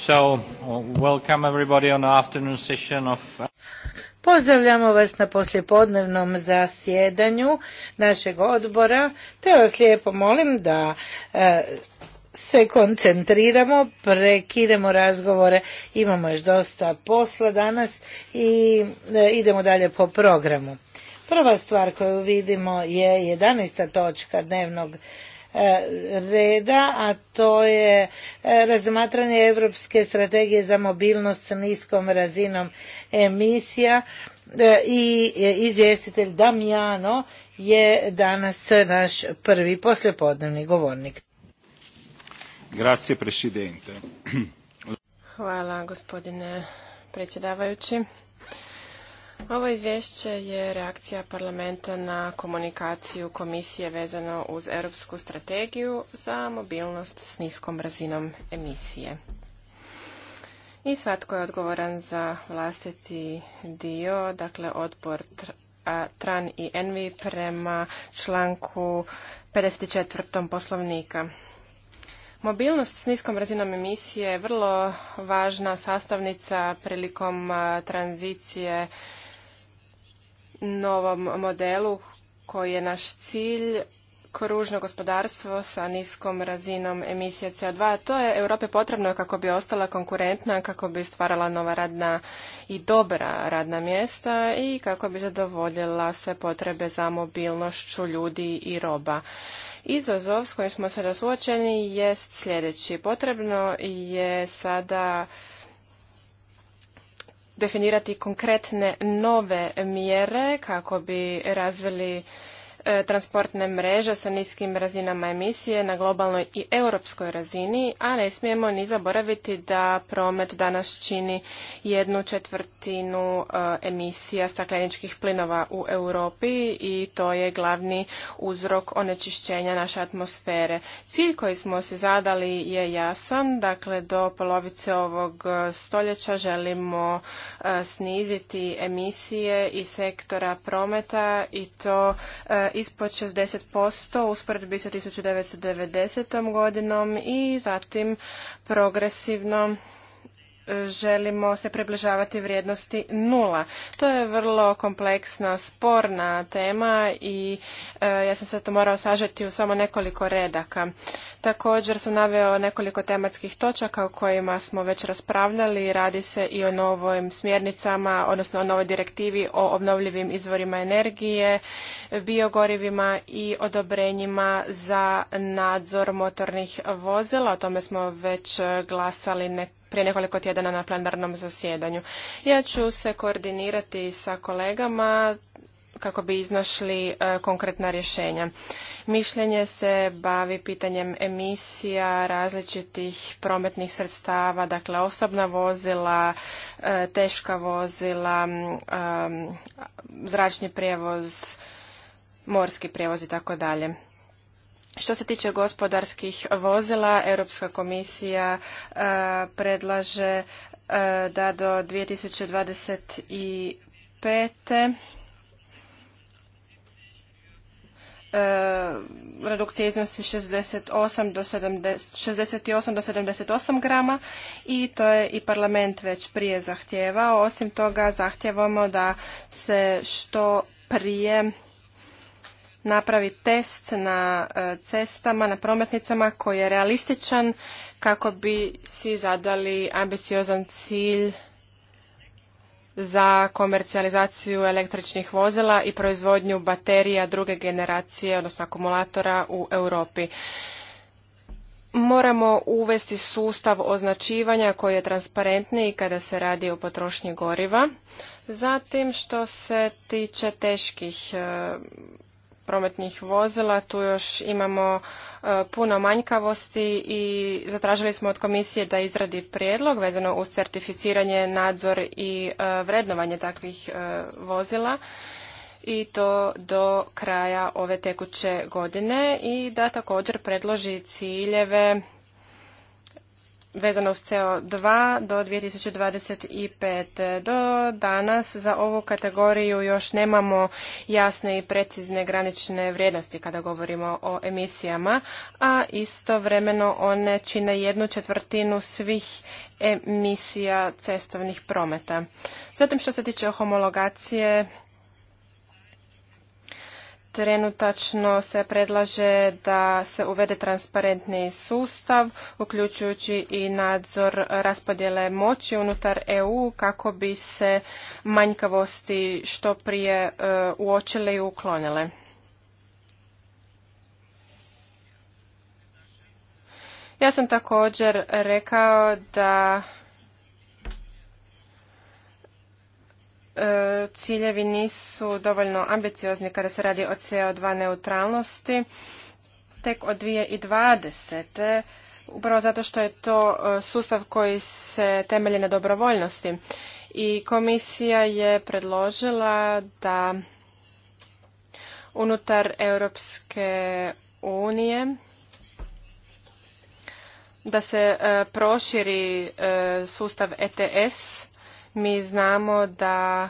So, welcome uh, Pozdravljamo vas na poslijepodnevnom zasjedanju našeg odbora, te vas lijepo molim da e, se koncentriramo, prekidemo razgovore, imamo još dosta posla danas i e, idemo dalje po programu. Prva stvar koju vidimo je 11. točka dnevnog E, reda, a to je e, razmatranje Europske strategije za mobilnost s niskom razinom emisija e, i izvjestitelj Damjano je danas naš prvi poslijepodnevni govornik. Hvala gospodine predsjedavajući. Ovo izvješće je reakcija parlamenta na komunikaciju komisije vezano uz europsku strategiju za mobilnost s niskom razinom emisije. I svatko je odgovoran za vlastiti dio, dakle odbor TRAN i ENVI prema članku 54. poslovnika. Mobilnost s niskom razinom emisije je vrlo važna sastavnica prilikom tranzicije novom modelu koji je naš cilj kružno gospodarstvo sa niskom razinom emisije CO2. To je Europe potrebno kako bi ostala konkurentna, kako bi stvarala nova radna i dobra radna mjesta i kako bi zadovoljila sve potrebe za mobilnošću ljudi i roba. Izazov s kojim smo sada suočeni jest sljedeći. Potrebno je sada definirati konkretne nove mjere kako bi razvili E, transportne mreže sa niskim razinama emisije na globalnoj i europskoj razini, a ne smijemo ni zaboraviti da promet danas čini jednu četvrtinu e, emisija stakleničkih plinova u Europi i to je glavni uzrok onečišćenja naše atmosfere. Cilj koji smo se zadali je jasan, dakle do polovice ovog stoljeća želimo e, sniziti emisije iz sektora prometa i to ispod 60% u usporedbi sa 1990. godinom i zatim progresivno želimo se približavati vrijednosti nula. To je vrlo kompleksna, sporna tema i e, ja sam se to morao sažeti u samo nekoliko redaka. Također sam naveo nekoliko tematskih točaka o kojima smo već raspravljali. Radi se i o novim smjernicama, odnosno o novoj direktivi o obnovljivim izvorima energije, biogorivima i odobrenjima za nadzor motornih vozila. O tome smo već glasali prije nekoliko tjedana na plenarnom zasjedanju. Ja ću se koordinirati sa kolegama kako bi iznašli e, konkretna rješenja. Mišljenje se bavi pitanjem emisija različitih prometnih sredstava, dakle osobna vozila, e, teška vozila, zračni prijevoz, morski prijevoz i tako dalje. Što se tiče gospodarskih vozila, Europska komisija e, predlaže e, da do 2025. E, redukcija iznosi 68 do 70, 68 do 78 grama i to je i parlament već prije zahtijevao. Osim toga zahtijevamo da se što prije napravi test na e, cestama, na prometnicama koji je realističan kako bi si zadali ambiciozan cilj za komercijalizaciju električnih vozila i proizvodnju baterija druge generacije, odnosno akumulatora u Europi. Moramo uvesti sustav označivanja koji je transparentniji kada se radi o potrošnji goriva. Zatim što se tiče teških e, prometnih vozila. Tu još imamo e, puno manjkavosti i zatražili smo od komisije da izradi prijedlog vezano uz certificiranje, nadzor i e, vrednovanje takvih e, vozila i to do kraja ove tekuće godine i da također predloži ciljeve vezano uz CO2 do 2025. Do danas za ovu kategoriju još nemamo jasne i precizne granične vrijednosti kada govorimo o emisijama, a istovremeno one čine jednu četvrtinu svih emisija cestovnih prometa. Zatim što se tiče homologacije, Trenutačno se predlaže da se uvede transparentni sustav, uključujući i nadzor raspodjele moći unutar EU kako bi se manjkavosti što prije e, uočile i uklonile. Ja sam također rekao da E, ciljevi nisu dovoljno ambiciozni kada se radi o CO2 neutralnosti. Tek od 2020. upravo zato što je to e, sustav koji se temelji na dobrovoljnosti. I komisija je predložila da unutar Europske unije da se e, proširi sustav ETS mi znamo da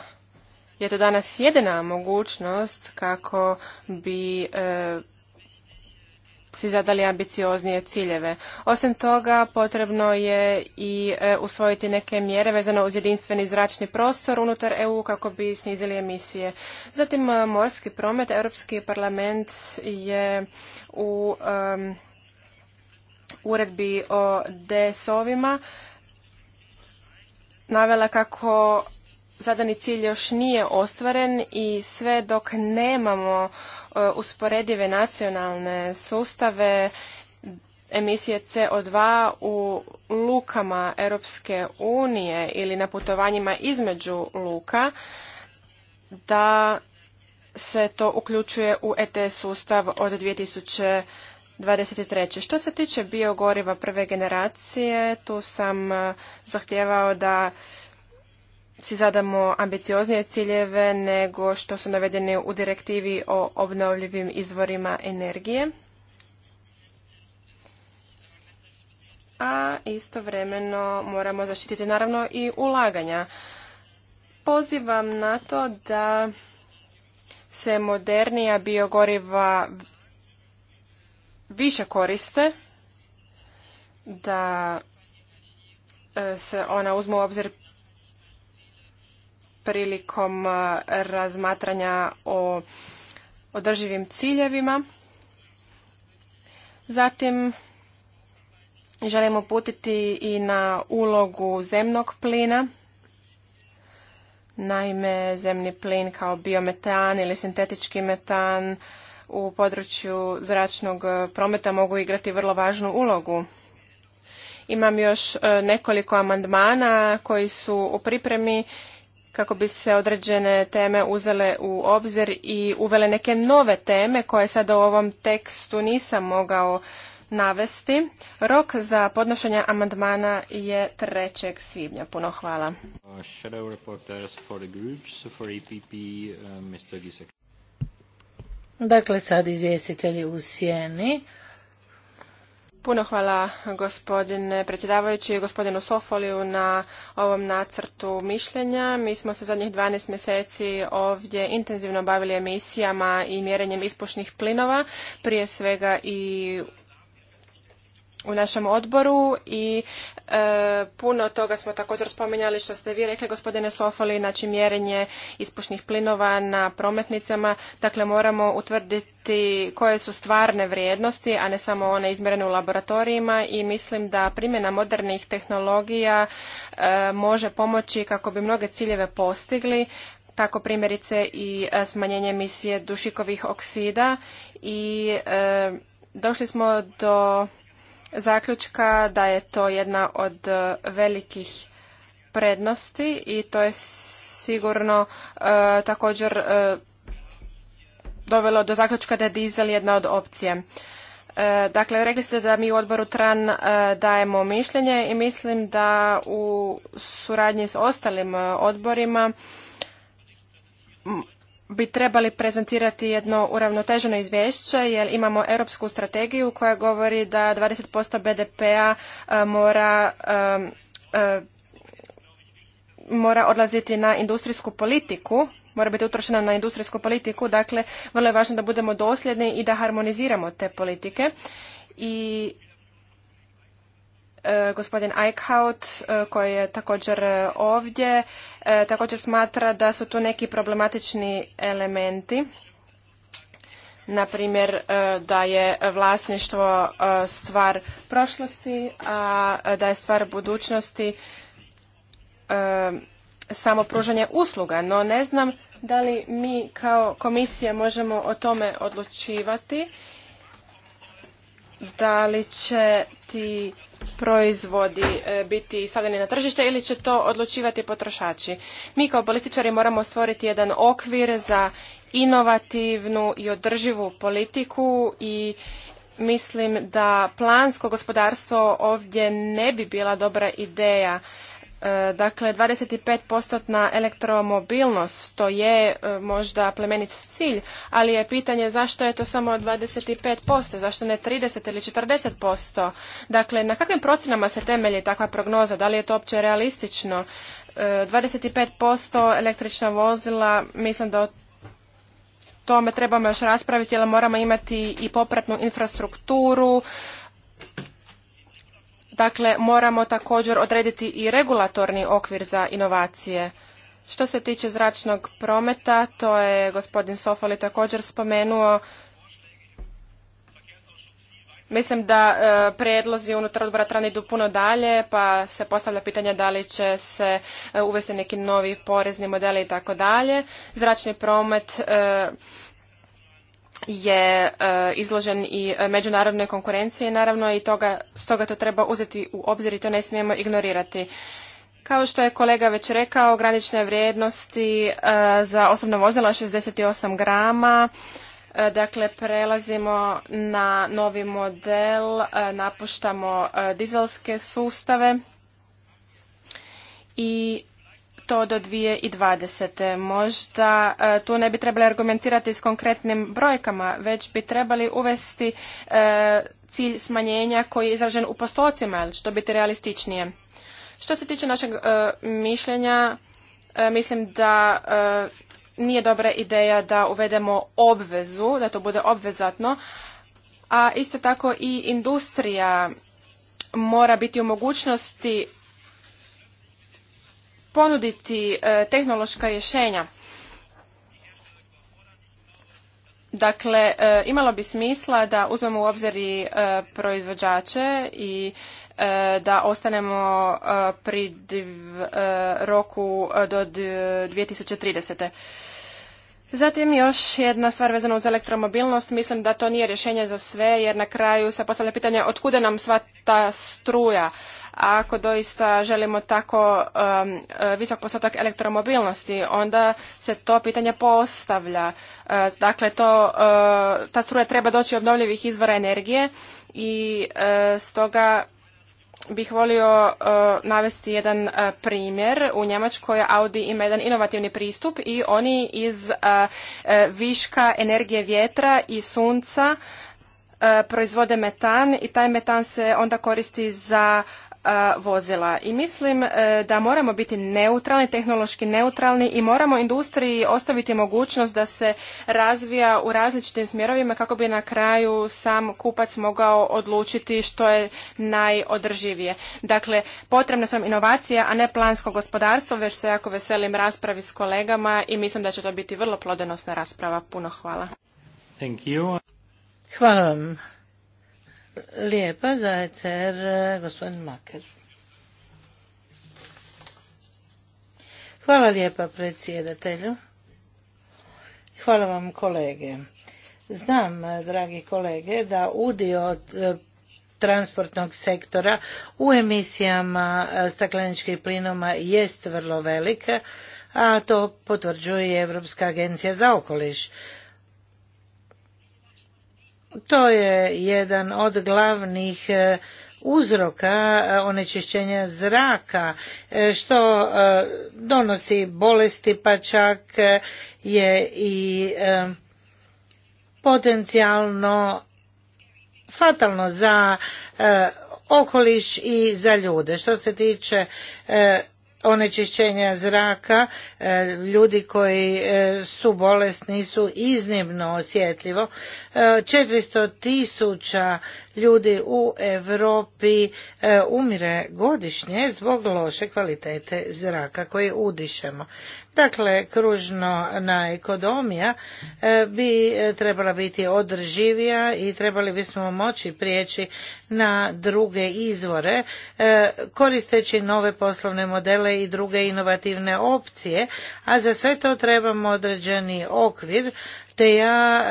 je to danas jedina mogućnost kako bi e, si zadali ambicioznije ciljeve. Osim toga, potrebno je i e, usvojiti neke mjere vezano uz jedinstveni zračni prostor unutar EU kako bi snizili emisije. Zatim, e, morski promet. Europski parlament je u e, uredbi o dsovima navela kako zadani cilj još nije ostvaren i sve dok nemamo e, usporedive nacionalne sustave emisije CO2 u lukama Europske unije ili na putovanjima između luka, da se to uključuje u ets sustav od 23. Što se tiče biogoriva prve generacije, tu sam e, zahtjevao da si zadamo ambicioznije ciljeve nego što su navedeni u direktivi o obnovljivim izvorima energije. A istovremeno moramo zaštititi naravno i ulaganja. Pozivam na to da se modernija biogoriva više koriste, da e, se ona uzme u obzir prilikom e, razmatranja o održivim ciljevima. Zatim želimo putiti i na ulogu zemnog plina. Naime, zemni plin kao biometan ili sintetički metan u području zračnog e, prometa mogu igrati vrlo važnu ulogu. Imam još e, nekoliko amandmana koji su u pripremi kako bi se određene teme uzele u obzir i uvele neke nove teme koje sada u ovom tekstu nisam mogao navesti. Rok za podnošenje amandmana je 3. svibnja. Puno hvala. Uh, Dakle, sad izvjestitelji u sjeni. Puno hvala gospodine predsjedavajući i gospodinu Sofoliju na ovom nacrtu mišljenja. Mi smo se zadnjih 12 mjeseci ovdje intenzivno bavili emisijama i mjerenjem ispušnih plinova, prije svega i u našem odboru i e, puno toga smo također spominjali što ste vi rekli gospodine Sofoli, znači mjerenje ispušnih plinova na prometnicama. Dakle, moramo utvrditi koje su stvarne vrijednosti, a ne samo one izmjerene u laboratorijima i mislim da primjena modernih tehnologija e, može pomoći kako bi mnoge ciljeve postigli, tako primjerice i e, smanjenje emisije dušikovih oksida i došli smo do zaključka da je to jedna od e, velikih prednosti i to je sigurno e, također e, dovelo do zaključka da je dizel jedna od opcije. dakle, rekli ste da mi u odboru TRAN dajemo mišljenje i mislim da u suradnji s ostalim odborima bi trebali prezentirati jedno uravnoteženo izvješće jer imamo europsku strategiju koja govori da 20% BDP-a e, mora e, e, mora odlaziti na industrijsku politiku mora biti utrošena na industrijsku politiku dakle vrlo je važno da budemo dosljedni i da harmoniziramo te politike i E, gospodin Eichhout e, koji je također ovdje e, također smatra da su tu neki problematični elementi na primjer da je vlasništvo stvar prošlosti a da je stvar budućnosti samo pružanje usluga no ne znam da li mi kao komisija možemo o tome odlučivati da li će ti proizvodi e, biti stavljeni na tržište ili će to odlučivati potrošači. Mi kao političari moramo stvoriti jedan okvir za inovativnu i održivu politiku i mislim da plansko gospodarstvo ovdje ne bi bila dobra ideja E, dakle, 25-postotna elektromobilnost, to je e, možda plemenit cilj, ali je pitanje zašto je to samo 25%, zašto ne 30 ili 40%. Dakle, na kakvim procenama se temelji takva prognoza, da li je to opće realistično? 25% e, električna vozila, mislim da o tome trebamo još raspraviti, jer moramo imati i popratnu infrastrukturu, Dakle, moramo također odrediti i regulatorni okvir za inovacije. Što se tiče zračnog prometa, to je gospodin Sofoli također spomenuo. Mislim da e, prijedlozi predlozi unutar odbora idu puno dalje, pa se postavlja pitanje da li će se e, uvesti neki novi porezni modeli i tako dalje. Zračni promet e, je e, izložen i e, međunarodnoj konkurenciji, naravno i toga, stoga to treba uzeti u obzir i to ne smijemo ignorirati. Kao što je kolega već rekao, granične vrijednosti e, za osobna vozila 68 grama, Dakle, prelazimo na novi model, napuštamo dizelske sustave i to do 2020. Možda e, tu ne bi trebali argumentirati s konkretnim brojkama, već bi trebali uvesti e, cilj smanjenja koji je izražen u postocima, što biti realističnije. Što se tiče našeg e, mišljenja, mislim da nije dobra ideja da uvedemo obvezu, da to bude obvezatno, a isto tako i industrija mora biti u mogućnosti ponuditi e, tehnološka rješenja. Dakle, e, imalo bi smisla da uzmemo u obzir i e, proizvođače i da ostanemo pri roku do 2030. Zatim još jedna stvar vezana uz elektromobilnost. Mislim da to nije rješenje za sve jer na kraju se postavlja pitanje otkuda nam sva ta struja. A ako doista želimo tako um, visok postotak elektromobilnosti, onda se to pitanje postavlja. Uh, dakle, to, uh, ta struja treba doći obnovljivih izvora energije i uh, stoga bih volio navesti jedan primjer. U Njemačkoj Audi ima jedan inovativni pristup i oni iz viška energije vjetra i sunca proizvode metan i taj metan se onda koristi za vozila i mislim e, da moramo biti neutralni, tehnološki neutralni i moramo industriji ostaviti mogućnost da se razvija u različitim smjerovima kako bi na kraju sam kupac mogao odlučiti što je najodrživije. Dakle, potrebna su inovacija, a ne plansko gospodarstvo, već se jako veselim raspravi s kolegama i mislim da će to biti vrlo plodonosna rasprava. Puno hvala. Hvala vam. Lijepa za ECR, gospodin Maker. Hvala lijepa predsjedatelju. Hvala vam kolege. Znam, dragi kolege, da udio od e, transportnog sektora u emisijama e, stakleničkih plinova jest vrlo velika, a to potvrđuje Evropska agencija za okoliš. To je jedan od glavnih e, uzroka e, onečišćenja zraka e, što donosi bolesti pa čak je i potencijalno fatalno za okoliš i za ljude. Što se tiče onečišćenja zraka ljudi koji su bolesni su iznimno osjetljivo 400 tisuća ljudi u Europi e, umire godišnje zbog loše kvalitete zraka koje udišemo. Dakle, kružno na ekonomija e, bi e, trebala biti održivija i trebali bismo moći prijeći na druge izvore koristeći nove poslovne modele i druge inovativne opcije, a za sve to trebamo određeni okvir te ja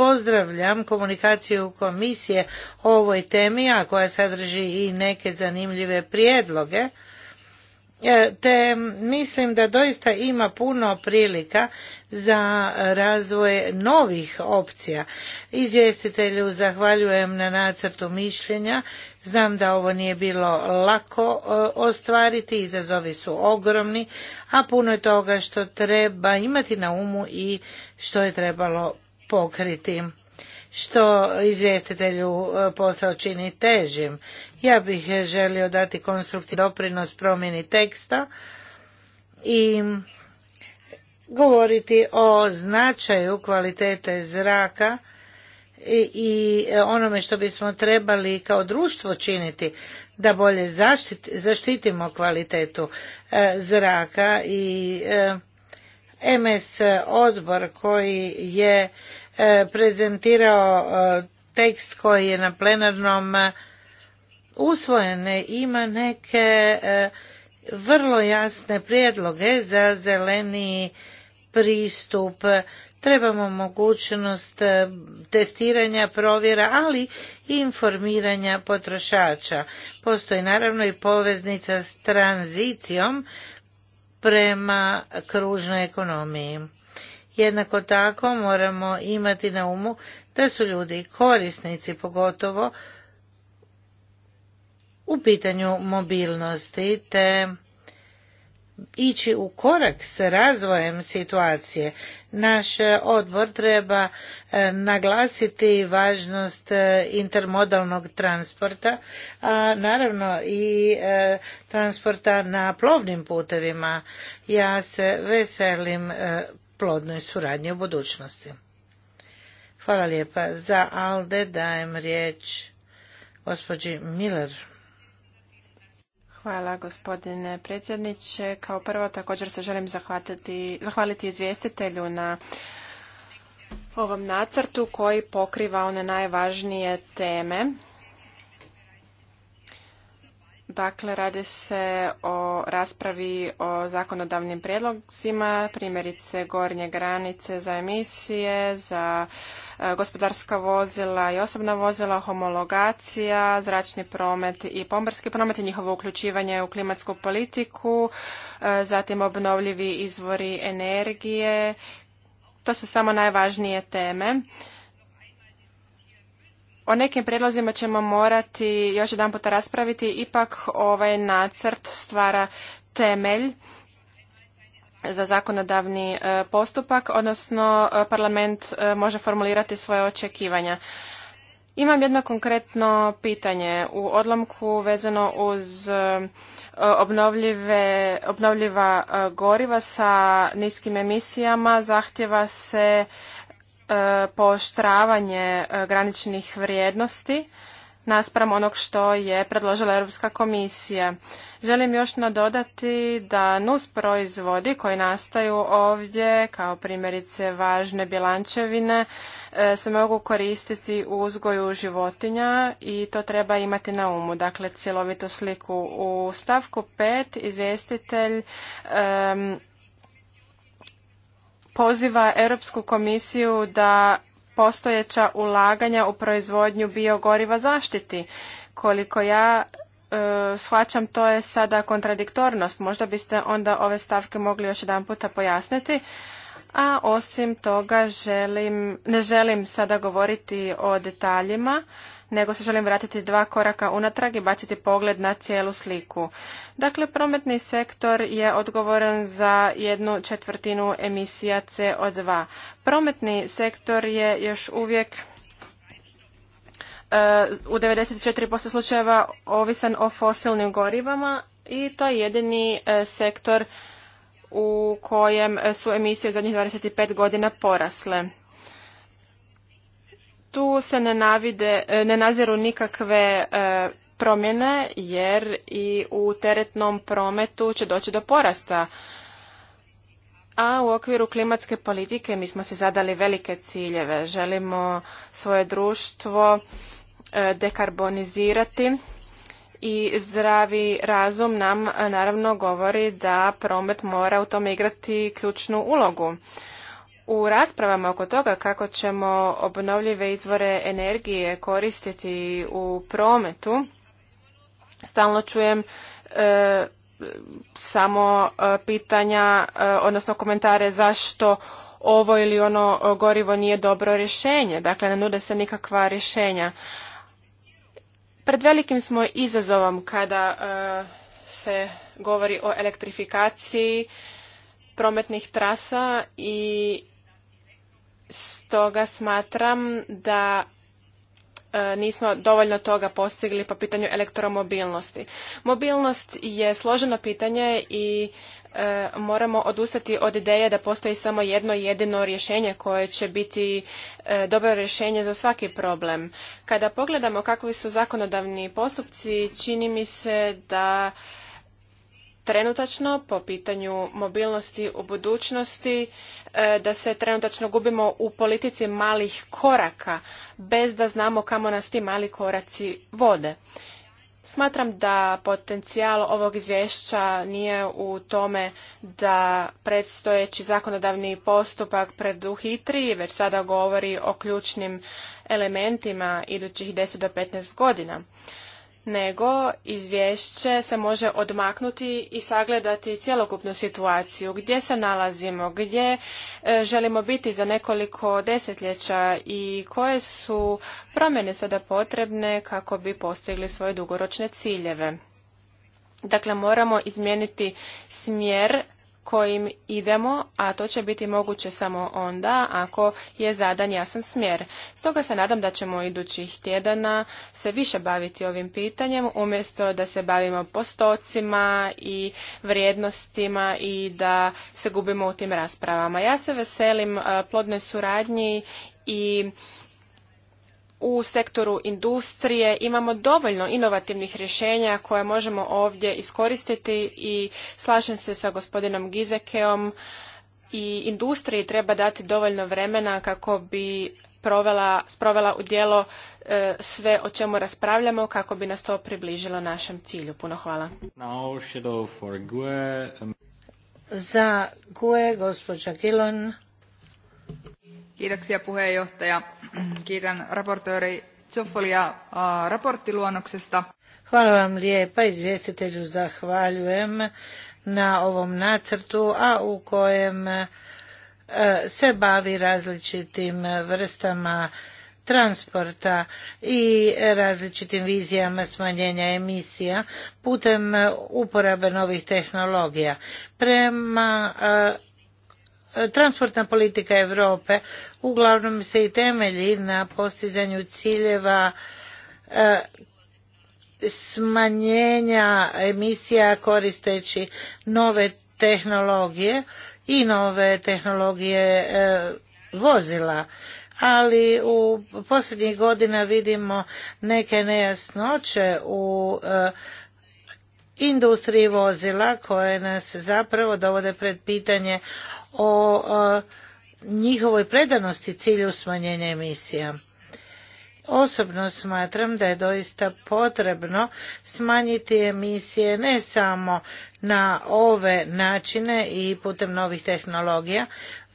pozdravljam komunikaciju komisije o ovoj temi, a koja sadrži i neke zanimljive prijedloge, e, te mislim da doista ima puno prilika za razvoj novih opcija. Izvjestitelju zahvaljujem na nacrtu mišljenja. Znam da ovo nije bilo lako e, ostvariti, izazovi su ogromni, a puno je toga što treba imati na umu i što je trebalo pokriti što izvjestitelju e, posao čini težim. Ja bih želio dati konstruktivni doprinos promjeni teksta i govoriti o značaju kvalitete zraka i onome što bismo trebali kao društvo činiti da bolje zaštitimo kvalitetu e, zraka i e, MS odbor koji je E, prezentirao e, tekst koji je na plenarnom e, usvojen. Ima neke vrlo jasne prijedloge za zeleni pristup. Trebamo mogućnost testiranja, provjera, ali i informiranja potrošača. Postoji naravno i poveznica s tranzicijom prema kružnoj ekonomiji. Jednako tako moramo imati na umu da su ljudi korisnici pogotovo u pitanju mobilnosti te ići u korak s razvojem situacije. Naš odbor treba e, naglasiti važnost e, intermodalnog transporta, a naravno i e, transporta na plovnim putevima. Ja se veselim plodnoj suradnji u budućnosti. Hvala lijepa. Za Alde dajem riječ gospođi Miller. Hvala gospodine predsjedniče. Kao prvo također se želim zahvaliti, zahvaliti izvjestitelju na ovom nacrtu koji pokriva one najvažnije teme Dakle, radi se o raspravi o zakonodavnim prijedlozima primjerice gornje granice za emisije, za e, gospodarska vozila i osobna vozila, homologacija, zračni promet i pomorski promet i njihovo uključivanje u klimatsku politiku, e, zatim obnovljivi izvori energije. To su samo najvažnije teme. O nekim predlozima ćemo morati još jedan puta raspraviti, ipak ovaj nacrt stvara temelj za zakonodavni e, postupak, odnosno e, parlament e, može formulirati svoje očekivanja. Imam jedno konkretno pitanje u odlomku vezano uz obnovljiva goriva sa niskim emisijama. Zahtjeva se E, pooštravanje e, graničnih vrijednosti naspram onog što je predložila Europska komisija. Želim još nadodati da nus proizvodi koji nastaju ovdje, kao primjerice važne bilančevine, e, se mogu koristiti u uzgoju životinja i to treba imati na umu. Dakle, cjelovitu sliku u stavku 5 izvjestitelj poziva Europsku komisiju da postojeća ulaganja u proizvodnju biogoriva zaštiti. Koliko ja e, shvaćam, to je sada kontradiktornost. Možda biste onda ove stavke mogli još jedan puta pojasniti. A osim toga, želim, ne želim sada govoriti o detaljima nego se želim vratiti dva koraka unatrag i baciti pogled na cijelu sliku. Dakle, prometni sektor je odgovoran za jednu četvrtinu emisija CO2. Prometni sektor je još uvijek e, u 94% slučajeva ovisan o fosilnim gorivama i to je jedini e, sektor u kojem su emisije u zadnjih 25 godina porasle tu se ne, navide, e, ne naziru nikakve e, promjene jer i u teretnom prometu će doći do porasta. A u okviru klimatske politike mi smo se zadali velike ciljeve. Želimo svoje društvo e, dekarbonizirati i zdravi razum nam naravno govori da promet mora u tome igrati ključnu ulogu. U raspravama oko toga kako ćemo obnovljive izvore energije koristiti u prometu, stalno čujem e, samo e, pitanja, e, odnosno komentare zašto ovo ili ono gorivo nije dobro rješenje. Dakle, ne nude se nikakva rješenja. Pred velikim smo izazovom kada se govori o elektrifikaciji prometnih trasa i toga smatram da e, nismo dovoljno toga postigli po pitanju elektromobilnosti. Mobilnost je složeno pitanje i e, moramo odustati od ideje da postoji samo jedno jedino rješenje koje će biti e, dobro rješenje za svaki problem. Kada pogledamo kakvi su zakonodavni postupci, čini mi se da trenutačno po pitanju mobilnosti u budućnosti, e, da se trenutačno gubimo u politici malih koraka bez da znamo kamo nas ti mali koraci vode. Smatram da potencijal ovog izvješća nije u tome da predstojeći zakonodavni postupak preduhitri, već sada govori o ključnim elementima idućih 10 do 15 godina nego izvješće se može odmaknuti i sagledati cjelokupnu situaciju, gdje se nalazimo, gdje e, želimo biti za nekoliko desetljeća i koje su promjene sada potrebne kako bi postigli svoje dugoročne ciljeve. Dakle, moramo izmijeniti smjer kojim idemo, a to će biti moguće samo onda ako je zadan jasan smjer. Stoga se nadam da ćemo idućih tjedana se više baviti ovim pitanjem, umjesto da se bavimo postocima i vrijednostima i da se gubimo u tim raspravama. Ja se veselim e, plodnoj suradnji i u sektoru industrije imamo dovoljno inovativnih rješenja koje možemo ovdje iskoristiti i slažem se sa gospodinom Gizekeom i industriji treba dati dovoljno vremena kako bi provela, sprovela u djelo e, sve o čemu raspravljamo kako bi nas to približilo našem cilju. Puno hvala. Za Gue, gospođa Gilon. Kiitoksia puheenjohtaja. Kiitän raportööri Zoffolia raporttiluonnoksesta. Hvala vam lijepa, izvjestitelju zahvaljujem na ovom nacrtu, a u kojem se bavi različitim vrstama transporta i različitim vizijama smanjenja emisija putem uporabe novih tehnologija. Prema Transportna politika Europe uglavnom se i temelji na postizanju ciljeva e, smanjenja emisija koristeći nove tehnologije i nove tehnologije e, vozila ali u posljednjih godina vidimo neke nejasnoće u e, industriji vozila koje nas zapravo dovode pred pitanje o njihovoj predanosti cilju smanjenja emisija. Osobno smatram da je doista potrebno smanjiti emisije ne samo na ove načine i putem novih tehnologija,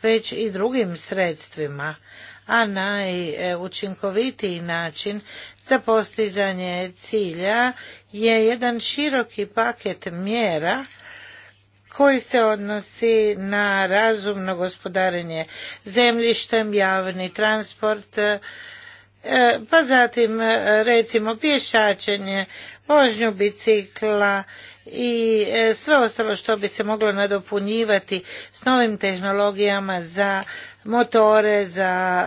već i drugim sredstvima, a najučinkovitiji način za postizanje cilja je jedan široki paket mjera koji se odnosi na razumno gospodarenje zemljištem, javni transport, e, pa zatim e, recimo pješačenje, vožnju bicikla i e, sve ostalo što bi se moglo nadopunjivati s novim tehnologijama za motore, za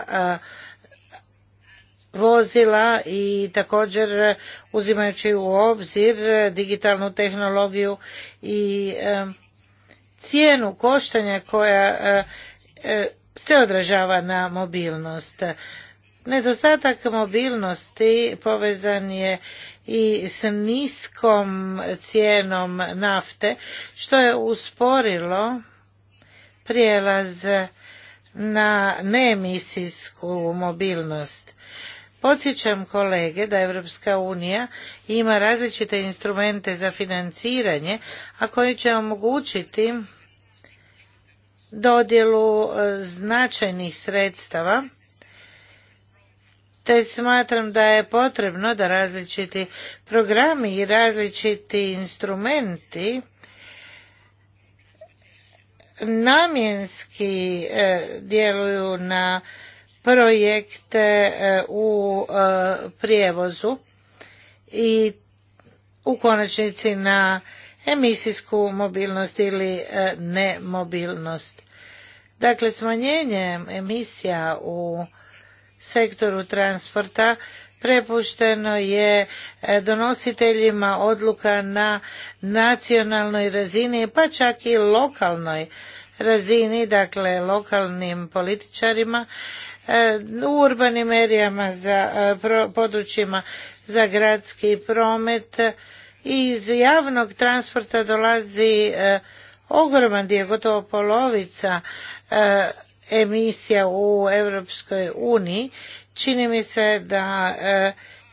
vozila i također uzimajući u obzir digitalnu tehnologiju i cijenu koštanja koja e, e, se odražava na mobilnost. Nedostatak mobilnosti povezan je i s niskom cijenom nafte, što je usporilo prijelaz na neemisijsku mobilnost. Podsjećam kolege da Europska unija ima različite instrumente za financiranje, a koji će omogućiti dodjelu e, značajnih sredstava, te smatram da je potrebno da različiti programi i različiti instrumenti namjenski e, djeluju na projekte e, u e, prijevozu i u konačnici na emisijsku mobilnost ili e, nemobilnost. Dakle, smanjenjem emisija u sektoru transporta prepušteno je donositeljima odluka na nacionalnoj razini pa čak i lokalnoj razini, dakle lokalnim političarima E, u urbanim erijama za e, područjima za gradski promet iz javnog transporta dolazi e, ogroman dio, gotovo polovica emisija u Europskoj uniji. Čini mi se da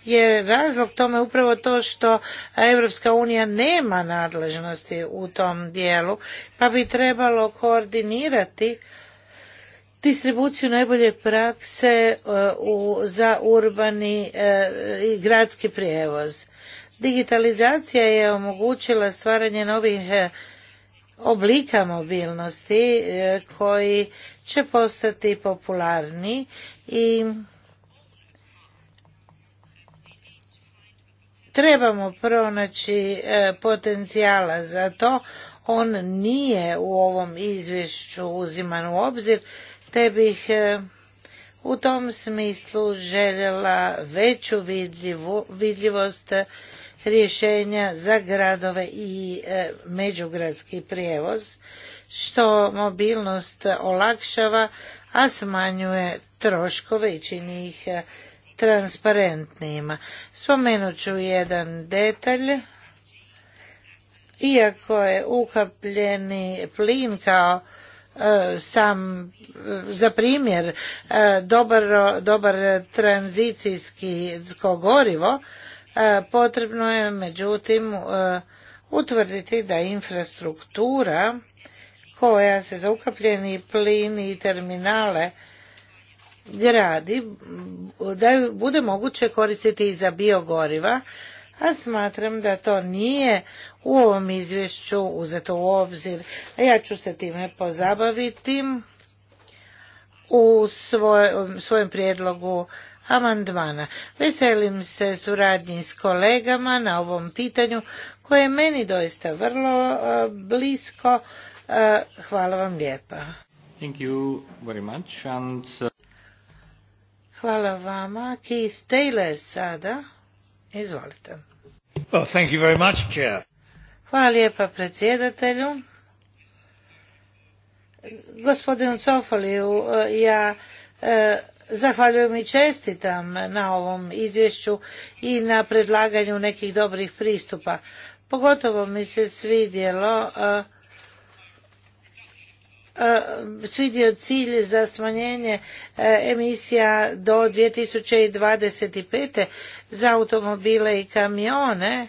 je razlog tome upravo to što Europska unija nema nadležnosti u tom dijelu, pa bi trebalo koordinirati distribuciju najbolje prakse e, za urbani e, i gradski prijevoz. Digitalizacija je omogućila stvaranje novih e, oblika mobilnosti koji će postati popularni i trebamo pronaći potencijala za to. On nije u ovom izvješću uziman u obzir te bih e, u tom smislu željela veću vidljivost rješenja za gradove i e, međugradski prijevoz, što mobilnost olakšava, a smanjuje troškove i čini ih e, transparentnijima. Spomenut ću jedan detalj. Iako je ukapljeni plin kao E, sam e, za primjer e, dobar, dobar gorivo potrebno je međutim utvrditi da infrastruktura koja se za ukapljeni plin i terminale gradi da bude moguće koristiti i za biogoriva a smatram da to nije u ovom izvješću uzeto u obzir. ja ću se time pozabaviti u svojem prijedlogu amandmana. Veselim se suradnji s kolegama na ovom pitanju koje je meni doista vrlo e, blisko. E, hvala vam lijepa. Thank you uh, Hvala vama. Keith Taylor sada. Izvolite. Well, thank you Hvala lijepa predsjedatelju. Gospodinu Cofoliju, eh, ja eh, zahvaljujem i čestitam na ovom izvješću i na predlaganju nekih dobrih pristupa. Pogotovo mi se svidjelo eh, E, svidio cilj za smanjenje e, emisija do 2025. za automobile i kamione,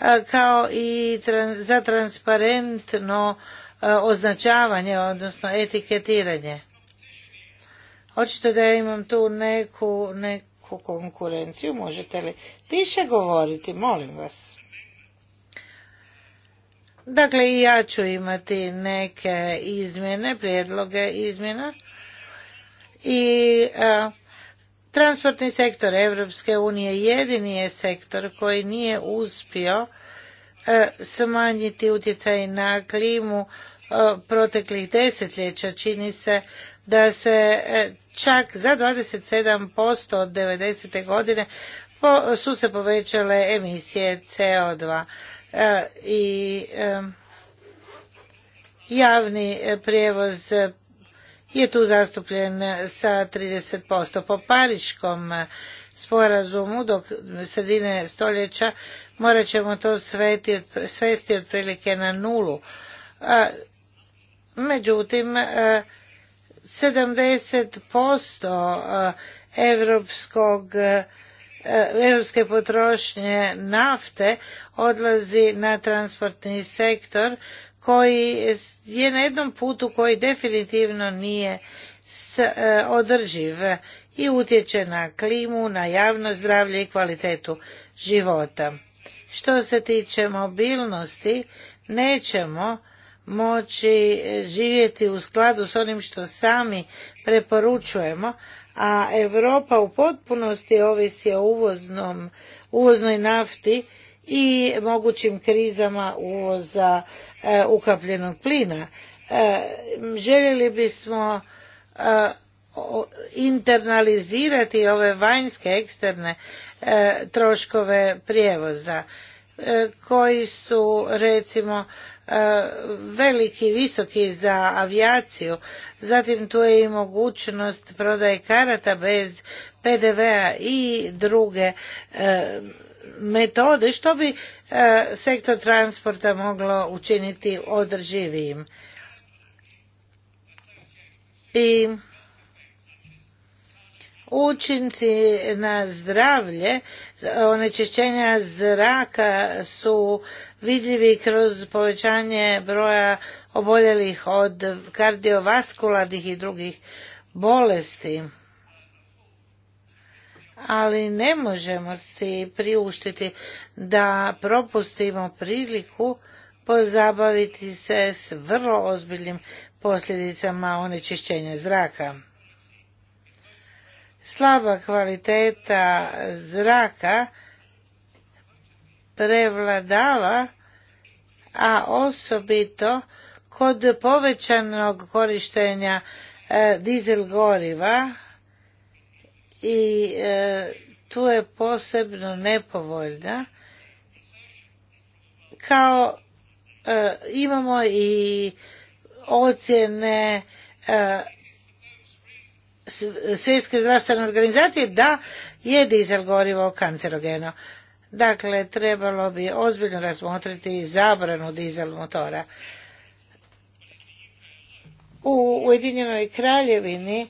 e, kao i za transparentno označavanje, odnosno etiketiranje. Očito da imam tu neku, neku konkurenciju, možete li tiše govoriti, molim vas. Dakle, i ja ću imati neke izmjene, prijedloge izmjena i e, transportni sektor Europske unije jedini je sektor koji nije uspio e, smanjiti utjecaj na klimu e, proteklih desetljeća. Čini se da se čak za 27% od 90. godine su se povećale emisije CO2. E, i e, javni prijevoz je tu zastupljen sa 30%. Po pariškom sporazumu do sredine stoljeća morat ćemo to svesti otprilike na nulu. Međutim, 70% e, europskog europske potrošnje nafte odlazi na transportni sektor koji je na jednom putu koji definitivno nije e, održiv i utječe na klimu, na javno zdravlje i kvalitetu života. Što se tiče mobilnosti, nećemo moći živjeti u skladu s onim što sami preporučujemo, a Europa u potpunosti ovisi o uvoznom, uvoznoj nafti i mogućim krizama uvoza e, ukapljenog plina. E, željeli bismo e, internalizirati ove vanjske eksterne e, troškove prijevoza E, koji su recimo e, veliki, visoki za avijaciju. Zatim tu je i mogućnost prodaje karata bez PDV-a i druge e, metode što bi sektor transporta moglo učiniti održivijim. I učinci na zdravlje onečišćenja zraka su vidljivi kroz povećanje broja oboljelih od kardiovaskularnih i drugih bolesti. Ali ne možemo si priuštiti da propustimo priliku pozabaviti se s vrlo ozbiljnim posljedicama onečišćenja zraka slaba kvaliteta zraka prevladava, a osobito kod povećanog korištenja e, dizel goriva i e, tu je posebno nepovoljna. Kao e, imamo i ocjene svjetske zdravstvene organizacije da je dizel gorivo kancerogeno. Dakle, trebalo bi ozbiljno razmotriti zabranu dizel motora. U Ujedinjenoj kraljevini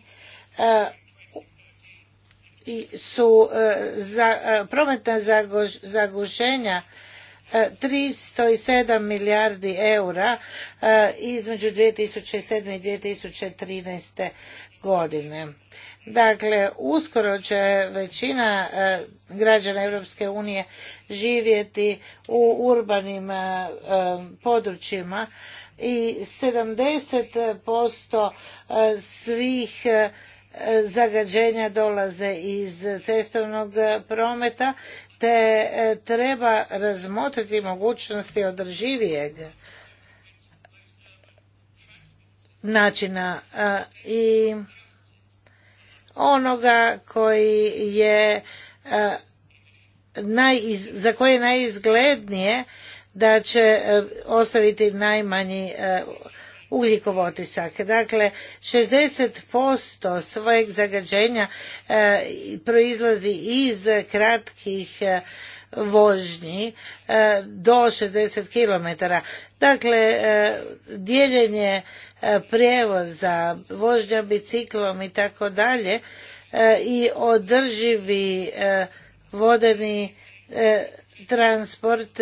e, su e, e, prometna zagušenja 307 milijardi eura između 2007. i 2013 godine. Dakle, uskoro će većina e, građana Europske unije živjeti u urbanim e, e, područjima i 70% svih zagađenja dolaze iz cestovnog prometa te treba razmotriti mogućnosti održivijeg načina i onoga koji je e, za koje je najizglednije da će e, ostaviti najmanji e, ugljikov otisak. Dakle, 60% svojeg zagađenja proizlazi iz kratkih vožnji e, do 60 km. Dakle, e, dijeljenje e, prijevoza, vožnja biciklom i tako dalje i održivi vodeni transport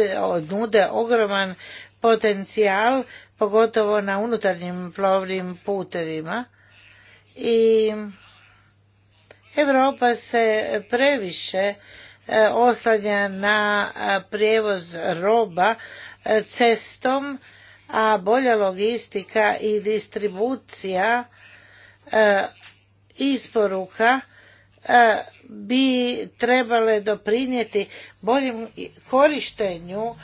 nude ogroman potencijal, pogotovo na unutarnjim plovnim putevima. I Europa se previše E, oslanja na e, prijevoz roba e, cestom, a bolja logistika i distribucija isporuka bi trebale doprinijeti boljem korištenju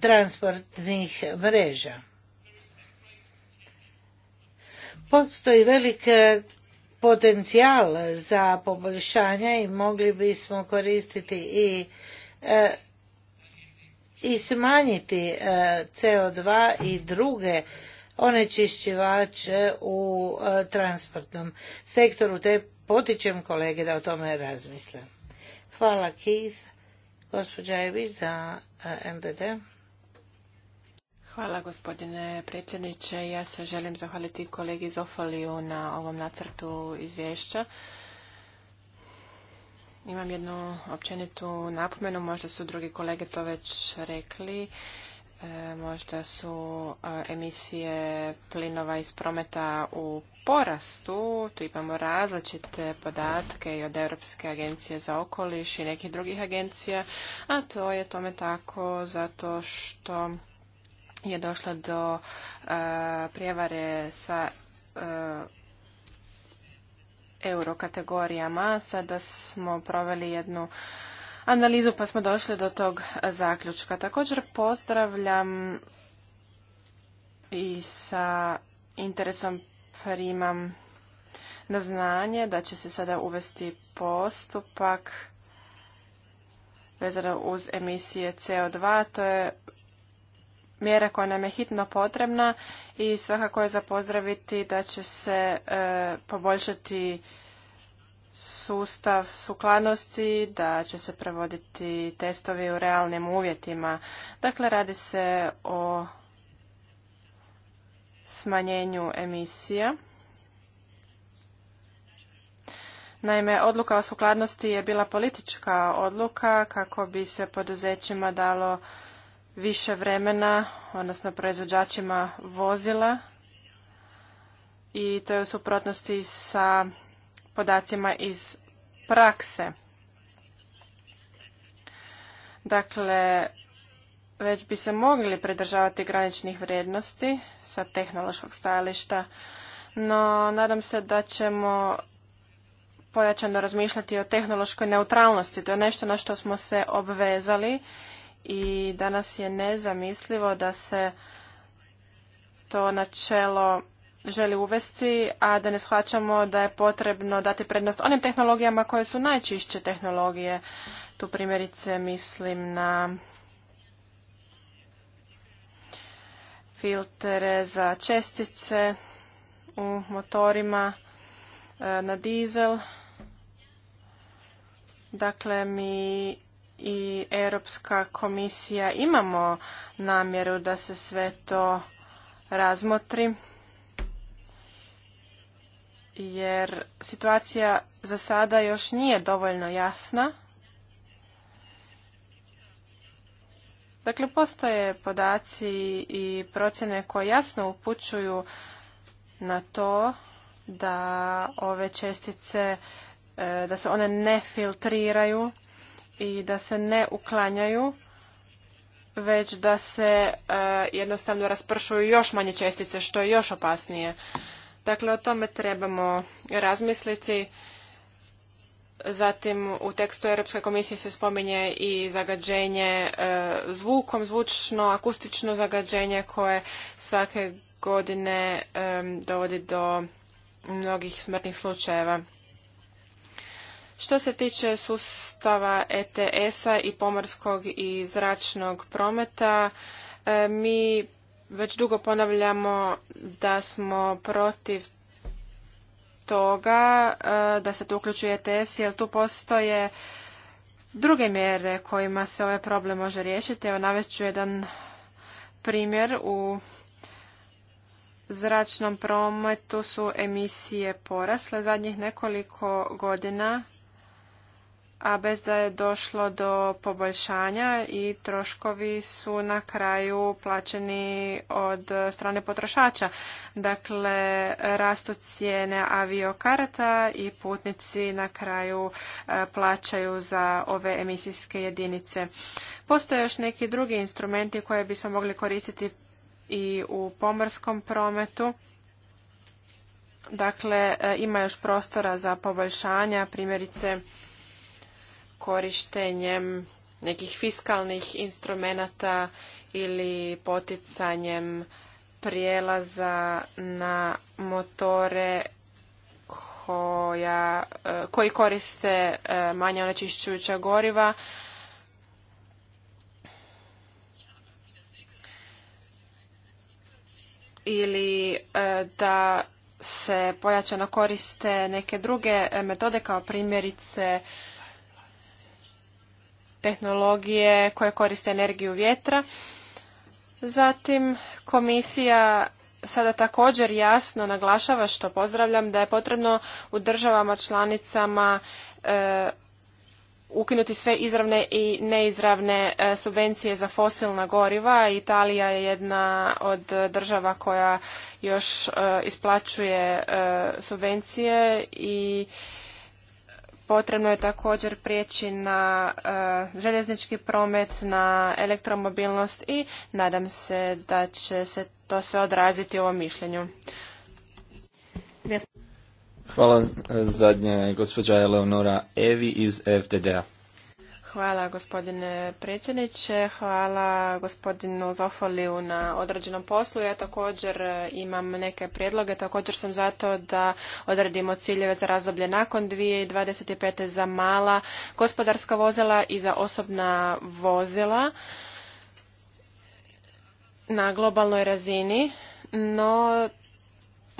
transportnih mreža. Postoji velik potencijal za poboljšanja i mogli bismo koristiti i e, smanjiti e, CO2 i druge onečišćivače u e, transportnom sektoru, te potičem kolege da o tome razmisle. Hvala Keith, gospođa Evi za NDD. Hvala gospodine predsjedniče. Ja se želim zahvaliti kolegi Zofaliju na ovom nacrtu izvješća. Imam jednu općenitu napomenu, možda su drugi kolege to već rekli. E, možda su e, emisije plinova iz prometa u porastu, tu imamo različite podatke i od Europske agencije za okoliš i nekih drugih agencija, a to je tome tako zato što je došlo do e, prijevare sa e, euro kategorijama. Sada smo proveli jednu analizu pa smo došli do tog zaključka. Također pozdravljam i sa interesom primam na znanje da će se sada uvesti postupak vezano uz emisije CO2. To je mjera koja nam je hitno potrebna i svakako je za pozdraviti da će se e, poboljšati sustav sukladnosti, da će se provoditi testovi u realnim uvjetima. Dakle, radi se o smanjenju emisija. Naime, odluka o sukladnosti je bila politička odluka kako bi se poduzećima dalo više vremena, odnosno proizvođačima vozila i to je u suprotnosti sa podacima iz prakse. Dakle, već bi se mogli pridržavati graničnih vrijednosti sa tehnološkog stajališta, no nadam se da ćemo pojačano razmišljati o tehnološkoj neutralnosti. To je nešto na što smo se obvezali i danas je nezamislivo da se to načelo želi uvesti, a da ne shvaćamo da je potrebno dati prednost onim tehnologijama koje su najčišće tehnologije. Tu primjerice mislim na filtere za čestice u motorima e, na dizel. Dakle, mi i Europska komisija imamo namjeru da se sve to razmotri jer situacija za sada još nije dovoljno jasna. Dakle, postoje podaci i procjene koje jasno upućuju na to da ove čestice, e, da se one ne filtriraju i da se ne uklanjaju već da se e, jednostavno raspršuju još manje čestice što je još opasnije. Dakle, o tome trebamo razmisliti. Zatim u tekstu Europske komisije se spominje i zagađenje e, zvukom, zvučno, akustično zagađenje koje svake godine e, dovodi do mnogih smrtnih slučajeva. Što se tiče sustava ETS-a i pomorskog i zračnog prometa, e, mi već dugo ponavljamo da smo protiv toga e, da se tu uključuje ETS, jer tu postoje druge mjere kojima se ovaj problem može riješiti. Evo navest ću jedan primjer. U zračnom prometu su emisije porasle zadnjih nekoliko godina a bez da je došlo do poboljšanja i troškovi su na kraju plaćeni od strane potrošača. Dakle, rastu cijene aviokarata i putnici na kraju e, plaćaju za ove emisijske jedinice. Postoje još neki drugi instrumenti koje bismo mogli koristiti i u pomorskom prometu. Dakle, e, ima još prostora za poboljšanja, primjerice korištenjem nekih fiskalnih instrumenata ili poticanjem prijelaza na motore koja, e, koji koriste e, manje onečišćujuća goriva. Ili e, da se pojačano koriste neke druge metode kao primjerice tehnologije koje koriste energiju vjetra. Zatim komisija sada također jasno naglašava što pozdravljam da je potrebno u državama članicama e, ukinuti sve izravne i neizravne e, subvencije za fosilna goriva. Italija je jedna od država koja još e, isplaćuje subvencije i Potrebno je također prijeći na e, željeznički promet, na elektromobilnost i nadam se da će se to sve odraziti u ovom mišljenju. Hvala e, zadnje gospođa Eleonora Evi iz ftd Hvala gospodine predsjedniče, hvala gospodinu Zofoliju na određenom poslu. Ja također e, imam neke prijedloge, također sam zato da odredimo ciljeve za razdoblje nakon 2025. za mala gospodarska vozila i za osobna vozila na globalnoj razini, no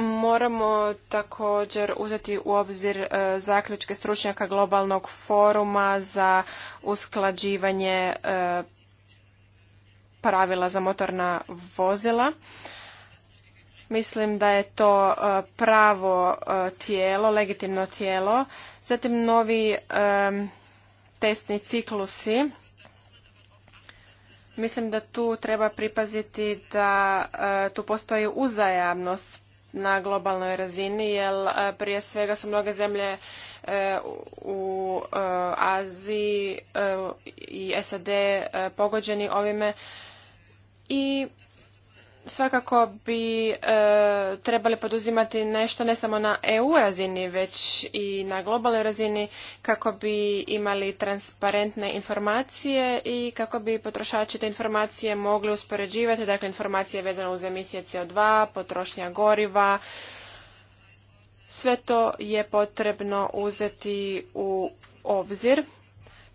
Moramo također uzeti u obzir e, zaključke stručnjaka globalnog foruma za usklađivanje e, pravila za motorna vozila. Mislim da je to e, pravo tijelo, legitimno tijelo. Zatim novi testni ciklusi. Mislim da tu treba pripaziti da tu postoji uzajamnost na globalnoj razini, jer e, prije svega su mnoge zemlje e, u e, Aziji i SAD pogođeni ovime i svakako bi e, trebali poduzimati nešto ne samo na EU razini, već i na globalnoj razini kako bi imali transparentne informacije i kako bi potrošači te informacije mogli uspoređivati, dakle informacije vezane uz emisije CO2, potrošnja goriva, sve to je potrebno uzeti u obzir.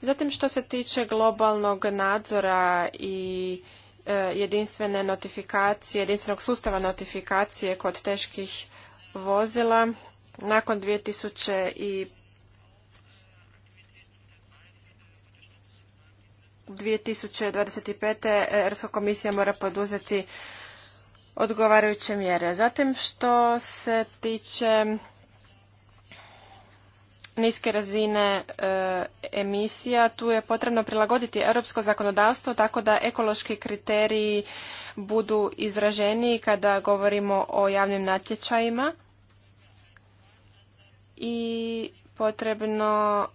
Zatim što se tiče globalnog nadzora i E, jedinstvene notifikacije, jedinstvenog sustava notifikacije kod teških vozila. Nakon 2000 2025. E, Europska komisija mora poduzeti odgovarajuće mjere. Zatim što se tiče niske razine e, emisija tu je potrebno prilagoditi europsko zakonodavstvo tako da ekološki kriteriji budu izraženiji kada govorimo o javnim natječajima i potrebno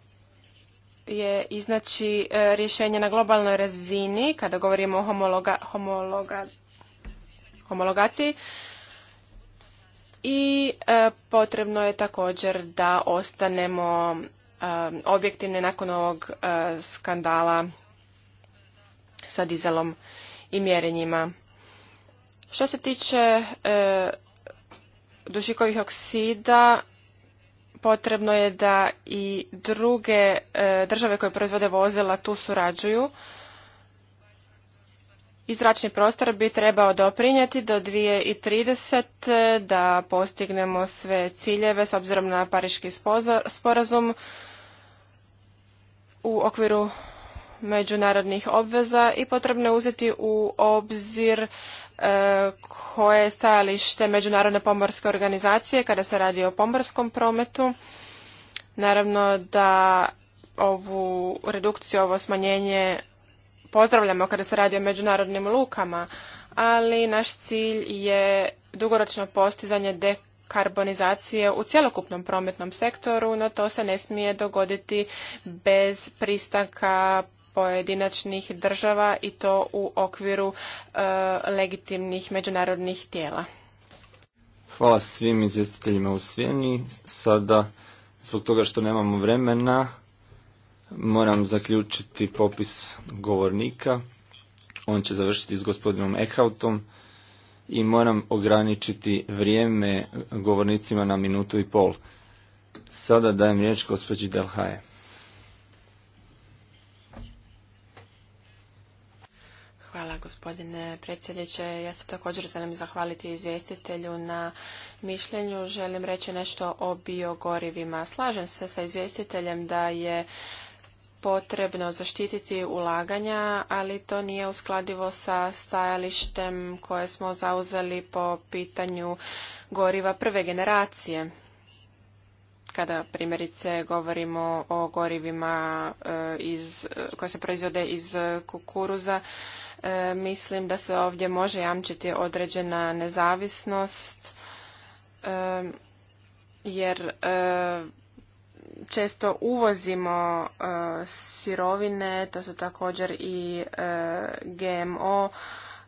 je iznaći e, rješenje na globalnoj razini kada govorimo o homologa, homologaciji i e, potrebno je također da ostanemo e, objektivni nakon ovog e, skandala sa dizelom i mjerenjima. Što se tiče dušikovih oksida, potrebno je da i druge države koje proizvode vozila tu surađuju i zračni prostor bi trebao doprinijeti do 2030 e, da postignemo sve ciljeve s obzirom na Pariški sporazum u okviru međunarodnih obveza i potrebno je uzeti u obzir e, koje je stajalište Međunarodne pomorske organizacije kada se radi o pomorskom prometu. Naravno da ovu redukciju, ovo smanjenje pozdravljamo kada se radi o međunarodnim lukama, ali naš cilj je dugoročno postizanje dekarbonizacije u cjelokupnom prometnom sektoru, no to se ne smije dogoditi bez pristanka pojedinačnih država i to u okviru e, legitimnih međunarodnih tijela. Hvala svim izvjestiteljima u Svijeni. Sada, zbog toga što nemamo vremena, Moram zaključiti popis govornika. On će završiti s gospodinom Eckhoutom i moram ograničiti vrijeme govornicima na minutu i pol. Sada dajem riječ gospođi Delhaje. Hvala gospodine predsjedniče. Ja se također želim zahvaliti izvjestitelju na mišljenju. Želim reći nešto o biogorivima. Slažem se sa izvjestiteljem da je potrebno zaštititi ulaganja, ali to nije uskladivo sa stajalištem koje smo zauzeli po pitanju goriva prve generacije. Kada primjerice govorimo o gorivima e, iz, e, koje se proizvode iz kukuruza, e, mislim da se ovdje može jamčiti određena nezavisnost jer često uvozimo e, sirovine, to su također i e, GMO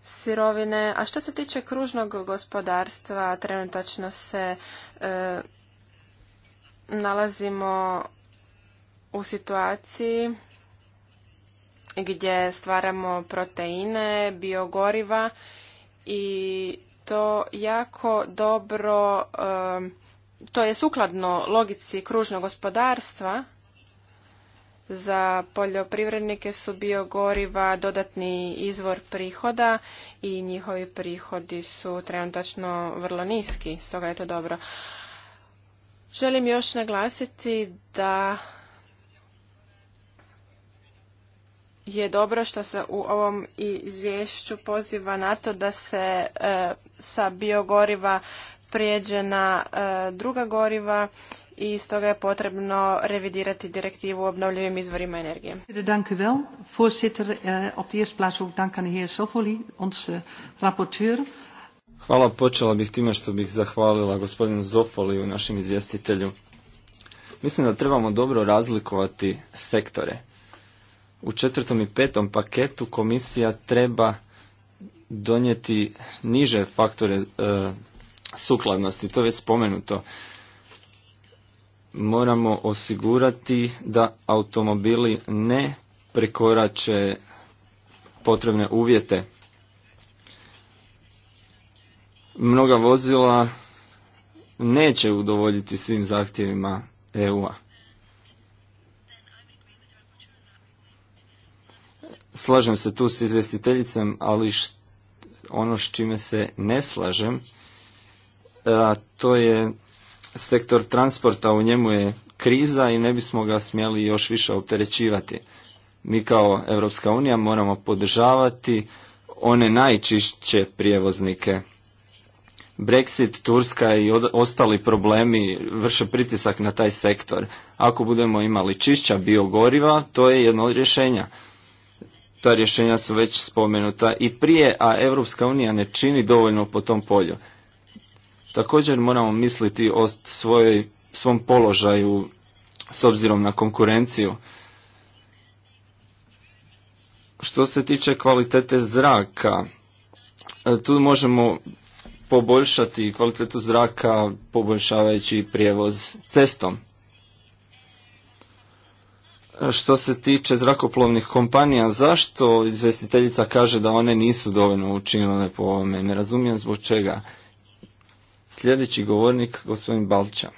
sirovine. A što se tiče kružnog gospodarstva, trenutačno se e, nalazimo u situaciji gdje stvaramo proteine, biogoriva i to jako dobro to je sukladno logici kružnog gospodarstva. Za poljoprivrednike su biogoriva dodatni izvor prihoda i njihovi prihodi su trenutačno vrlo niski, stoga je to dobro. Želim još naglasiti da je dobro što se u ovom izvješću poziva na to da se e, sa biogoriva prijeđe na e, druga goriva i stoga je potrebno revidirati direktivu o obnovljivim izvorima energije. Hvala, počela bih time što bih zahvalila gospodinu Zofoli u našem izvjestitelju. Mislim da trebamo dobro razlikovati sektore. U četvrtom i petom paketu komisija treba donijeti niže faktore eh, sukladnosti, to je već spomenuto. Moramo osigurati da automobili ne prekorače potrebne uvjete. Mnoga vozila neće udovoljiti svim zahtjevima EU-a. Slažem se tu s izvjestiteljicom, ali ono s čime se ne slažem E, a to je sektor transporta, u njemu je kriza i ne bismo ga smjeli još više opterećivati. Mi kao Europska unija moramo podržavati one najčišće prijevoznike. Brexit, Turska i ostali problemi vrše pritisak na taj sektor. Ako budemo imali čišća biogoriva, to je jedno od rješenja. Ta rješenja su već spomenuta i prije, a Europska unija ne čini dovoljno po tom polju. Također moramo misliti o svojoj, svom položaju s obzirom na konkurenciju. Što se tiče kvalitete zraka, e, tu možemo poboljšati kvalitetu zraka poboljšavajući prijevoz cestom. E, što se tiče zrakoplovnih kompanija, zašto izvestiteljica kaže da one nisu dovoljno učinile po ovome? Ne razumijem zbog čega. Sljedeći govornik, gospodin Balča.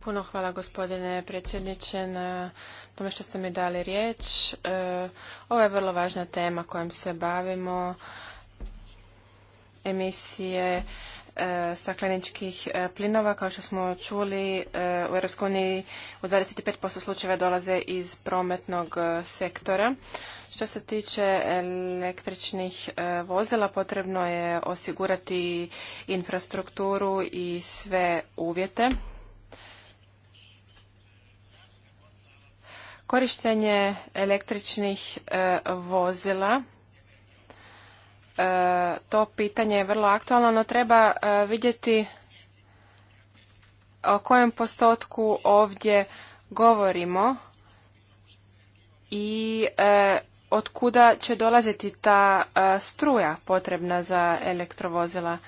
Puno hvala gospodine predsjedniče na tome što ste mi dali riječ. E, ovo je vrlo važna tema kojom se bavimo. Emisije E, stakleničkih e, plinova. Kao što smo čuli, e, u EU u 25% slučajeva dolaze iz prometnog sektora. Što se tiče električnih vozila, potrebno je osigurati infrastrukturu i sve uvjete. Korištenje električnih vozila E, to pitanje je vrlo aktualno, no treba e, vidjeti o kojem postotku ovdje govorimo i e, od kuda će dolaziti ta struja potrebna za elektrovozila.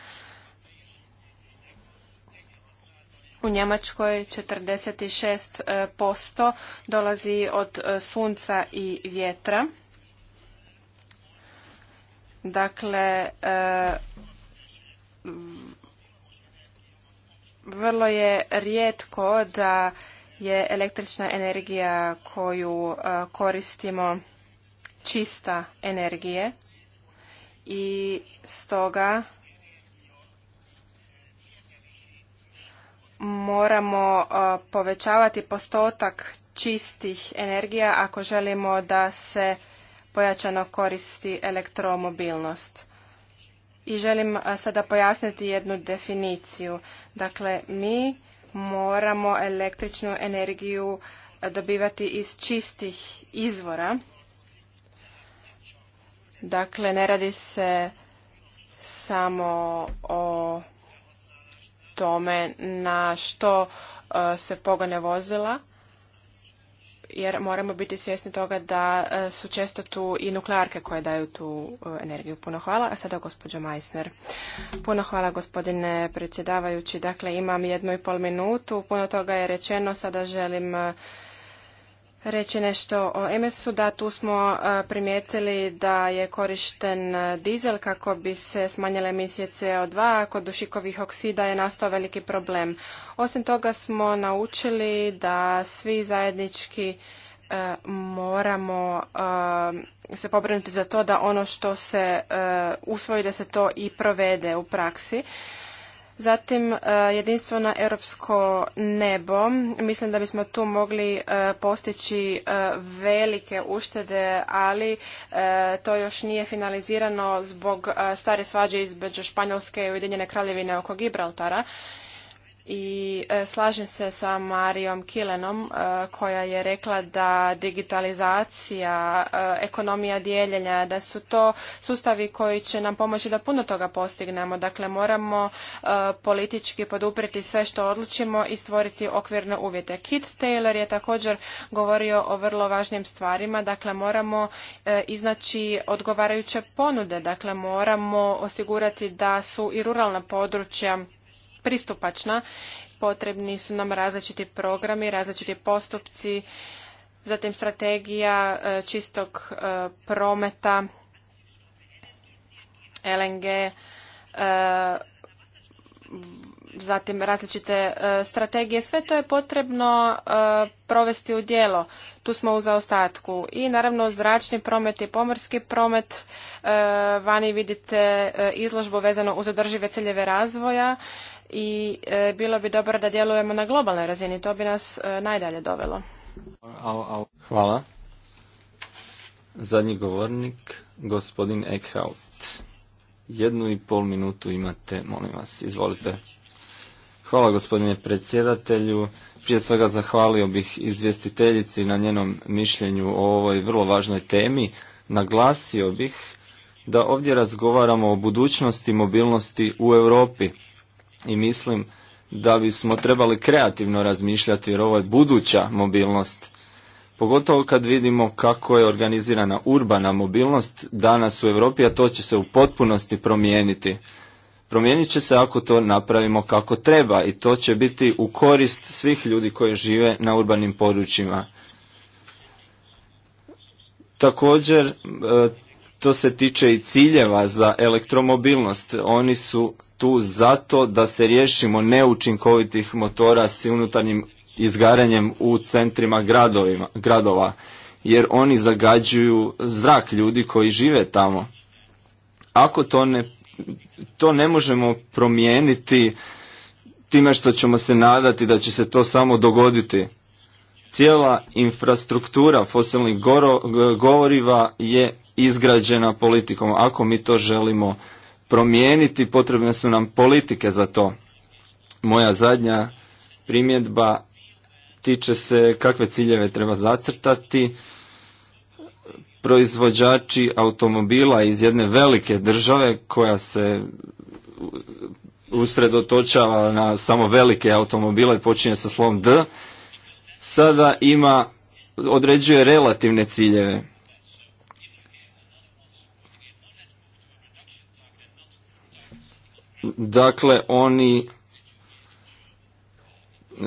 U Njemačkoj 46% dolazi od sunca i vjetra. Dakle, e, vrlo je rijetko da je električna energija koju e, koristimo čista energije i stoga moramo e, povećavati postotak čistih energija ako želimo da se pojačano koristi elektromobilnost. I želim sada pojasniti jednu definiciju. Dakle, mi moramo električnu energiju dobivati iz čistih izvora. Dakle, ne radi se samo o tome na što se pogone vozila, jer moramo biti svjesni toga da e, su često tu i nuklearke koje daju tu e, energiju. Puno hvala. A sada gospođo Majsner. Puno hvala gospodine predsjedavajući. Dakle, imam jednu i pol minutu. Puno toga je rečeno. Sada želim e, reći nešto o ms Da, tu smo e, primijetili da je korišten e, dizel kako bi se smanjile emisije CO2, a kod dušikovih oksida je nastao veliki problem. Osim toga smo naučili da svi zajednički e, moramo se pobrinuti za to da ono što se usvoji da se to i provede u praksi. Zatim e, jedinstveno europsko nebo. Mislim da bismo tu mogli e, postići e, velike uštede, ali to još nije finalizirano zbog stare svađe između Španjolske i Ujedinjene kraljevine oko Gibraltara i e, slažem se sa Marijom Kilenom e, koja je rekla da digitalizacija, e, ekonomija dijeljenja, da su to sustavi koji će nam pomoći da puno toga postignemo. Dakle, moramo politički poduprijeti sve što odlučimo i stvoriti okvirne uvjete. Kit Taylor je također govorio o vrlo važnim stvarima. Dakle, moramo iznaći odgovarajuće ponude. Dakle, moramo osigurati da su i ruralna područja pristupačna. Potrebni su nam različiti programi, različiti postupci, zatim strategija e, čistog e, prometa, LNG, e, zatim različite strategije. Sve to je potrebno provesti u djelo. Tu smo u zaostatku. I naravno zračni promet i pomorski promet. Vani vidite izložbu vezano uz održive ciljeve razvoja i e, bilo bi dobro da djelujemo na globalnoj razini. To bi nas e, najdalje dovelo. Hvala. Zadnji govornik, gospodin Eckhout. Jednu i pol minutu imate, molim vas, izvolite. Hvala gospodine predsjedatelju. Prije svega zahvalio bih izvjestiteljici na njenom mišljenju o ovoj vrlo važnoj temi. Naglasio bih da ovdje razgovaramo o budućnosti mobilnosti u Europi i mislim da bismo trebali kreativno razmišljati jer ovo je buduća mobilnost. Pogotovo kad vidimo kako je organizirana urbana mobilnost danas u Europi, a to će se u potpunosti promijeniti. Promijenit će se ako to napravimo kako treba i to će biti u korist svih ljudi koji žive na urbanim područjima. Također, e, to se tiče i ciljeva za elektromobilnost. Oni su tu zato da se riješimo neučinkovitih motora s unutarnjim izgaranjem u centrima gradovima, gradova, jer oni zagađuju zrak ljudi koji žive tamo. Ako to ne, to ne možemo promijeniti time što ćemo se nadati da će se to samo dogoditi. Cijela infrastruktura fosilnih goriva je izgrađena politikom. Ako mi to želimo promijeniti, potrebne su nam politike za to. Moja zadnja primjedba tiče se kakve ciljeve treba zacrtati. Proizvođači automobila iz jedne velike države koja se usredotočava na samo velike automobile počinje sa slovom D, sada ima, određuje relativne ciljeve. Dakle, oni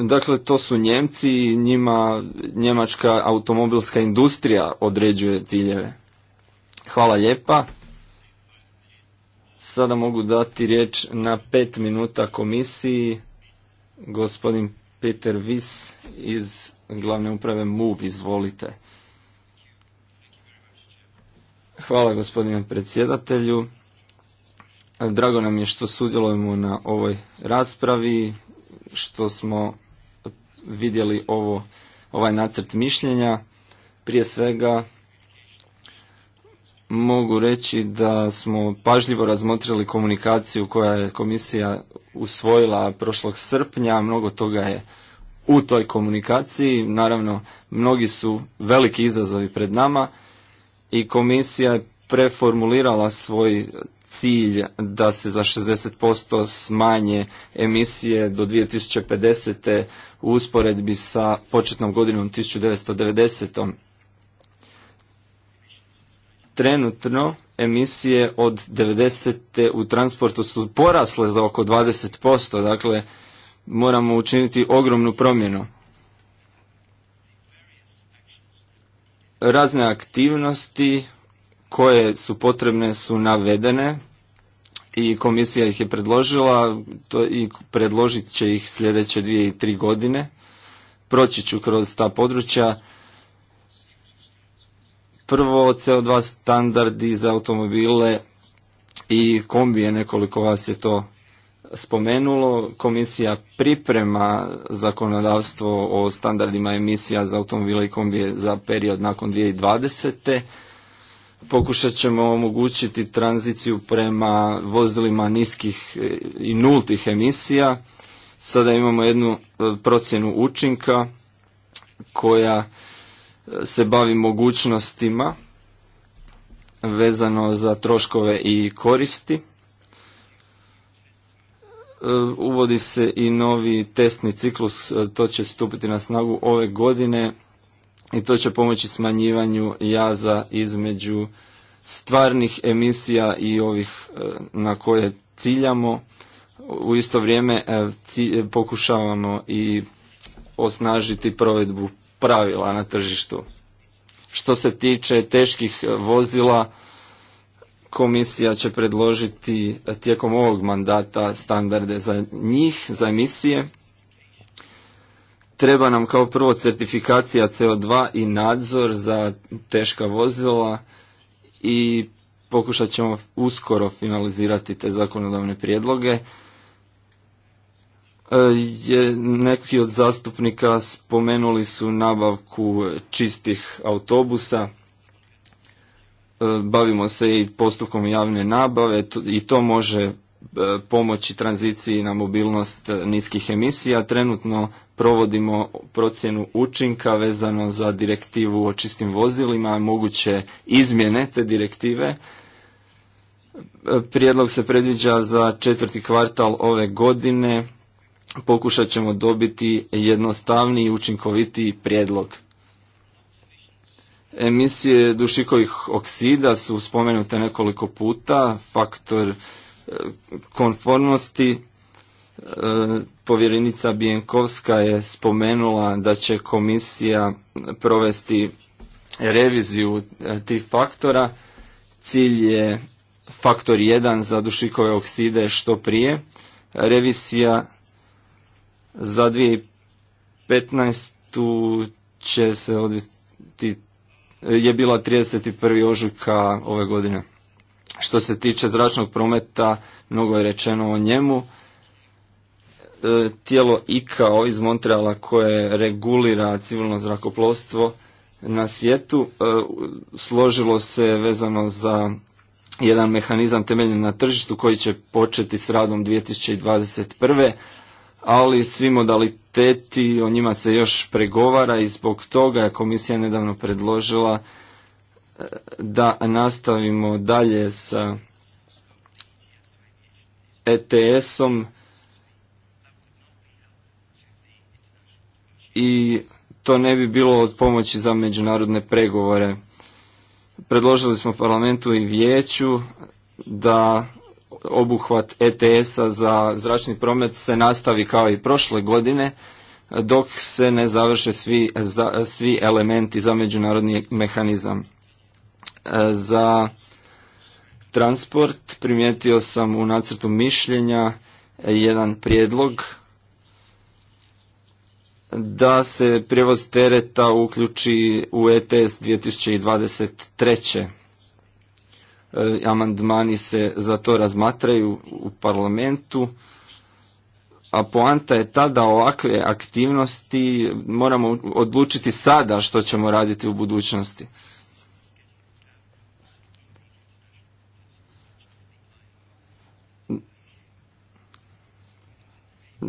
Dakle, to su Njemci i njima njemačka automobilska industrija određuje ciljeve. Hvala lijepa. Sada mogu dati riječ na pet minuta komisiji. Gospodin Peter Vis iz glavne uprave MUV, izvolite. Hvala gospodine predsjedatelju. Drago nam je što sudjelujemo na ovoj raspravi, što smo vidjeli ovo, ovaj nacrt mišljenja. Prije svega mogu reći da smo pažljivo razmotrili komunikaciju koja je komisija usvojila prošlog srpnja, mnogo toga je u toj komunikaciji. Naravno, mnogi su veliki izazovi pred nama i komisija je preformulirala svoj cilj da se za 60% smanje emisije do 2050. u usporedbi sa početnom godinom 1990. Trenutno emisije od 90. u transportu su porasle za oko 20%, dakle moramo učiniti ogromnu promjenu. Razne aktivnosti koje su potrebne su navedene i komisija ih je predložila to i predložit će ih sljedeće dvije i tri godine. Proći ću kroz ta područja. Prvo CO2 standardi za automobile i kombije, nekoliko vas je to spomenulo. Komisija priprema zakonodavstvo o standardima emisija za automobile i kombije za period nakon 2020 pokušat ćemo omogućiti tranziciju prema vozilima niskih e, i nultih emisija. Sada imamo jednu e, procjenu učinka koja e, se bavi mogućnostima vezano za troškove i koristi. Uvodi se i novi testni ciklus, to će stupiti na snagu ove godine i to će pomoći smanjivanju jaza između stvarnih emisija i ovih e, na koje ciljamo. U isto vrijeme e, e, pokušavamo i osnažiti provedbu pravila na tržištu. Što se tiče teških vozila, komisija će predložiti tijekom ovog mandata standarde za njih, za emisije. Treba nam kao prvo certifikacija CO2 i nadzor za teška vozila i pokušat ćemo uskoro finalizirati te zakonodavne prijedloge. E, je, neki od zastupnika spomenuli su nabavku čistih autobusa. E, bavimo se i postupkom javne nabave i to može E, pomoći tranziciji na mobilnost e, niskih emisija. Trenutno provodimo procjenu učinka vezano za direktivu o čistim vozilima, moguće izmjene te direktive. E, prijedlog se predviđa za četvrti kvartal ove godine. Pokušat ćemo dobiti jednostavniji i učinkovitiji prijedlog. Emisije dušikovih oksida su spomenute nekoliko puta. Faktor konformnosti e, povjerenica Bijenkovska je spomenula da će komisija provesti reviziju e, tih faktora. Cilj je faktor 1 za dušikove okside što prije. Revisija za 2015. će se odviti je bila 31. ožujka ove godine. Što se tiče zračnog prometa, mnogo je rečeno o njemu. E, tijelo ICAO iz Montreala koje regulira civilno zrakoplovstvo na svijetu e, složilo se vezano za jedan mehanizam temeljen na tržištu koji će početi s radom 2021. Ali svi modaliteti, o njima se još pregovara i zbog toga je komisija nedavno predložila da nastavimo dalje sa ETS-om i to ne bi bilo od pomoći za međunarodne pregovore. Predložili smo parlamentu i vijeću da obuhvat ETS-a za zračni promet se nastavi kao i prošle godine dok se ne završe svi, svi elementi za međunarodni mehanizam za transport primijetio sam u nacrtu mišljenja jedan prijedlog da se prijevoz tereta uključi u e ETS 2023. E, amandmani se za to razmatraju u parlamentu, a poanta je ta da ovakve aktivnosti moramo odlučiti sada što ćemo raditi u budućnosti.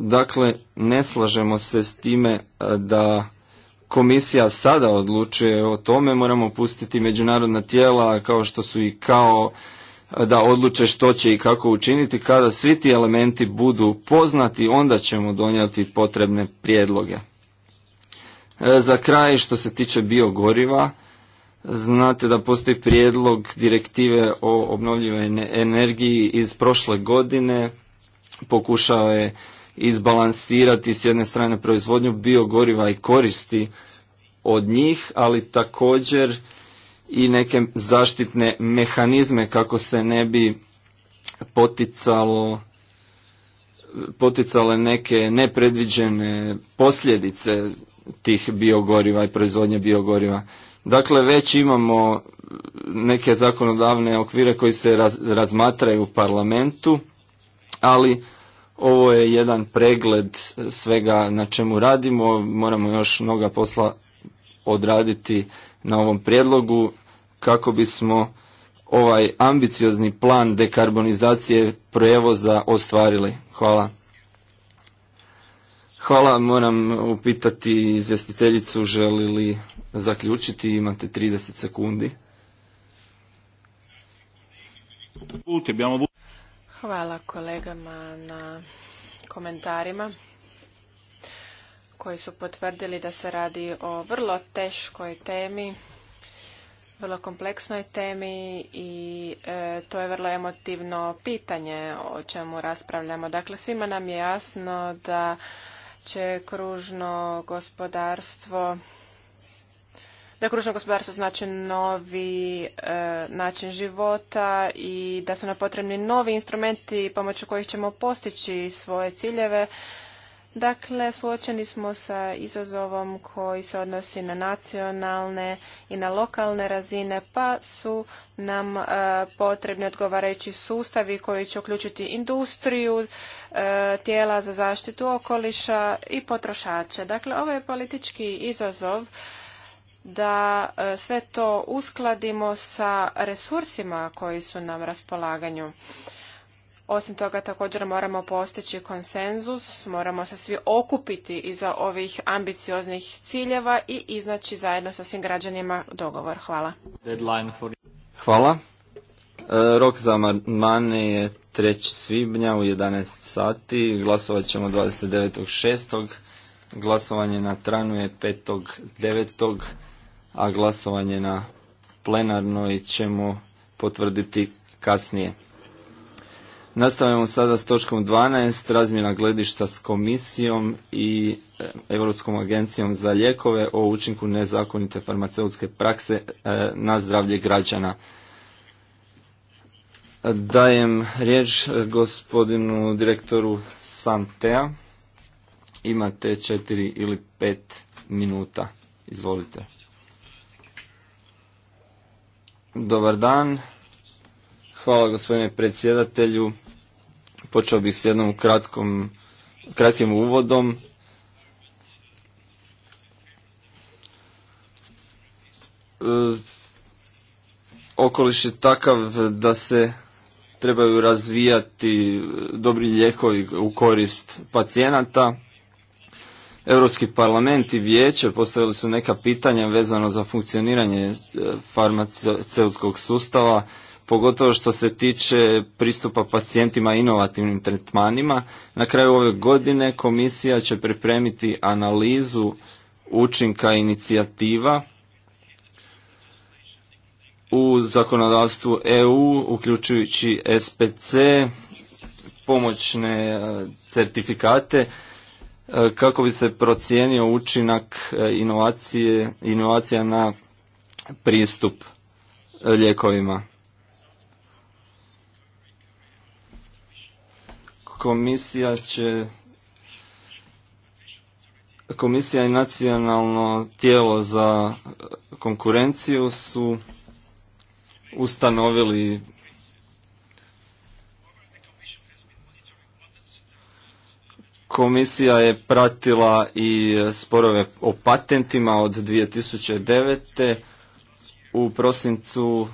Dakle, ne slažemo se s time e, da komisija sada odlučuje o tome, moramo pustiti međunarodna tijela kao što su i kao e, da odluče što će i kako učiniti. Kada svi ti elementi budu poznati, onda ćemo donijeti potrebne prijedloge. E, za kraj, što se tiče biogoriva, znate da postoji prijedlog direktive o obnovljivoj energiji iz prošle godine. Pokušao je izbalansirati s jedne strane proizvodnju biogoriva i koristi od njih, ali također i neke zaštitne mehanizme kako se ne bi poticalo poticale neke nepredviđene posljedice tih biogoriva i proizvodnje biogoriva. Dakle, već imamo neke zakonodavne okvire koji se razmatraju u parlamentu, ali ovo je jedan pregled svega na čemu radimo. Moramo još mnoga posla odraditi na ovom prijedlogu kako bismo ovaj ambiciozni plan dekarbonizacije prevoza ostvarili. Hvala. Hvala, moram upitati izvjestiteljicu želi li zaključiti, imate 30 sekundi. Hvala kolegama na komentarima koji su potvrdili da se radi o vrlo teškoj temi, vrlo kompleksnoj temi i e, to je vrlo emotivno pitanje o čemu raspravljamo. Dakle, svima nam je jasno da će kružno gospodarstvo da kružno gospodarstvo znači novi e, način života i da su nam potrebni novi instrumenti pomoću kojih ćemo postići svoje ciljeve. Dakle, suočeni smo sa izazovom koji se odnosi na nacionalne i na lokalne razine, pa su nam e, potrebni odgovarajući sustavi koji će uključiti industriju, e, tijela za zaštitu okoliša i potrošače. Dakle, ovo je politički izazov da e, sve to uskladimo sa resursima koji su nam raspolaganju. Osim toga također moramo postići konsenzus, moramo se svi okupiti iza ovih ambicioznih ciljeva i iznaći zajedno sa svim građanima dogovor. Hvala. Hvala. E, rok za amandmane je 3. svibnja u 11 sati. Glasovat ćemo 29.6. Glasovanje na tranu je 5.9 a glasovanje na plenarnoj ćemo potvrditi kasnije. Nastavljamo sada s točkom 12, razmjena gledišta s komisijom i e, Europskom agencijom za lijekove o učinku nezakonite farmaceutske prakse e, na zdravlje građana. Dajem riječ e, gospodinu direktoru Santea. Imate četiri ili pet minuta. Izvolite. Dobar dan. Hvala gospodine predsjedatelju. Počeo bih s jednom kratkom, kratkim uvodom. E, okoliš je takav da se trebaju razvijati dobri lijekovi u korist pacijenata Europski parlament i vijeće postavili su neka pitanja vezano za funkcioniranje e, farmaceutskog sustava, pogotovo što se tiče pristupa pacijentima inovativnim tretmanima. Na kraju ove godine komisija će pripremiti analizu učinka inicijativa u zakonodavstvu EU, uključujući SPC, pomoćne e, certifikate kako bi se procijenio učinak e, inovacije, inovacija na pristup e, lijekovima. Komisija će Komisija i nacionalno tijelo za e, konkurenciju su ustanovili Komisija je pratila i sporove o patentima od 2009. U prosincu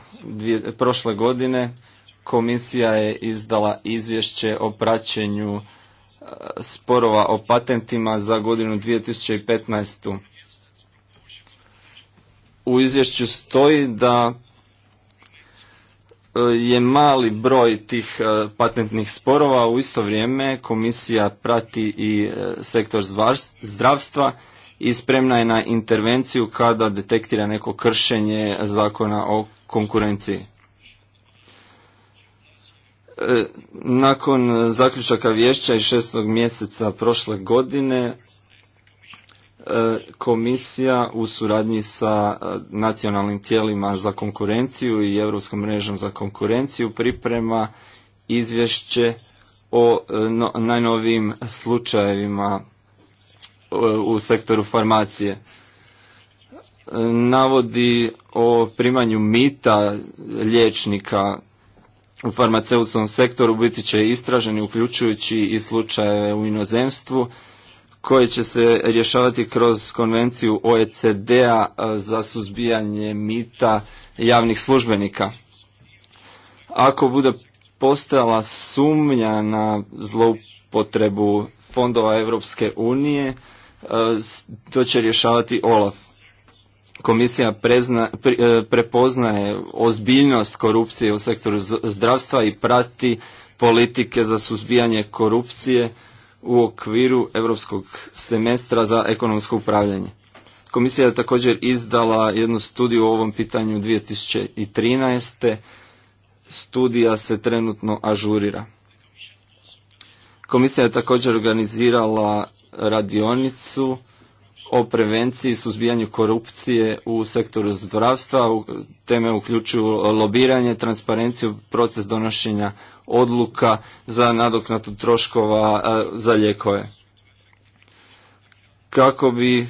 prošle godine komisija je izdala izvješće o praćenju e, sporova o patentima za godinu 2015. U izvješću stoji da E, je mali broj tih e, patentnih sporova, u isto vrijeme komisija prati i e, sektor zdravstva i spremna je na intervenciju kada detektira neko kršenje zakona o konkurenciji. Nakon zaključaka vješća iz šestog mjeseca prošle godine E, komisija u suradnji sa e, nacionalnim tijelima za konkurenciju i Europskom mrežom za konkurenciju priprema izvješće o e, najnovijim slučajevima u sektoru farmacije. Navodi o primanju mita liječnika u farmaceutskom sektoru biti će istraženi uključujući i slučajeve u inozemstvu koje će se rješavati kroz konvenciju OECD-a e, za suzbijanje mita javnih službenika. Ako bude postojala sumnja na zloupotrebu fondova Europske unije, e, to će rješavati OLAF. Komisija e, prepoznaje ozbiljnost korupcije u sektoru zdravstva i prati politike za suzbijanje korupcije u okviru europskog semestra za ekonomsko upravljanje. Komisija je također izdala jednu studiju o ovom pitanju 2013. Studija se trenutno ažurira. Komisija je također organizirala radionicu o prevenciji i suzbijanju korupcije u sektoru zdravstva. Teme uključuju lobiranje, transparenciju, proces donošenja odluka za nadoknatu troškova za lijekove. Kako bi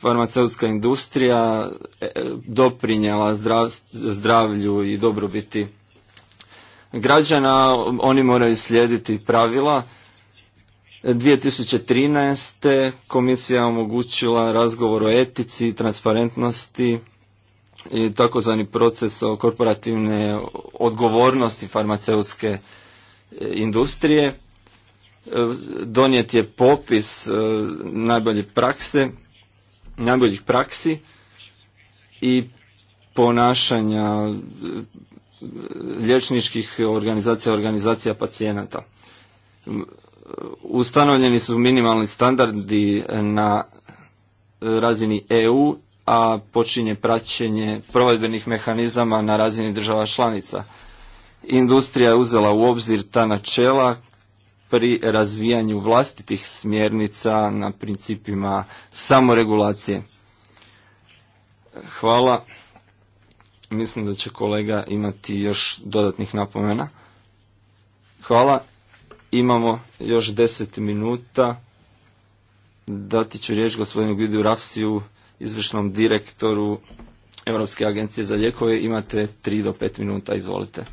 farmaceutska industrija e, doprinjela zdravlju i dobrobiti građana, oni moraju slijediti pravila 2013. komisija omogućila razgovor o etici transparentnosti i takozvani proces o korporativne odgovornosti farmaceutske e, industrije. E, donijet je popis e, najboljih prakse, najboljih praksi i ponašanja liječničkih organizacija, organizacija pacijenata ustanovljeni su minimalni standardi e, na e, razini EU, a počinje praćenje provedbenih mehanizama na razini država članica. Industrija je uzela u obzir ta načela pri razvijanju vlastitih smjernica na principima samoregulacije. Hvala. Mislim da će kolega imati još dodatnih napomena. Hvala. Imamo još deset minuta. Dati ću riječ gospodinu Guidu Rafsiju, izvršnom direktoru Europske agencije za lijekove. Imate tri do pet minuta, izvolite.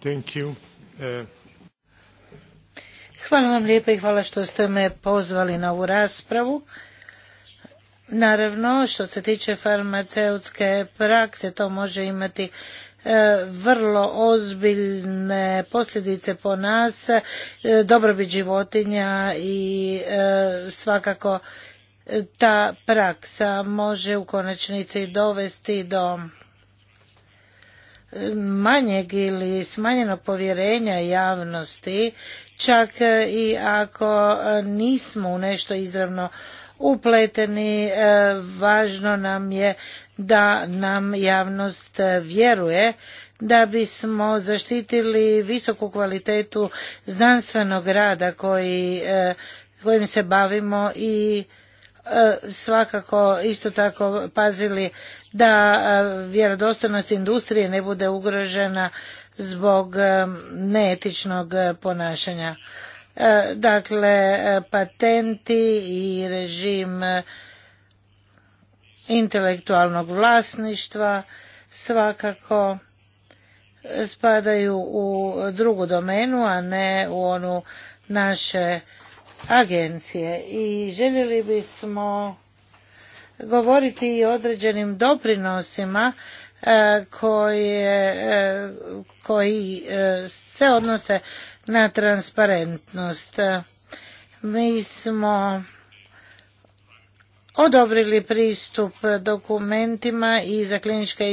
Thank you. E, hvala vam lijepo i hvala što ste me pozvali na ovu raspravu. Naravno, što se tiče farmaceutske prakse, to može imati E, vrlo ozbiljne posljedice po nas, e, dobrobit životinja i e, svakako ta praksa može u konačnici dovesti do manjeg ili smanjenog povjerenja javnosti, čak i ako nismo u nešto izravno upleteni. E, važno nam je da nam javnost vjeruje da bismo zaštitili visoku kvalitetu znanstvenog rada e, kojim se bavimo i e, svakako isto tako pazili da vjerodostojnost industrije ne bude ugrožena zbog neetičnog ponašanja. E, dakle e, patenti i režim e, intelektualnog vlasništva svakako spadaju u drugu domenu, a ne u onu naše agencije. I željeli bismo govoriti i o određenim doprinosima koji se odnose na transparentnost. Mi smo odobrili pristup dokumentima i za klinička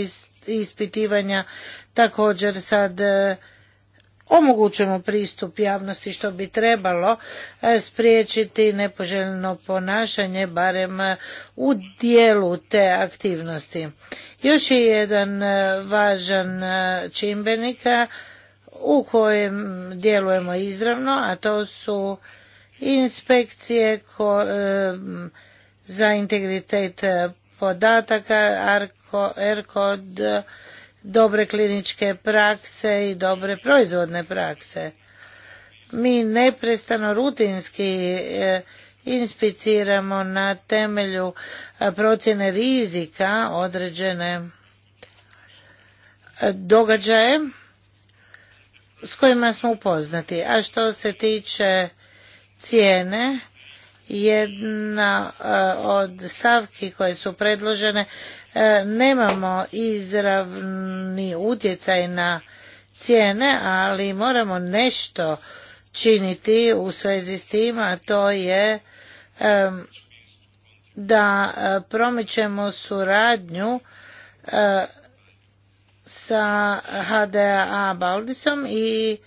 ispitivanja također sad e, omogućujemo pristup javnosti što bi trebalo e, spriječiti nepoželjno ponašanje barem e, u dijelu te aktivnosti. Još je jedan važan čimbenik u kojem djelujemo izravno, a to su inspekcije za integritet podataka, ERKOD, dobre kliničke prakse i dobre proizvodne prakse. Mi neprestano rutinski eh, inspiciramo na temelju eh, procjene rizika određene eh, događaje s kojima smo upoznati. A što se tiče cijene, jedna e, od stavki koje su predložene e, nemamo izravni utjecaj na cijene, ali moramo nešto činiti u svezi s tim, a to je e, da promičemo suradnju sa HDA Baldisom i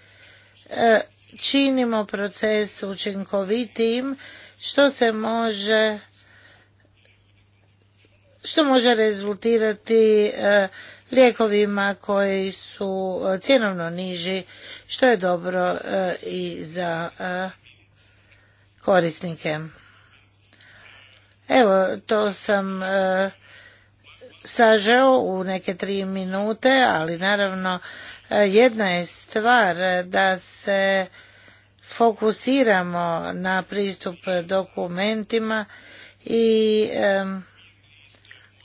e, činimo proces učinkovitijim što se može što može rezultirati e, lijekovima koji su e, cjenovno niži što je dobro i za korisnike. Evo to sam sažeo u neke tri minute, ali naravno e, jedna je stvar da se fokusiramo na pristup dokumentima i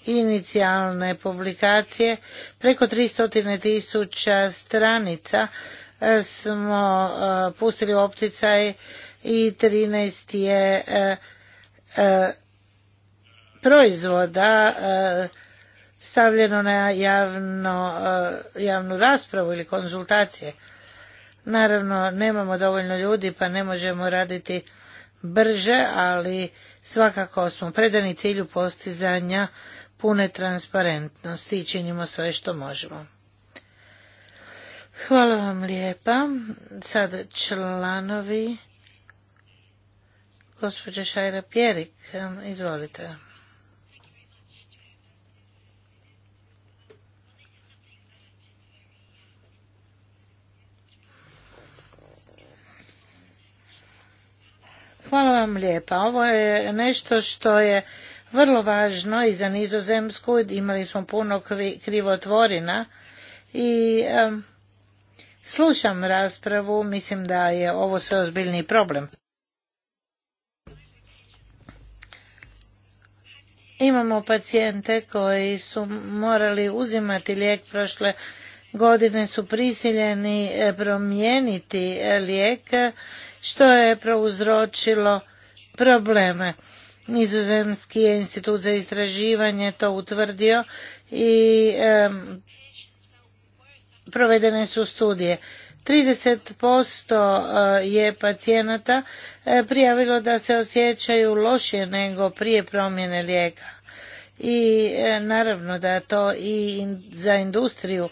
inicijalne publikacije. Preko 300 tisuća stranica e, smo e, pustili u opticaj i 13 je proizvoda stavljeno na javno, eh, javnu raspravu ili konzultacije. Naravno, nemamo dovoljno ljudi pa ne možemo raditi brže, ali svakako smo predani cilju postizanja pune transparentnosti i činimo sve što možemo. Hvala vam lijepa. Sad članovi gospođa Šajra Pjerik, izvolite. Hvala vam lijepa. Ovo je nešto što je vrlo važno i za nizozemsku. Imali smo puno krivotvorina i slušam raspravu. Mislim da je ovo sve ozbiljni problem. Imamo pacijente koji su morali uzimati lijek prošle godine su prisiljeni eh, promijeniti eh, lijek što je prouzročilo probleme. Nizozemski je institut za istraživanje to utvrdio i provedene su studije. 30% eh, je pacijenata eh, prijavilo da se osjećaju lošije nego prije promjene lijeka. I eh, naravno da to i za industriju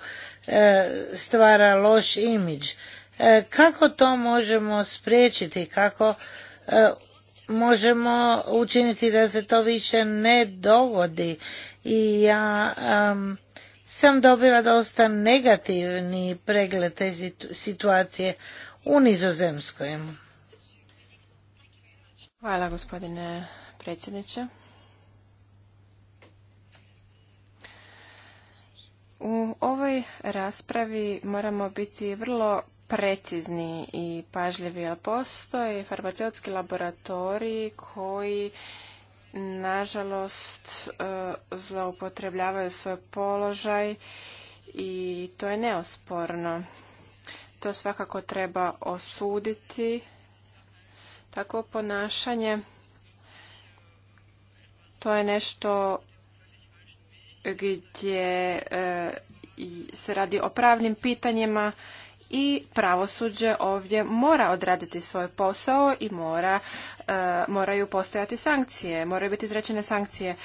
stvara loš imidž. E, kako to možemo spriječiti? Kako e, možemo učiniti da se to više ne dogodi? I ja sam dobila dosta negativni pregled te situacije u Nizozemskoj. Hvala gospodine predsjedniče. U ovoj raspravi moramo biti vrlo precizni i pažljivi, a postoje farmaceutski laboratoriji koji nažalost e, zloupotrebljavaju svoj položaj i to je neosporno. To svakako treba osuditi takvo ponašanje. To je nešto gdje e, se radi o pravnim pitanjima i pravosuđe ovdje mora odraditi svoj posao i mora, e, moraju postojati sankcije, moraju biti izrečene sankcije.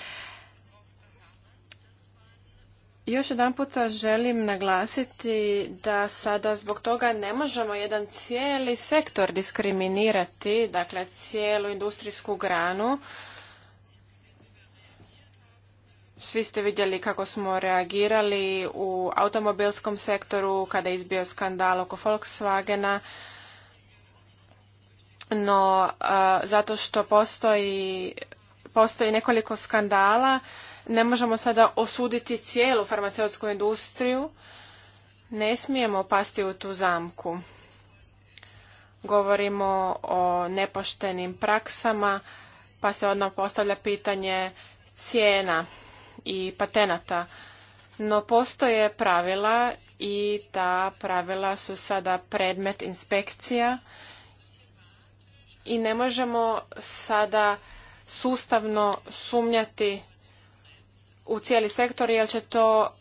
Još jedan puta želim naglasiti da sada zbog toga ne možemo jedan cijeli sektor diskriminirati, dakle cijelu industrijsku granu, svi ste vidjeli kako smo reagirali u automobilskom sektoru kada je izbio skandal oko Volkswagena, no zato što postoji, postoji nekoliko skandala, ne možemo sada osuditi cijelu farmaceutsku industriju, ne smijemo pasti u tu zamku. Govorimo o nepoštenim praksama, pa se odmah postavlja pitanje cijena i patenata. No postoje pravila i ta pravila su sada predmet inspekcija i ne možemo sada sustavno sumnjati u cijeli sektor jer će to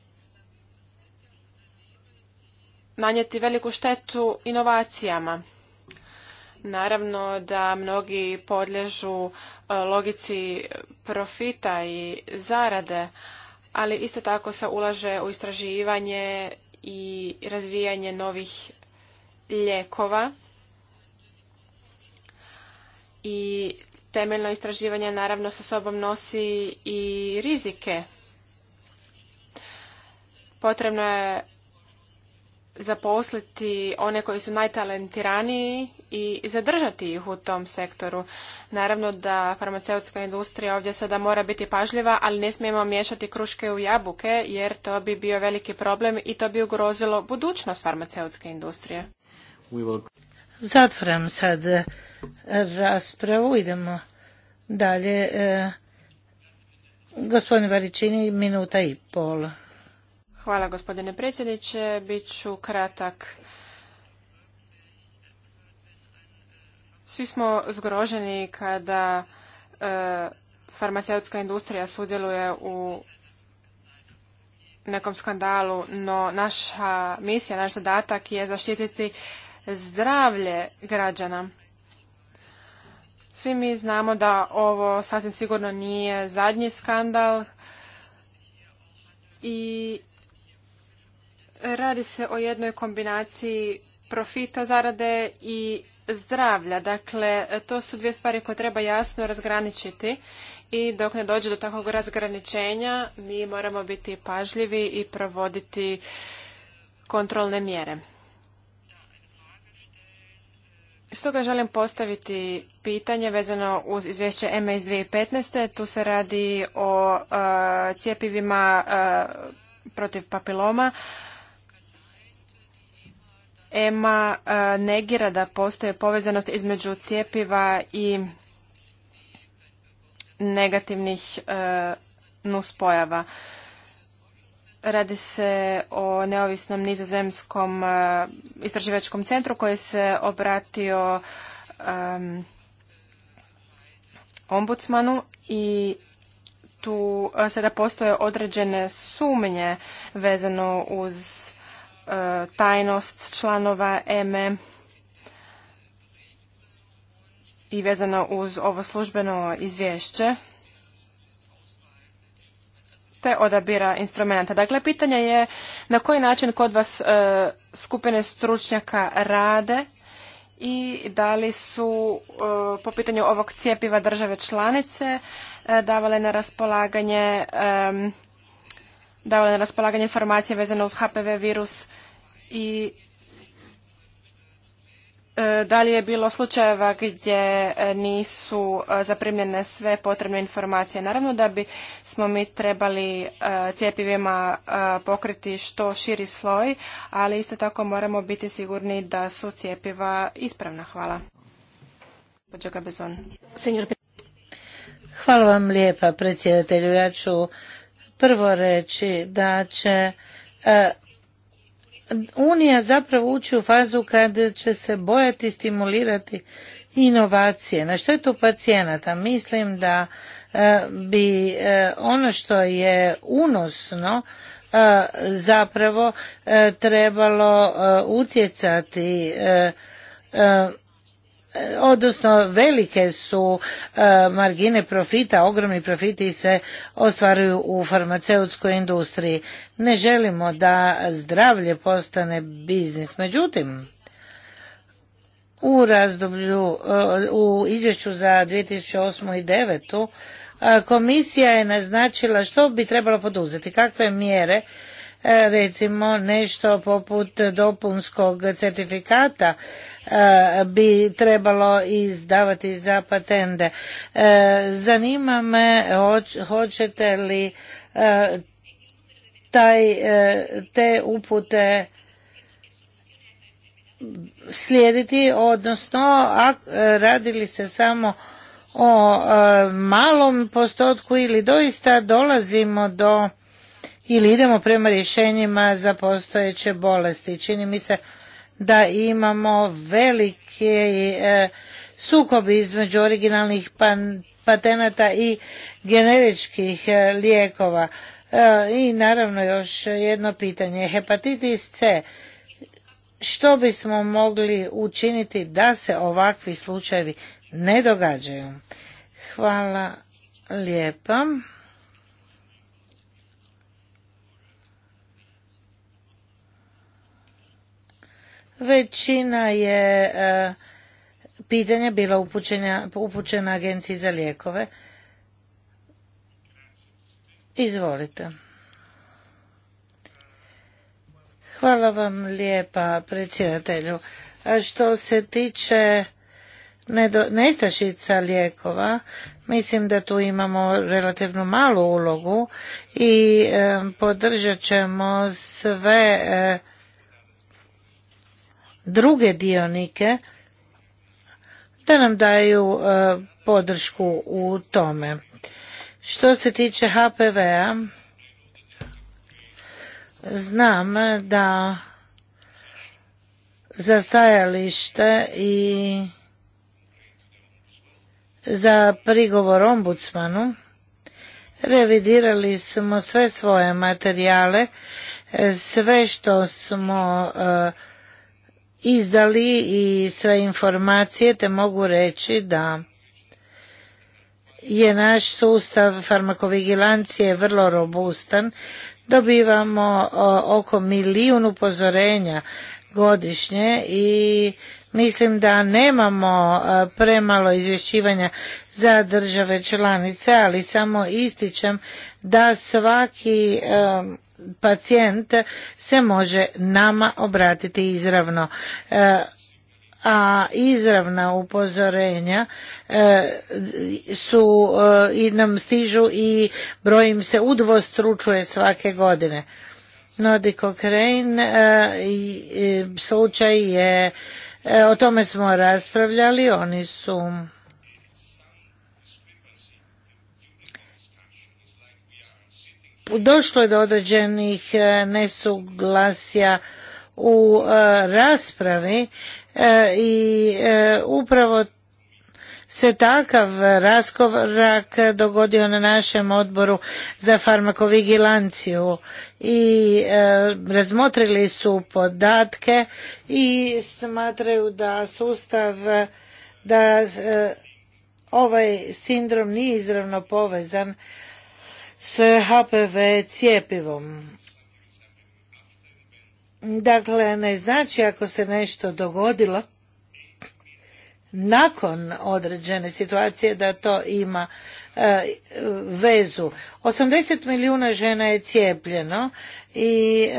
nanijeti veliku štetu inovacijama. Naravno da mnogi podlježu e, logici profita i zarade, ali isto tako se ulaže u istraživanje i razvijanje novih lijekova. I temeljno istraživanje naravno sa sobom nosi i rizike. Potrebno je zaposliti one koji su najtalentiraniji i zadržati ih u tom sektoru. Naravno da farmaceutska industrija ovdje sada mora biti pažljiva, ali ne smijemo miješati kruške u jabuke jer to bi bio veliki problem i to bi ugrozilo budućnost farmaceutske industrije. Zatvaram sad eh, raspravu, idemo dalje. Eh, Gospodin Varičini, minuta i pol. Hvala gospodine predsjedniče, bit ću kratak. Svi smo zgroženi kada e, farmaceutska industrija sudjeluje u nekom skandalu, no naša misija, naš zadatak je zaštititi zdravlje građana. Svi mi znamo da ovo sasvim sigurno nije zadnji skandal i radi se o jednoj kombinaciji profita zarade i zdravlja. Dakle, to su dvije stvari koje treba jasno razgraničiti i dok ne dođe do takvog razgraničenja mi moramo biti pažljivi i provoditi kontrolne mjere. Stoga želim postaviti pitanje vezano uz izvješće MS iz 2015. Tu se radi o e, cjepivima e, protiv papiloma. EMA e, negira da postoje povezanost između cijepiva i negativnih e, nuspojava. Radi se o neovisnom nizozemskom e, istraživačkom centru koji se obratio ombudsmanu i tu sada postoje određene sumnje vezano uz tajnost članova EME e i vezano uz ovo službeno izvješće te odabira instrumenta. Dakle, pitanje je na koji način kod vas e, skupine stručnjaka rade i da li su e, po pitanju ovog cijepiva države članice davale na raspolaganje dala na raspolaganje informacije vezano uz HPV virus i e, da li je bilo slučajeva gdje e, nisu e, zaprimljene sve potrebne informacije. Naravno da bi smo mi trebali cijepivima pokriti što širi sloj, ali isto tako moramo biti sigurni da su cijepiva ispravna. Hvala. Hvala vam lijepa predsjedatelju. Ja ću prvo reći da će e, Unija zapravo ući u fazu kad će se bojati stimulirati inovacije. Na što je to pacijenata mislim da e, bi e, ono što je unosno zapravo trebalo utjecati odnosno velike su e, margine profita, ogromni profiti se ostvaruju u farmaceutskoj industriji. Ne želimo da zdravlje postane biznis. Međutim, u razdoblju, e, u izvješću za 2008. i 2009. E, komisija je naznačila što bi trebalo poduzeti, kakve mjere recimo nešto poput dopunskog certifikata E, bi trebalo izdavati za patente. E, zanima me hoćete li e, taj, te upute slijediti, odnosno radili se samo o malom postotku ili doista dolazimo do ili idemo prema rješenjima za postojeće bolesti. Čini mi se da imamo velike e, sukobi između originalnih patenata i generičkih e, lijekova. E, I naravno još jedno pitanje, hepatitis C. Što bismo mogli učiniti da se ovakvi slučajevi ne događaju? Hvala lijepa. Većina je e, pitanja bila upućena, Agenciji za lijekove. Izvolite. Hvala vam lijepa predsjedatelju. A što se tiče nestašica lijekova, mislim da tu imamo relativno malu ulogu i e, podržat ćemo sve e, druge dionike da nam daju e, podršku u tome. Što se tiče HPV-a, znam da za stajalište i za prigovor ombudsmanu revidirali smo sve svoje materijale, sve što smo e, izdali i sve informacije te mogu reći da je naš sustav farmakovigilancije vrlo robustan. Dobivamo oko milijun upozorenja godišnje i mislim da nemamo premalo izvješćivanja za države članice, ali samo ističem da svaki pacijent se može nama obratiti izravno e, a izravna upozorenja e, su e, i nam stižu i broj se udvostručuje svake godine. Nodiko i slučaj je o tome smo raspravljali, oni su došlo je do određenih e, nesuglasja u e, raspravi e, i upravo se takav raskorak dogodio na našem odboru za farmakovigilanciju i razmotrili su podatke i smatraju da sustav da ovaj sindrom nije izravno povezan s HPV cijepivom. Dakle, ne znači ako se nešto dogodilo nakon određene situacije da to ima e, vezu. 80 milijuna žena je cijepljeno i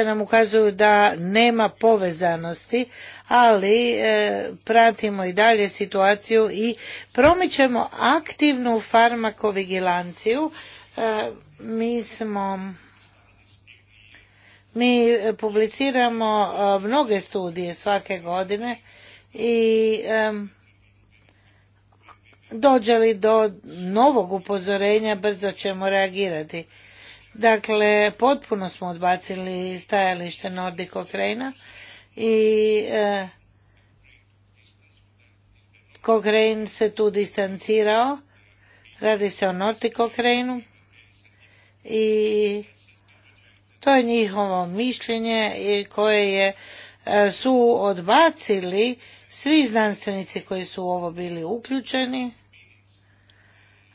e, nam ukazuju da nema povezanosti ali e, pratimo i dalje situaciju i promičemo aktivnu farmakovigilanciju. E, mi smo mi publiciramo e, mnoge studije svake godine i dođe li do novog upozorenja brzo ćemo reagirati. Dakle, potpuno smo odbacili stajalište Nordic Okrejna i e, Cochrane se tu distancirao. Radi se o Norti Cochrane i to je njihovo mišljenje koje je e, su odbacili svi znanstvenici koji su u ovo bili uključeni,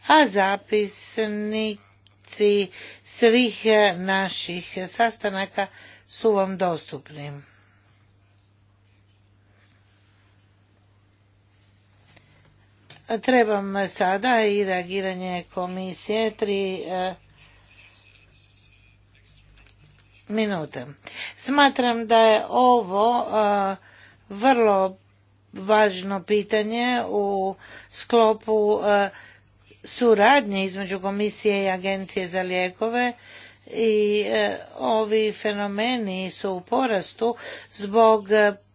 a zapisnici svih e, naših sastanaka su vam dostupni. Trebam sada i reagiranje komisije tri e, minute. Smatram da je ovo e, vrlo važno pitanje u sklopu e, suradnje između komisije i agencije za lijekove i ovi fenomeni su u porastu zbog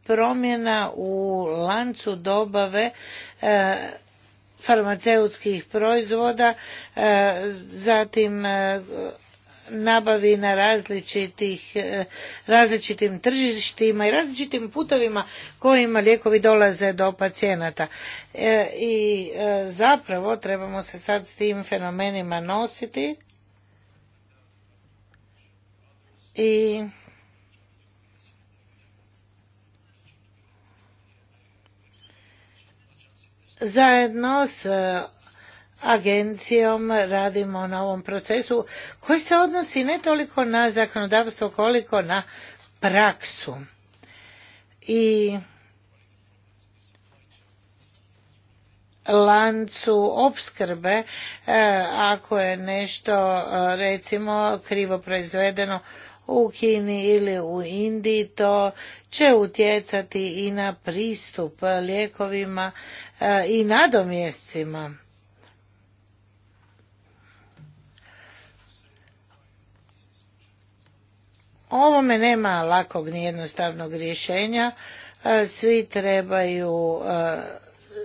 promjena u lancu dobave farmaceutskih proizvoda, e, zatim e, nabavi na različitih, e, različitim tržištima i različitim putovima kojima lijekovi dolaze do pacijenata. I zapravo trebamo se sad s tim fenomenima nositi i Zajedno s e, agencijom radimo na ovom procesu koji se odnosi ne toliko na zakonodavstvo koliko na praksu. I lancu opskrbe e, ako je nešto e, recimo krivo proizvedeno u Kini ili u Indiji, to će utjecati i na pristup lijekovima e, i nadomjescima. Ovome nema lakog ni jednostavnog rješenja, e, svi trebaju e,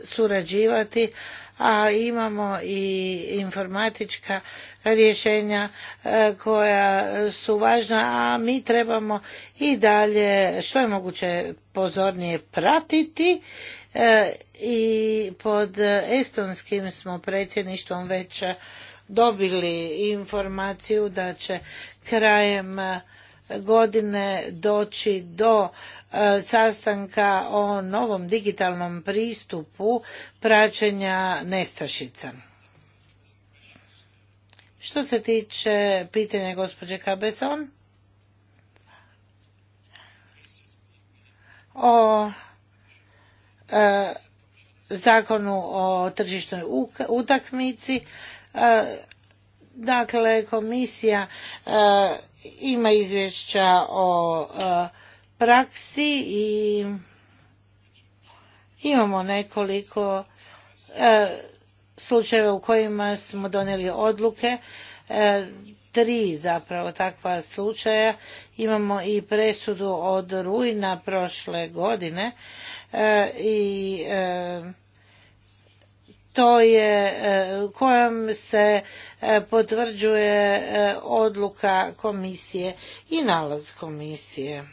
surađivati, a imamo i informatička rješenja e, koja su važna, a mi trebamo i dalje što je moguće pozornije pratiti e, i pod estonskim smo predsjedništvom već dobili informaciju da će krajem godine doći do e, sastanka o novom digitalnom pristupu praćenja nestašica. Što se tiče pitanja gospođe Kabeson o e, zakonu o tržišnoj utakmici, e, dakle komisija e, ima izvješća o praksi i imamo nekoliko slučajeve u kojima smo donijeli odluke, e, tri zapravo takva slučaja. Imamo i presudu od rujna prošle godine e, i e, to je kojom se potvrđuje odluka komisije i nalaz komisije.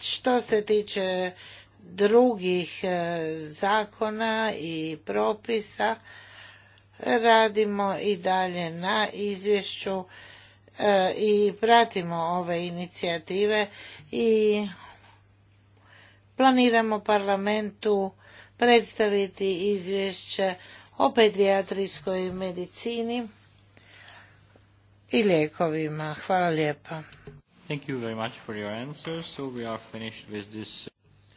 Što se tiče drugih e, zakona i propisa radimo i dalje na izvješću e, i pratimo ove inicijative i planiramo parlamentu predstaviti izvješće o pedijatrijskoj medicini i lijekovima. Hvala lijepa.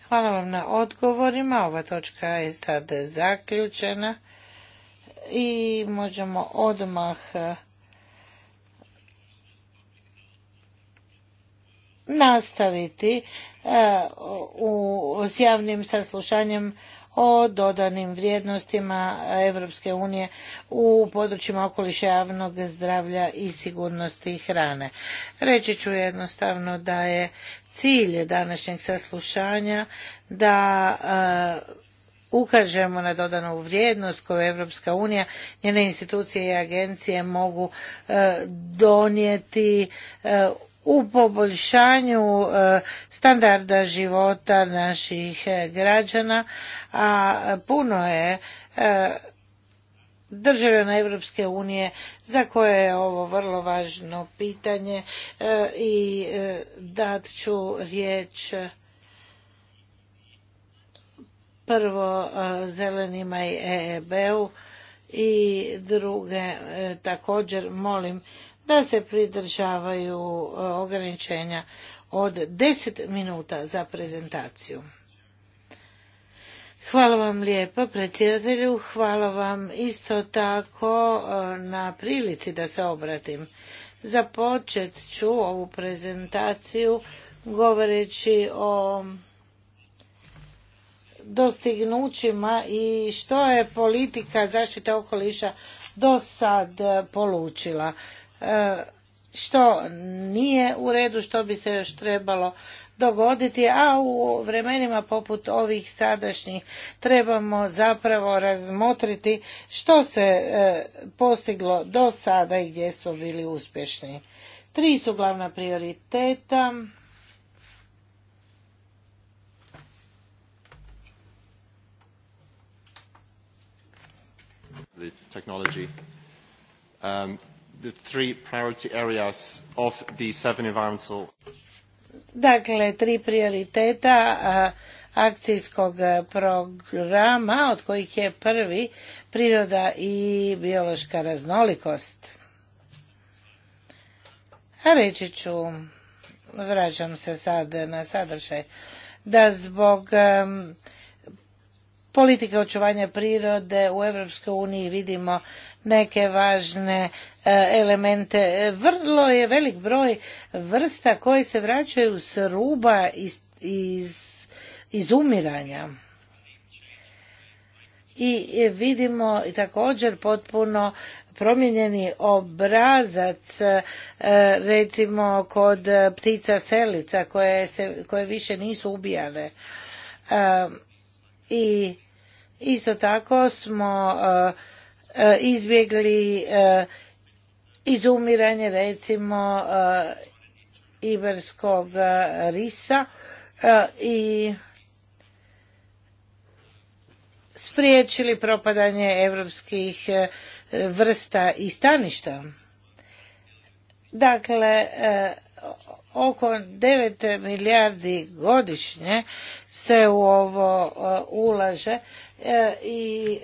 Hvala vam na odgovorima. Ova točka je sada zaključena i možemo odmah eh, nastaviti eh, u, s javnim saslušanjem o dodanim vrijednostima Europske unije u područjima okoliša javnog zdravlja i sigurnosti hrane. Reći ću jednostavno da je cilj današnjeg saslušanja da e, ukažemo na dodanu vrijednost koju Europska unija, njene institucije i agencije mogu e, donijeti e, u poboljšanju e, standarda života naših e, građana, a puno je e, državljana Europske unije za koje je ovo vrlo važno pitanje i dat ću riječ prvo zelenima i EEB-u i druge također molim da se pridržavaju e, ograničenja od 10 minuta za prezentaciju. Hvala vam lijepa predsjedatelju, hvala vam isto tako e, na prilici da se obratim. Započet ću ovu prezentaciju govoreći o dostignućima i što je politika zaštite okoliša do sad polučila. E, što nije u redu, što bi se još trebalo dogoditi, a u vremenima poput ovih sadašnjih trebamo zapravo razmotriti što se e, postiglo do sada i gdje smo bili uspješni. Tri su glavna prioriteta. Um, the three priority areas of the environmental Dakle, tri prioriteta akcijskog e, programa, od kojih je prvi priroda i biološka raznolikost. A reći ću, vraćam se sad na sadržaj, da zbog e, politike očuvanja prirode u EU uniji vidimo neke važne e, elemente. Vrlo je velik broj vrsta koji se vraćaju s ruba iz, iz, izumiranja. I vidimo također potpuno promijenjeni obrazac e, recimo kod ptica selica koje, se, koje više nisu ubijane. E, I isto tako smo E, izbjegli e, izumiranje recimo e, iberskog risa i spriječili propadanje evropskih vrsta i staništa. Dakle, oko 9 milijardi godišnje se u ovo ulaže i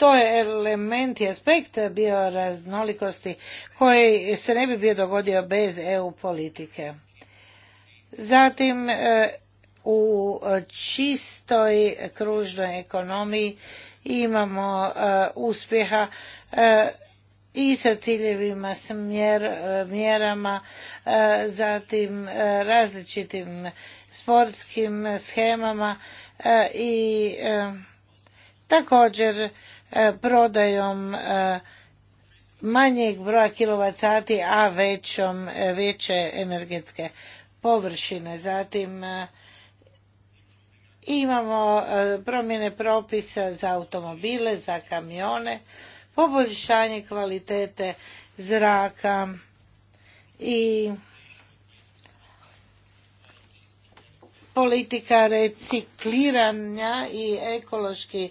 to je element i aspekt bioraznolikosti koji se ne bi bio dogodio bez EU politike. Zatim e, u čistoj kružnoj ekonomiji imamo e, uspjeha e, i sa ciljevima, s mjerama, zatim različitim sportskim schemama i također E, prodajom e, manjeg broja kilovat sati, a većom, e, veće energetske površine. Zatim imamo promjene propisa za automobile, za kamione, poboljšanje kvalitete zraka i politika recikliranja i ekološki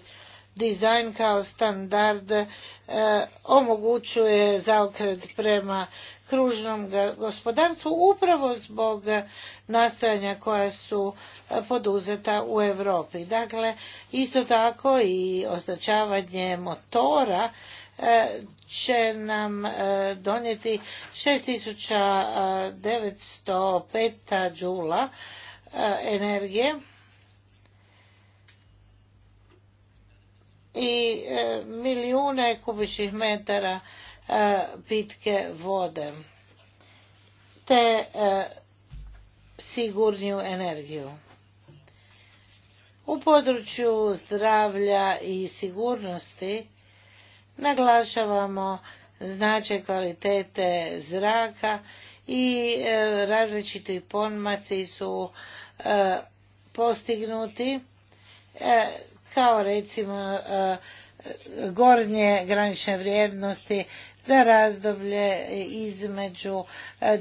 dizajn kao standard e, omogućuje zaokret prema kružnom gospodarstvu upravo zbog nastojanja koja su e, poduzeta u Europi. Dakle, isto tako i označavanje motora e, će nam donijeti 6905 džula energije i e, milijune kubičnih metara e, pitke vode te e, sigurniju energiju. U području zdravlja i sigurnosti naglašavamo značaj kvalitete zraka i različiti pomaci su postignuti kao recimo eh, gornje granične vrijednosti za razdoblje između 2003. Eh,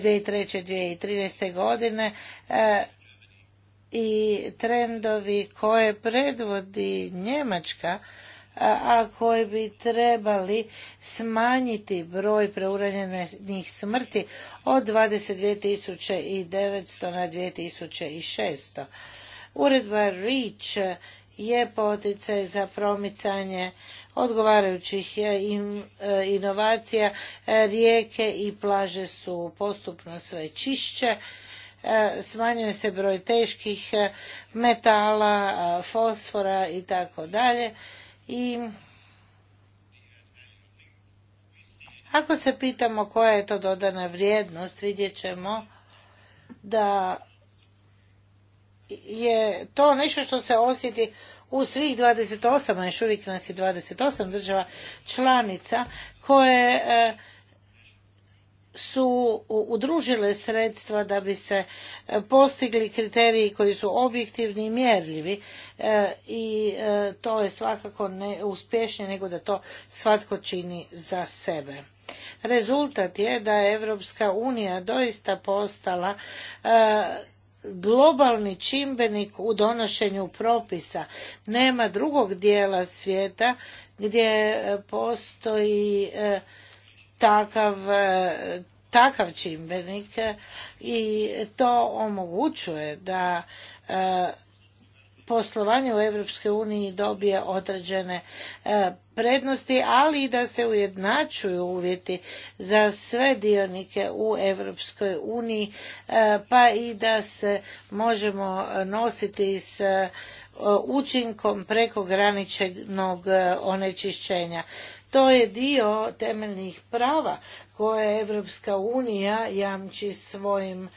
i 2013. godine eh, i trendovi koje predvodi Njemačka a koji bi trebali smanjiti broj preuranjenih smrti od 22.900 na 2.600. Uredba REACH je poticaj za promicanje odgovarajućih e, e, inovacija. E, rijeke i plaže su postupno sve čišće, smanjuje se broj teških metala, fosfora i tako dalje. I ako se pitamo koja je to dodana vrijednost, vidjet ćemo da je to nešto što se osjeti u svih 28, a još uvijek nas je 28 država članica koje e, su udružile sredstva da bi se e, postigli kriteriji koji su objektivni i mjerljivi e, i to je svakako ne uspješnije nego da to svatko čini za sebe. Rezultat je da je Evropska unija doista postala globalni čimbenik u donošenju propisa. Nema drugog dijela svijeta gdje e, postoji e, takav e, takav čimbenik i to omogućuje da poslovanje u Europskoj uniji dobije određene e, prednosti, ali i da se ujednačuju uvjeti za sve dionike u Europskoj uniji, e, pa i da se možemo nositi s e, učinkom prekograničenog onečišćenja. To je dio temeljnih prava koje Europska unija jamči svojim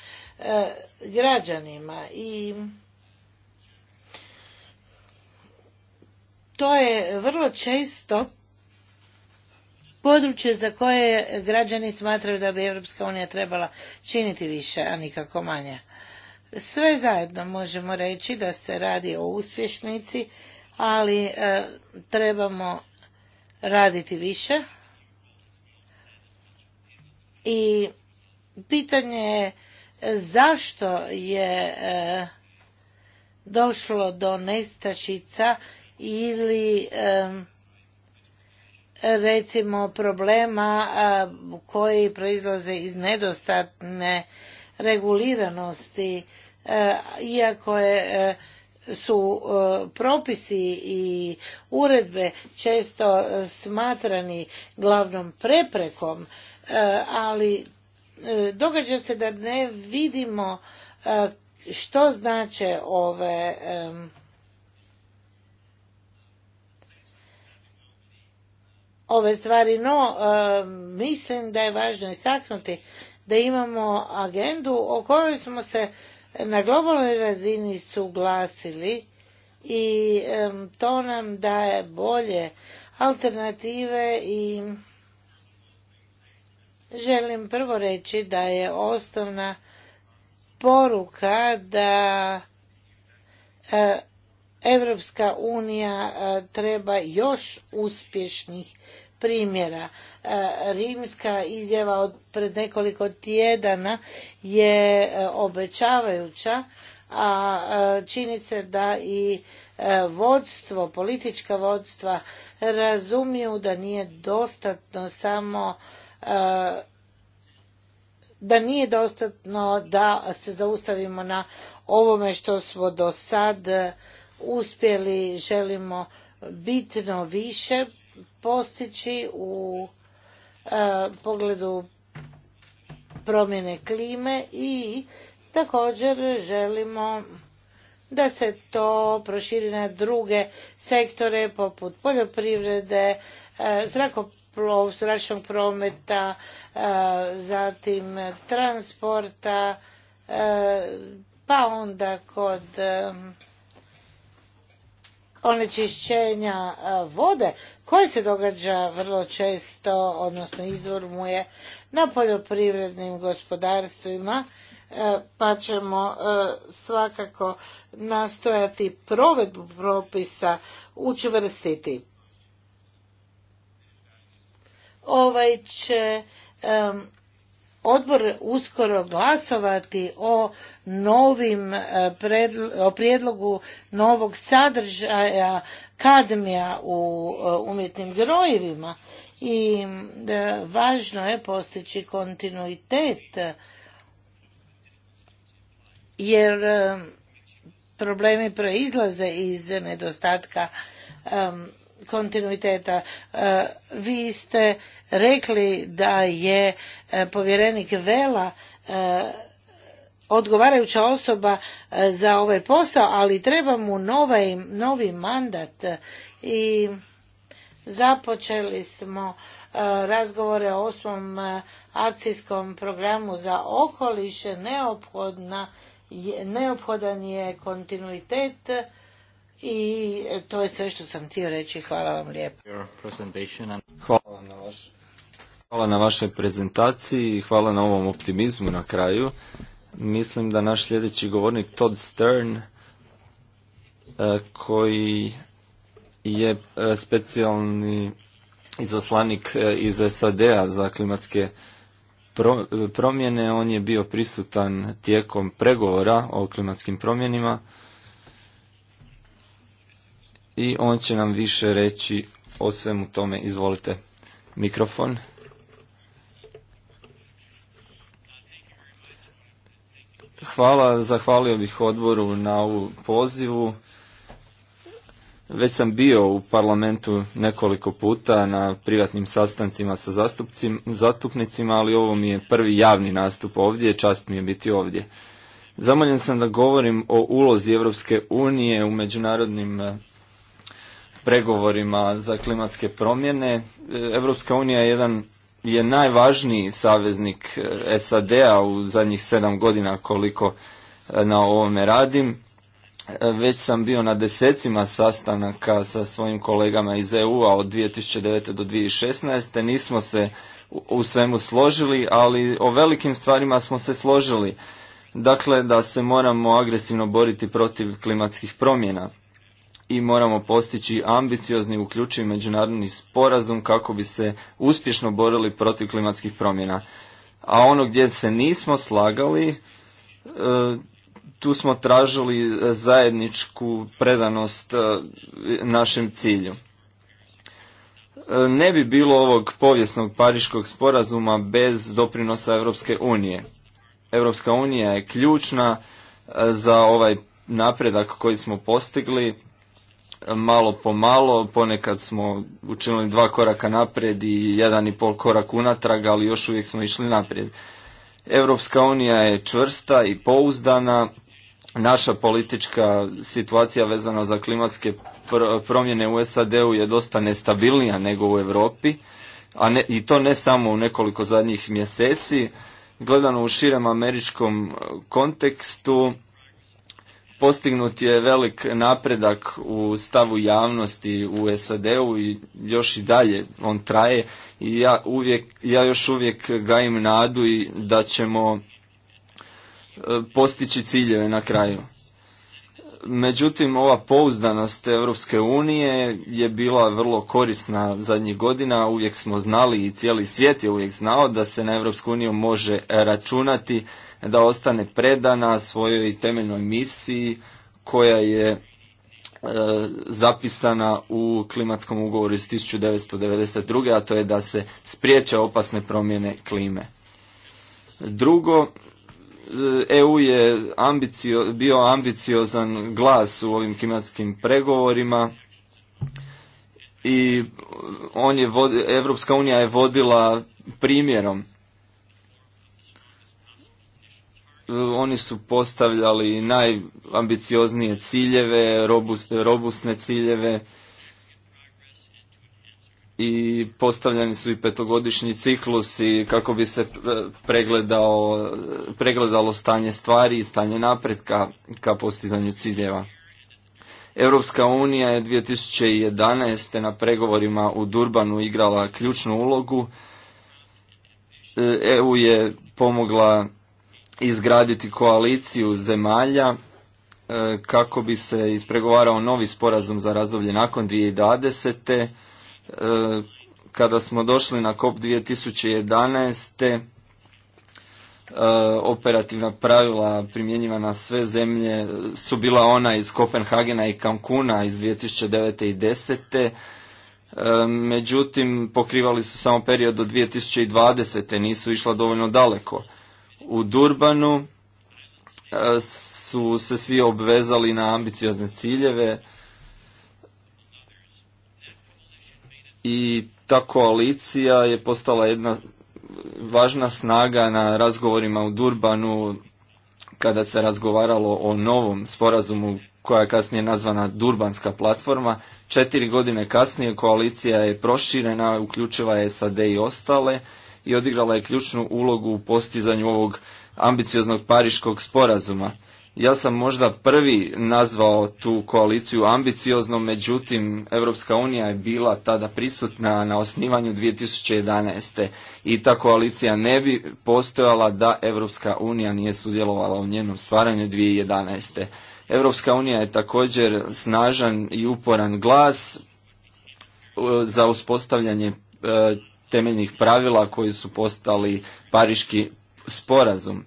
građanima i to je vrlo često područje za koje građani smatraju da bi Europska unija trebala činiti više, a nikako manje. Sve zajedno možemo reći da se radi o uspješnici, ali e, trebamo raditi više. I pitanje je zašto je e, došlo do nestačica ili recimo problema koji proizlaze iz nedostatne reguliranosti e, iako je e, su e, propisi i uredbe često smatrani glavnom preprekom ali događa se da ne vidimo što znače ove ove stvari, no eh, mislim da je važno istaknuti da imamo agendu o kojoj smo se na globalnoj razini suglasili i to nam daje bolje alternative i želim prvo reći da je osnovna poruka da eh, Evropska unija eh, treba još uspješnih primjera. E, rimska izjava od pred nekoliko tjedana je e, obećavajuća, a e, čini se da i vodstvo, politička vodstva razumiju da nije dostatno samo da nije dostatno da se zaustavimo na ovome što smo do sad uspjeli, želimo bitno više postići u e, pogledu promjene klime i također želimo da se to proširi na druge sektore poput poljoprivrede, e, zrakoplov, zračnog prometa, e, zatim transporta, pa onda kod onečišćenja e, vode koje se događa vrlo često, odnosno izvor mu je na poljoprivrednim gospodarstvima, e, pa ćemo e, svakako nastojati provedbu propisa učvrstiti. Ovaj će odbor uskoro glasovati o novim e, o prijedlogu novog sadržaja kadmija u e, umjetnim grojivima i e, važno je postići kontinuitet jer problemi proizlaze iz nedostatka kontinuiteta. Vi ste rekli da je e, povjerenik Vela e, odgovarajuća osoba e, za ovaj posao, ali treba mu novi, novi mandat i započeli smo razgovore o osmom akcijskom programu za okoliš. Neophodna, neophodan je kontinuitet i to je sve što sam htio reći. Hvala vam lijepo. Hvala na vašoj prezentaciji i hvala na ovom optimizmu na kraju. Mislim da naš sljedeći govornik Todd Stern e, koji je e, specijalni izaslanik e, iz SAD-a za klimatske promjene. On je bio prisutan tijekom pregovora o klimatskim promjenima i on će nam više reći o svemu tome. Izvolite mikrofon. Hvala, zahvalio bih odboru na ovu pozivu. Već sam bio u parlamentu nekoliko puta na privatnim sastancima sa zastupnicima, ali ovo mi je prvi javni nastup ovdje, čast mi je biti ovdje. Zamoljen sam da govorim o ulozi Europske unije u međunarodnim e, pregovorima za klimatske promjene. Europska unija je jedan je najvažniji saveznik eh, SAD-a u zadnjih sedam godina koliko eh, na ovome radim. Eh, već sam bio na desecima sastanaka sa svojim kolegama iz EU-a od 2009. do 2016. Nismo se u svemu složili, ali o velikim stvarima smo se složili. Dakle, da se moramo agresivno boriti protiv klimatskih promjena i moramo postići ambiciozni uključiv međunarodni sporazum kako bi se uspješno borili protiv klimatskih promjena. A ono gdje se nismo slagali, e, tu smo tražili zajedničku predanost e, našem cilju. E, ne bi bilo ovog povijesnog pariškog sporazuma bez doprinosa Europske unije. Europska unija je ključna za ovaj napredak koji smo postigli malo po malo, ponekad smo učinili dva koraka naprijed i jedan i pol korak unatrag, ali još uvijek smo išli naprijed. Europska unija je čvrsta i pouzdana, naša politička situacija vezana za klimatske promjene u SAD-u je dosta nestabilnija nego u Europi, a ne, i to ne samo u nekoliko zadnjih mjeseci, gledano u širem američkom kontekstu, Postignut je velik napredak u stavu javnosti u SAD-u i još i dalje on traje i ja, uvijek, ja još uvijek gajim nadu i da ćemo e, postići ciljeve na kraju. Međutim, ova pouzdanost Europske unije je bila vrlo korisna zadnjih godina. Uvijek smo znali i cijeli svijet je uvijek znao da se na Europsku uniju može računati da ostane predana svojoj temeljnoj misiji koja je e, zapisana u klimatskom ugovoru iz 1992. a to je da se spriječe opasne promjene klime. Drugo, e, EU je ambicio, bio ambiciozan glas u ovim klimatskim pregovorima i on je, Evropska unija je vodila primjerom. oni su postavljali najambicioznije ciljeve, robustne, ciljeve i postavljeni su i petogodišnji i kako bi se e, pregledalo stanje stvari i stanje napretka ka postizanju ciljeva. Europska unija je 2011. na pregovorima u Durbanu igrala ključnu ulogu. EU e je pomogla izgraditi koaliciju zemalja e, kako bi se ispregovarao novi sporazum za razdoblje nakon 2020. E, kada smo došli na COP 2011. E, operativna pravila primjenjiva na sve zemlje su bila ona iz Kopenhagena i Cancuna iz 2009. i 10. Međutim, pokrivali su samo period do 2020. nisu išla dovoljno daleko. U Durbanu e, su se svi obvezali na ambiciozne ciljeve i ta koalicija je postala jedna važna snaga na razgovorima u Durbanu kada se razgovaralo o novom sporazumu koja je kasnije nazvana Durbanska platforma. Četiri godine kasnije koalicija je proširena, uključila je SAD i ostale i odigrala je ključnu ulogu u postizanju ovog ambicioznog pariškog sporazuma. Ja sam možda prvi nazvao tu koaliciju ambicioznom, međutim Europska unija je bila tada prisutna na osnivanju 2011. i ta koalicija ne bi postojala da Europska unija nije sudjelovala u njenom stvaranju 2011. Europska unija je također snažan i uporan glas e, za uspostavljanje e, temeljnih pravila koji su postali pariški sporazum.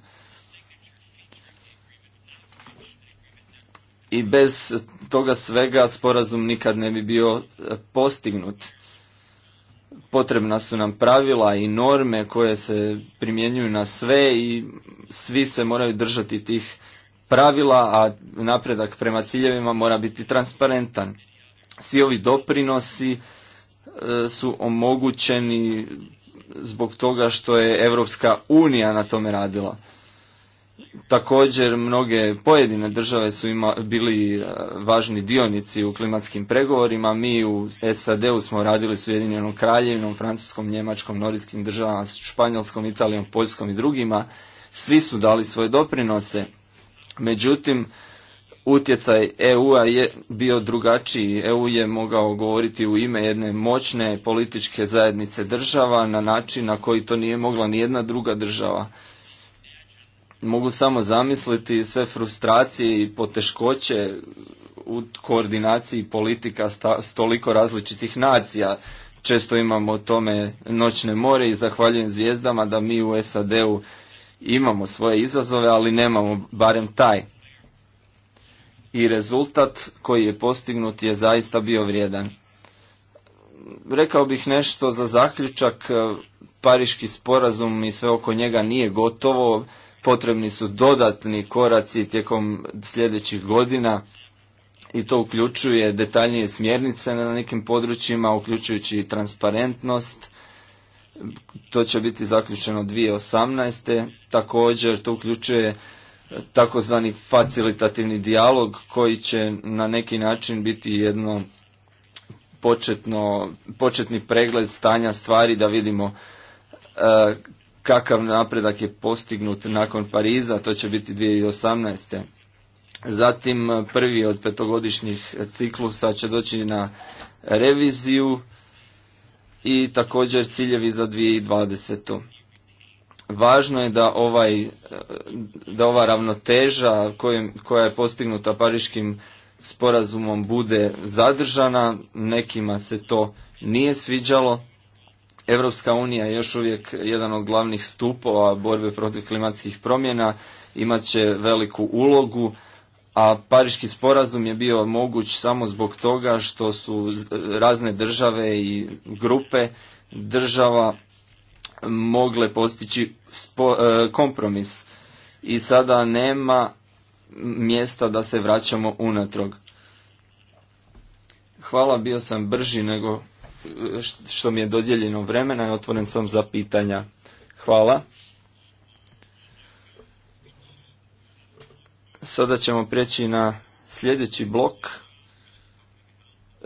I bez toga svega sporazum nikad ne bi bio postignut. Potrebna su nam pravila i norme koje se primjenjuju na sve i svi se moraju držati tih pravila, a napredak prema ciljevima mora biti transparentan. Svi ovi doprinosi E, su omogućeni zbog toga što je Europska unija na tome radila. Također mnoge pojedine države su bili e, važni dionici u klimatskim pregovorima. Mi u SAD-u smo radili s Ujedinjenom kraljevinom, Francuskom, Njemačkom, Norijskim državama, Španjolskom, Italijom, Poljskom i drugima. Svi su dali svoje doprinose. Međutim, utjecaj EU-a je bio drugačiji. EU je mogao govoriti u ime jedne moćne političke zajednice država na način na koji to nije mogla ni jedna druga država. Mogu samo zamisliti sve frustracije i poteškoće u koordinaciji politika s toliko različitih nacija. Često imamo o tome noćne more i zahvaljujem zvijezdama da mi u SAD-u imamo svoje izazove, ali nemamo barem taj i rezultat koji je postignut je zaista bio vrijedan. Rekao bih nešto za zaključak, e, Pariški sporazum i sve oko njega nije gotovo, potrebni su dodatni koraci tijekom sljedećih godina i to uključuje detaljnije smjernice na nekim područjima, uključujući i transparentnost. To će biti zaključeno 2018. Također to uključuje takozvani facilitativni dijalog koji će na neki način biti jedno početno, početni pregled stanja stvari da vidimo e, kakav napredak je postignut nakon Pariza, to će biti 2018. Zatim prvi od petogodišnjih ciklusa će doći na reviziju i također ciljevi za 2020 važno je da, ovaj, da ova ravnoteža koja je postignuta pariškim sporazumom bude zadržana. Nekima se to nije sviđalo. Europska unija je još uvijek jedan od glavnih stupova borbe protiv klimatskih promjena, imat će veliku ulogu, a Pariški sporazum je bio moguć samo zbog toga što su razne države i grupe država mogle postići e, kompromis i sada nema mjesta da se vraćamo unatrog. Hvala, bio sam brži nego e, što mi je dodijeljeno vremena i otvoren sam za pitanja. Hvala. Sada ćemo prijeći na sljedeći blok.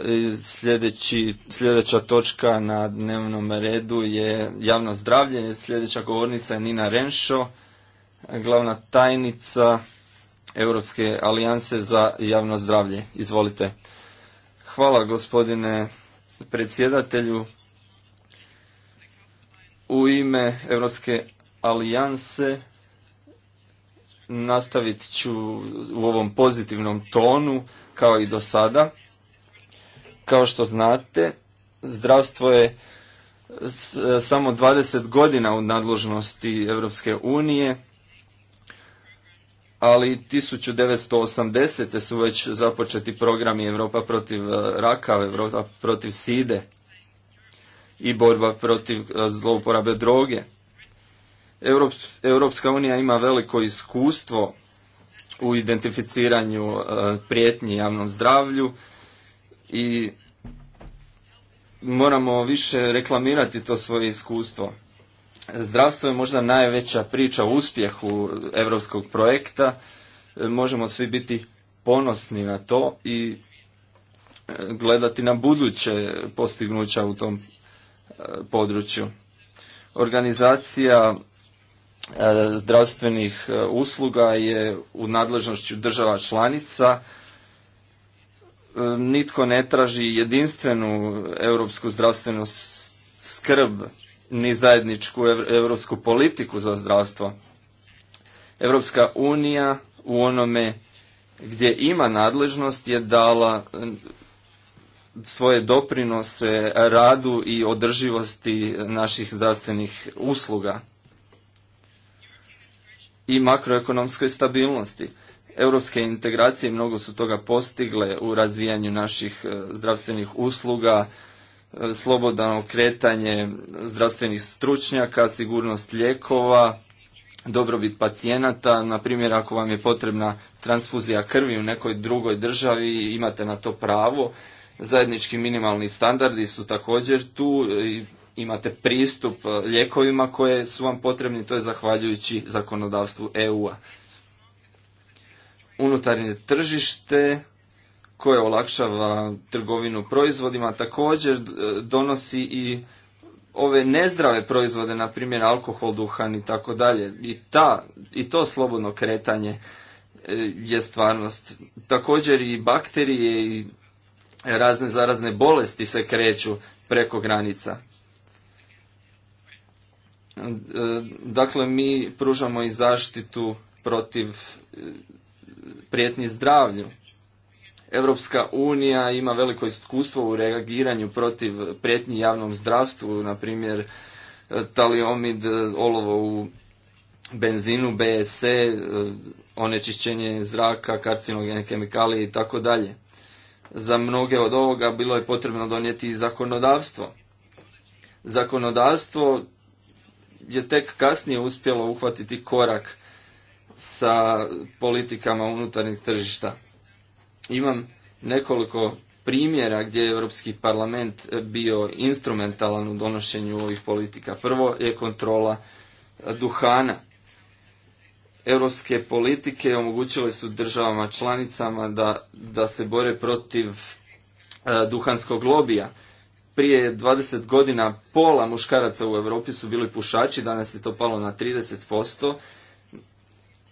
E, sljedeći, sljedeća točka na dnevnom redu je javno zdravlje. Sljedeća govornica je Nina Renšo, glavna tajnica Europske alijanse za javno zdravlje. Izvolite. Hvala gospodine predsjedatelju. U ime Europske alijanse nastavit ću u ovom pozitivnom tonu kao i do sada. Kao što znate, zdravstvo je samo 20 godina u nadložnosti Europske unije, ali 1980. su već započeti programi Europa protiv e, raka, Europa protiv side i borba protiv e, zlouporabe droge. Europska unija ima veliko iskustvo u identificiranju e, prijetnji javnom zdravlju i moramo više reklamirati to svoje iskustvo. Zdravstvo je možda najveća priča o uspjehu europskog projekta. E, možemo svi biti ponosni na to i e, gledati na buduće postignuća u tom e, području. Organizacija zdravstvenih usluga je u nadležnošću država članica, nitko ne traži jedinstvenu europsku zdravstvenu skrb ni zajedničku europsku politiku za zdravstvo. Europska unija u onome gdje ima nadležnost je dala svoje doprinose radu i održivosti naših zdravstvenih usluga i makroekonomskoj stabilnosti. Europske integracije mnogo su toga postigle u razvijanju naših e, zdravstvenih usluga, e, slobodano kretanje zdravstvenih stručnjaka, sigurnost lijekova, dobrobit pacijenata. Na primjer, ako vam je potrebna transfuzija krvi u nekoj drugoj državi, imate na to pravo. Zajednički minimalni standardi su također tu, imate pristup e, lijekovima koje su vam potrebni, to je zahvaljujući zakonodavstvu EU-a unutarnje tržište koje olakšava trgovinu proizvodima, također e, donosi i ove nezdrave proizvode, na primjer alkohol, duhan i tako dalje. I, I to slobodno kretanje e, je stvarnost. Također i bakterije i razne zarazne bolesti se kreću preko granica. E, dakle, mi pružamo i zaštitu protiv prijetnji zdravlju. Europska unija ima veliko iskustvo u reagiranju protiv prijetnji javnom zdravstvu, na primjer taliomid, e, olovo u benzinu, BSE, e, onečišćenje zraka, karcinogene kemikalije i tako dalje. Za mnoge od ovoga bilo je potrebno donijeti i zakonodavstvo. Zakonodavstvo je tek kasnije uspjelo uhvatiti korak sa politikama unutarnjeg tržišta. Imam nekoliko primjera gdje je Europski parlament bio instrumentalan u donošenju ovih politika. Prvo je kontrola duhana. Europske politike omogućile su državama članicama da, da se bore protiv e, duhanskog lobija. Prije 20 godina pola muškaraca u Europi su bili pušači, danas je to palo na 30%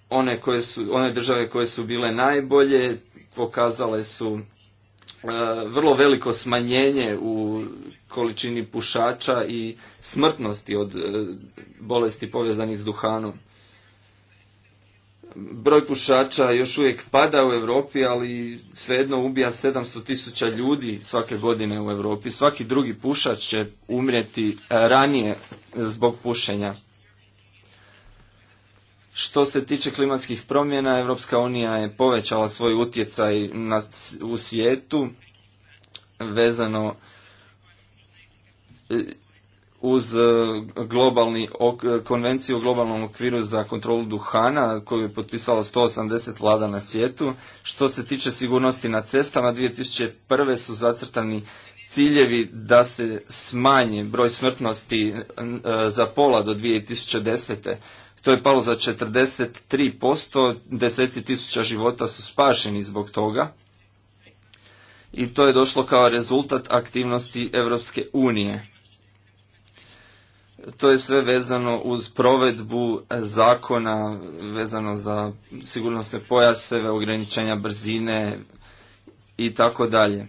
one, koje su, one države koje su bile najbolje pokazale su e, vrlo veliko smanjenje u količini pušača i smrtnosti od e, bolesti povezanih s duhanom. Broj pušača još uvijek pada u Europi, ali svejedno ubija 700 tisuća ljudi svake godine u Europi. Svaki drugi pušač će umrijeti e, ranije zbog pušenja. Što se tiče klimatskih promjena, Europska unija je povećala svoj utjecaj u svijetu vezano e, uz e, globalni konvenciju o globalnom okviru za kontrolu duhana koju je potpisalo 180 vlada na svijetu. Što se tiče sigurnosti na cestama, 2001. su zacrtani ciljevi da se smanji broj smrtnosti e, za pola do 2010 to je palo za 43%, deseci tisuća života su spašeni zbog toga i to je došlo kao rezultat aktivnosti Europske unije. To je sve vezano uz provedbu zakona, vezano za sigurnosne pojaseve, ograničenja brzine i tako dalje.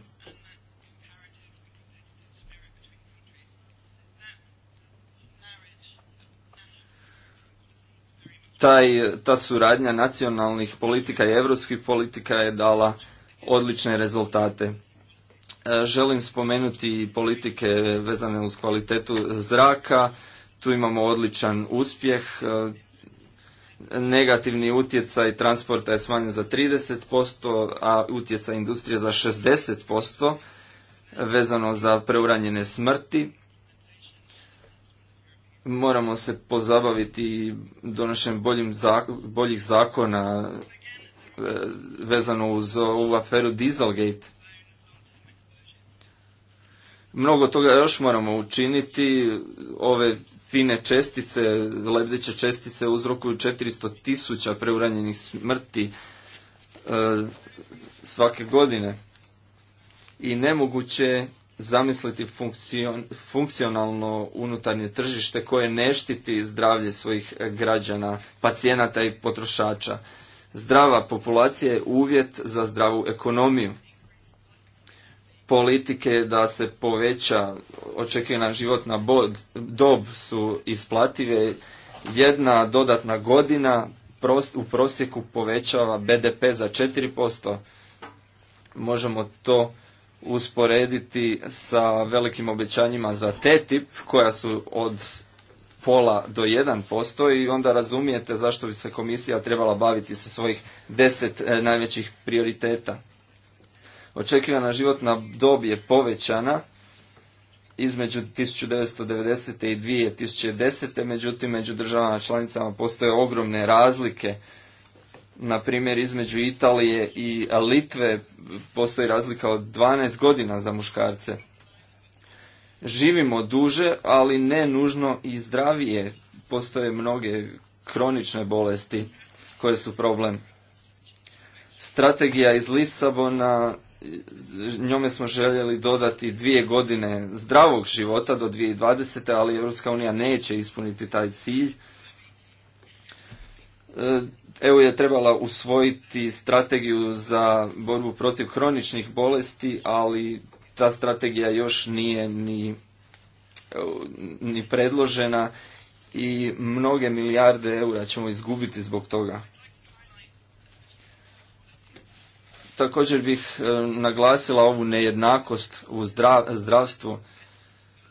taj, ta suradnja nacionalnih politika i europskih politika je dala odlične rezultate. E, želim spomenuti i politike vezane uz kvalitetu zraka. Tu imamo odličan uspjeh. E, negativni utjecaj transporta je smanjen za 30%, a utjecaj industrije za 60% vezano za preuranjene smrti moramo se pozabaviti donošenjem boljih zakona e, vezano uz ovu aferu Dieselgate. Mnogo toga još moramo učiniti. Ove fine čestice, lebdeće čestice uzrokuju 400 tisuća preuranjenih smrti e, svake godine. I nemoguće zamisliti funkcionalno unutarnje tržište koje ne štiti zdravlje svojih e, građana, pacijenata i potrošača. Zdrava populacija je uvjet za zdravu ekonomiju. Politike da se poveća očekivana životna bod, dob su isplative. Jedna dodatna godina u prosjeku povećava BDP za 4%. Možemo to usporediti sa velikim obećanjima za TTIP koja su od pola do jedan posto i onda razumijete zašto bi se komisija trebala baviti sa svojih deset e, najvećih prioriteta. Očekivana životna dob je povećana između 1990. i 2010. Međutim, među državama članicama postoje ogromne razlike na primjer između Italije i Litve postoji razlika od 12 godina za muškarce. Živimo duže, ali ne nužno i zdravije. Postoje mnoge kronične bolesti koje su problem. Strategija iz Lisabona, njome smo željeli dodati dvije godine zdravog života do 2020. ali Europska unija neće ispuniti taj cilj. E, EU je trebala usvojiti strategiju za borbu protiv kroničnih bolesti, ali ta strategija još nije ni, ni predložena i mnoge milijarde eura ćemo izgubiti zbog toga. Također bih e, naglasila ovu nejednakost u zdravstvu.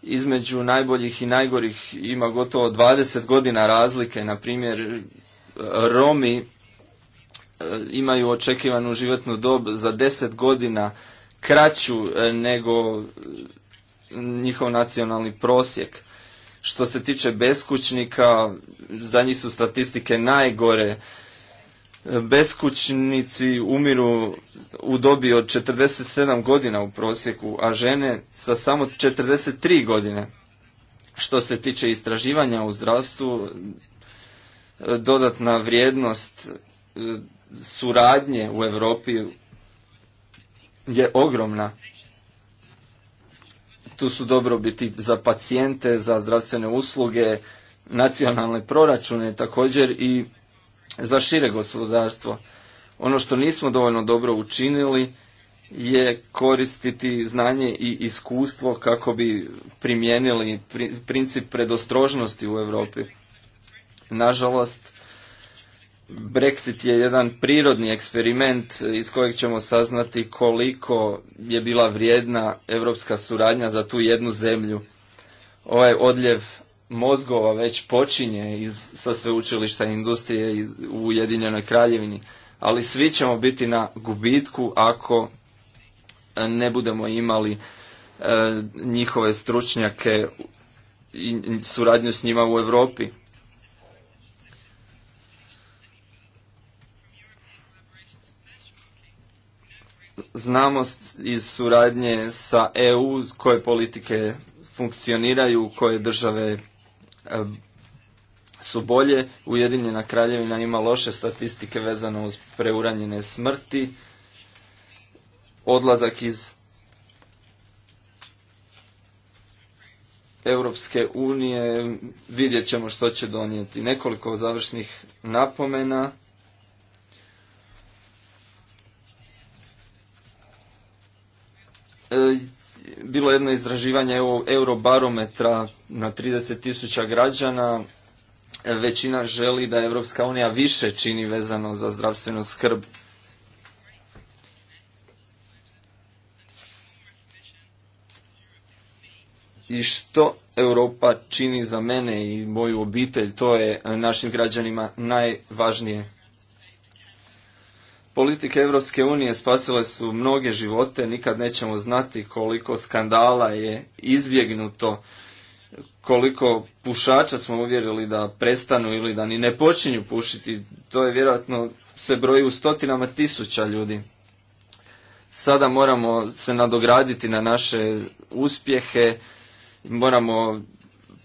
Između najboljih i najgorih ima gotovo 20 godina razlike. Na primjer, Romi e, imaju očekivanu životnu dob za deset godina kraću e, nego e, njihov nacionalni prosjek. Što se tiče beskućnika, za njih su statistike najgore. Beskućnici umiru u dobi od 47 godina u prosjeku, a žene sa samo 43 godine. Što se tiče istraživanja u zdravstvu, dodatna vrijednost e, suradnje u Europi je ogromna. Tu su dobrobiti za pacijente, za zdravstvene usluge, nacionalne proračune, također i za šire gospodarstvo. Ono što nismo dovoljno dobro učinili je koristiti znanje i iskustvo kako bi primijenili princip predostrožnosti u Europi. Nažalost, Brexit je jedan prirodni eksperiment iz kojeg ćemo saznati koliko je bila vrijedna europska suradnja za tu jednu zemlju. Ovaj odljev mozgova već počinje iz, sa sveučilišta industrije u Ujedinjenoj kraljevini, ali svi ćemo biti na gubitku ako e, ne budemo imali e, njihove stručnjake i suradnju s njima u Europi. Znamo iz suradnje sa EU koje politike funkcioniraju, koje države e, su bolje. Ujedinjena kraljevina ima loše statistike vezano uz preuranjene smrti, odlazak iz Europske unije, vidjet ćemo što će donijeti. Nekoliko završnih napomena. E, bilo jedno izraživanje eurobarometra na 30.000 građana. E, većina želi da Evropska unija više čini vezano za zdravstvenu skrb. I što Europa čini za mene i moju obitelj, to je našim građanima najvažnije. Politike Europske unije spasile su mnoge živote, nikad nećemo znati koliko skandala je izbjegnuto, koliko pušača smo uvjerili da prestanu ili da ni ne počinju pušiti. To je vjerojatno se broji u stotinama tisuća ljudi. Sada moramo se nadograditi na naše uspjehe, moramo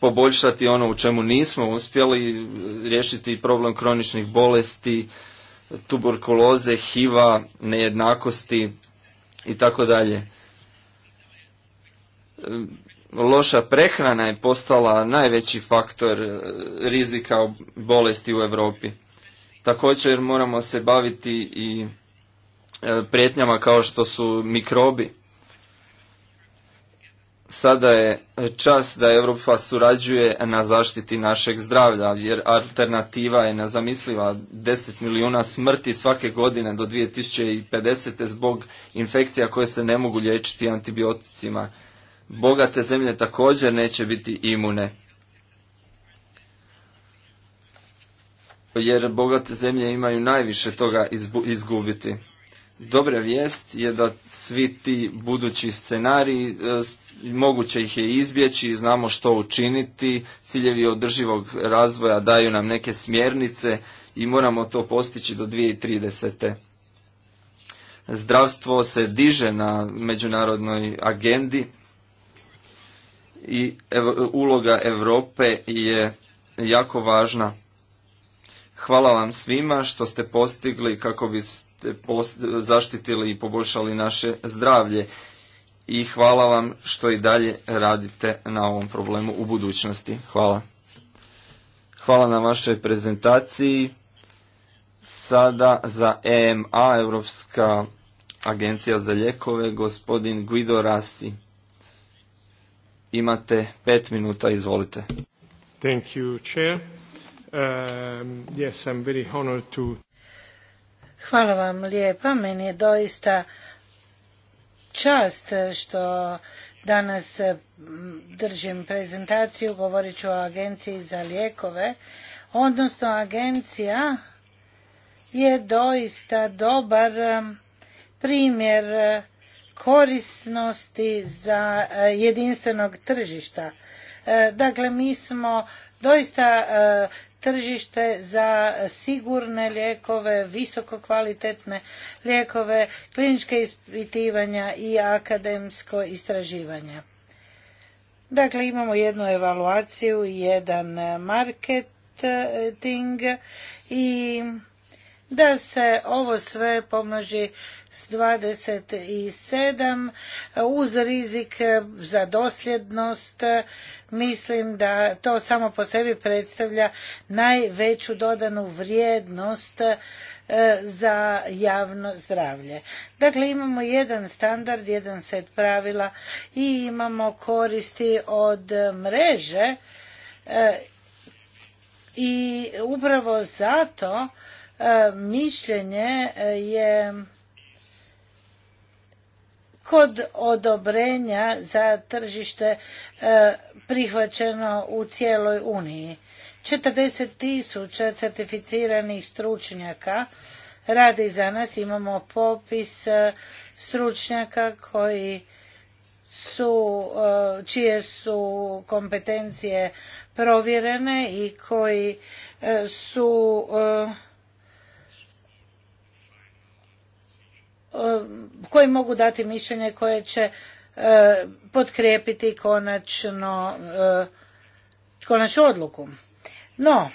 poboljšati ono u čemu nismo uspjeli, riješiti problem kroničnih bolesti, tuberkuloze, hiva, nejednakosti i tako dalje. E, loša prehrana je postala najveći faktor e, rizika bolesti u Europi. Također moramo se baviti i e, prijetnjama kao što su mikrobi. Sada je čas da Europa surađuje na zaštiti našeg zdravlja, jer alternativa je nezamisliva. 10 milijuna smrti svake godine do 2050. zbog infekcija koje se ne mogu liječiti antibioticima. Bogate zemlje također neće biti imune. Jer bogate zemlje imaju najviše toga izgubiti. Dobra vijest je da svi ti budući scenariji e, moguće ih je izbjeći, znamo što učiniti, ciljevi održivog razvoja daju nam neke smjernice i moramo to postići do 2030. Zdravstvo se diže na međunarodnoj agendi i uloga Europe je jako važna. Hvala vam svima što ste postigli kako biste zaštitili i poboljšali naše zdravlje i hvala vam što i dalje radite na ovom problemu u budućnosti. Hvala. Hvala na vašoj prezentaciji. Sada za EMA, Europska agencija za ljekove, gospodin Guido Rasi. Imate pet minuta, izvolite. Thank you, chair. Um, yes, I'm very honored to... Hvala vam lijepa, meni je doista čast što danas eh, držim prezentaciju, govorit ću o Agenciji za lijekove, odnosno agencija je doista dobar eh, primjer eh, korisnosti za jedinstvenog tržišta. Dakle, mi smo doista tržište za sigurne lijekove, visokokvalitetne lijekove, kliničke ispitivanja i akademsko istraživanje. Dakle, imamo jednu evaluaciju, jedan marketing i da se ovo sve pomnoži s 27 uz rizik za dosljednost. Mislim da to samo po sebi predstavlja najveću dodanu vrijednost e, za javno zdravlje. Dakle, imamo jedan standard, jedan set pravila i imamo koristi od mreže e, i upravo zato E, mišljenje e, je kod odobrenja za tržište e, prihvaćeno u cijeloj Uniji. 40.000 certificiranih stručnjaka radi za nas. Imamo popis stručnjaka koji su, čije su kompetencije provjerene i koji su E, koji mogu dati mišljenje koje će e, potkrijepiti e, konačnu odluku. No,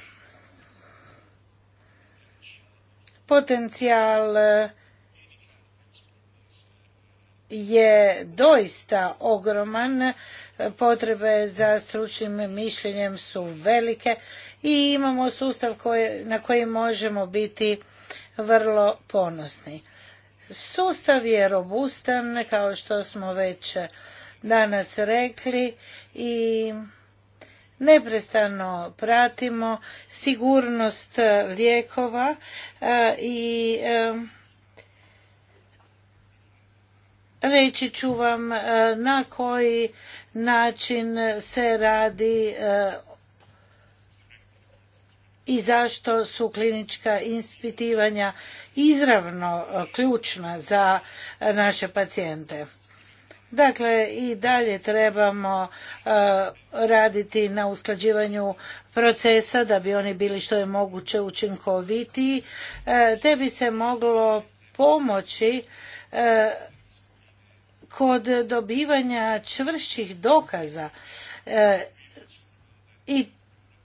potencijal je doista ogroman, potrebe za stručnim mišljenjem su velike i imamo sustav na koji možemo biti vrlo ponosni. Sustav je robustan, kao što smo već danas rekli, i neprestano pratimo sigurnost lijekova e, i e, reći ću vam e, na koji način se radi i zašto su klinička ispitivanja izravno e, ključna za e, naše pacijente. Dakle, i dalje trebamo e, raditi na usklađivanju procesa da bi oni bili što je moguće učinkovitiji, te bi se moglo pomoći kod dobivanja čvršćih dokaza i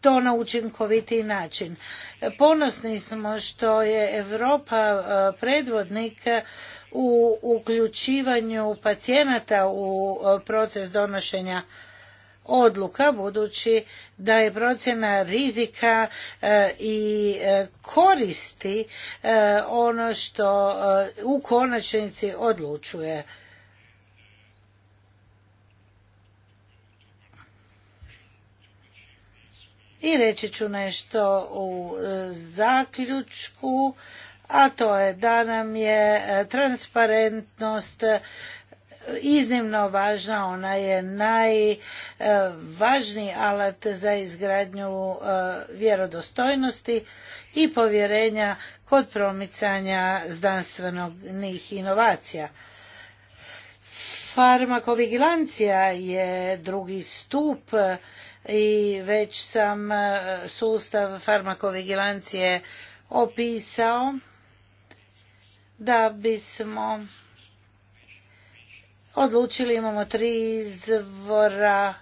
to na učinkovitiji način. Ponosni smo što je Europa e, predvodnik u uključivanju pacijenata u e, proces donošenja odluka budući da je procjena rizika e, i koristi ono što u konačnici odlučuje I reći ću nešto u e, zaključku, a to je da nam je e, transparentnost e, iznimno važna, ona je najvažniji alat za izgradnju vjerodostojnosti i povjerenja kod promicanja znanstvenih inovacija. Farmakovigilancija je drugi stup i već sam e, sustav farmakovigilancije opisao da bismo odlučili imamo tri izvora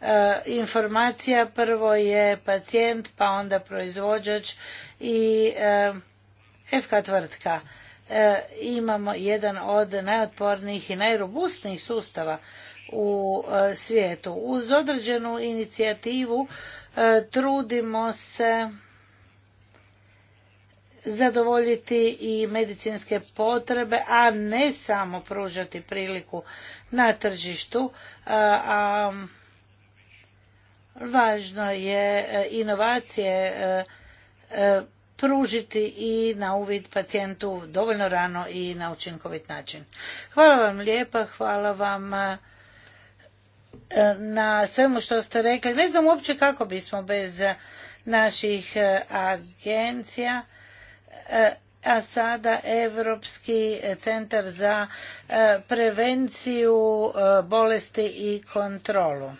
e, informacija prvo je pacijent pa onda proizvođač i e, FK tvrtka e, imamo jedan od najotpornijih i najrobustnijih sustava u e, svijetu. Uz određenu inicijativu e, trudimo se zadovoljiti i medicinske potrebe, a ne samo pružati priliku na tržištu. E, a važno je inovacije pružiti i na uvid pacijentu dovoljno rano i na učinkovit način. Hvala vam lijepa, hvala vam E, na svemu što ste rekli. Ne znam uopće kako bismo bez e, naših e, agencija a sada Europski centar za prevenciju bolesti i kontrolu.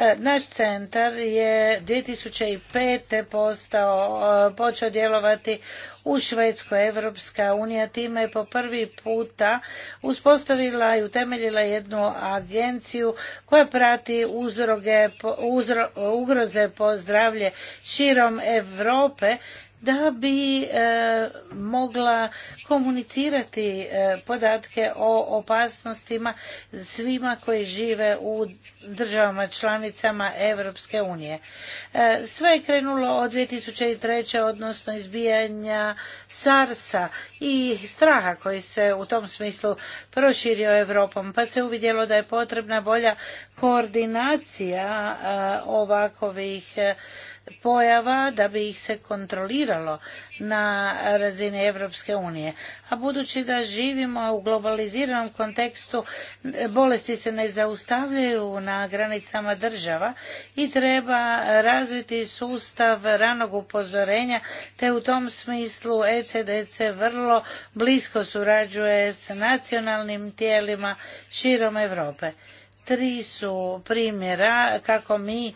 E, naš centar je 2005. postao, e, počeo djelovati u Švedskoj. Evropska unija time je po prvi puta uspostavila i utemeljila jednu agenciju koja prati uzroge, ugroze po zdravlje širom Europe da bi e, mogla komunicirati e, podatke o opasnostima svima koji žive u državama članicama Europske unije. E, sve je krenulo od 2003. odnosno izbijanja SARS-a i straha koji se u tom smislu proširio Europom, pa se uvidjelo da je potrebna bolja koordinacija ovakovih pojava da bi ih se kontroliralo na razini Europske unije. A budući da živimo u globaliziranom kontekstu, bolesti se ne zaustavljaju na granicama država i treba razviti sustav ranog upozorenja, te u tom smislu ECDC vrlo blisko surađuje s nacionalnim tijelima širom Europe tri su primjera kako mi e,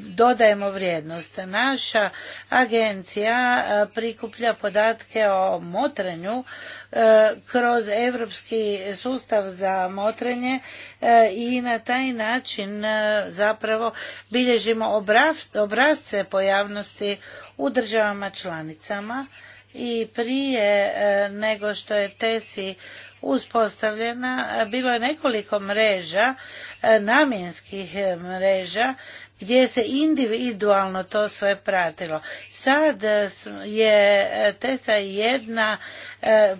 dodajemo vrijednost. Naša agencija e, prikuplja podatke o motrenju e, kroz europski sustav za motrenje i na taj način zapravo bilježimo obrazce pojavnosti u državama članicama i prije nego što je TESI uspostavljena, bilo je nekoliko mreža, e, namjenskih e, mreža, gdje se individualno to sve pratilo. Sad e, je TESA jedna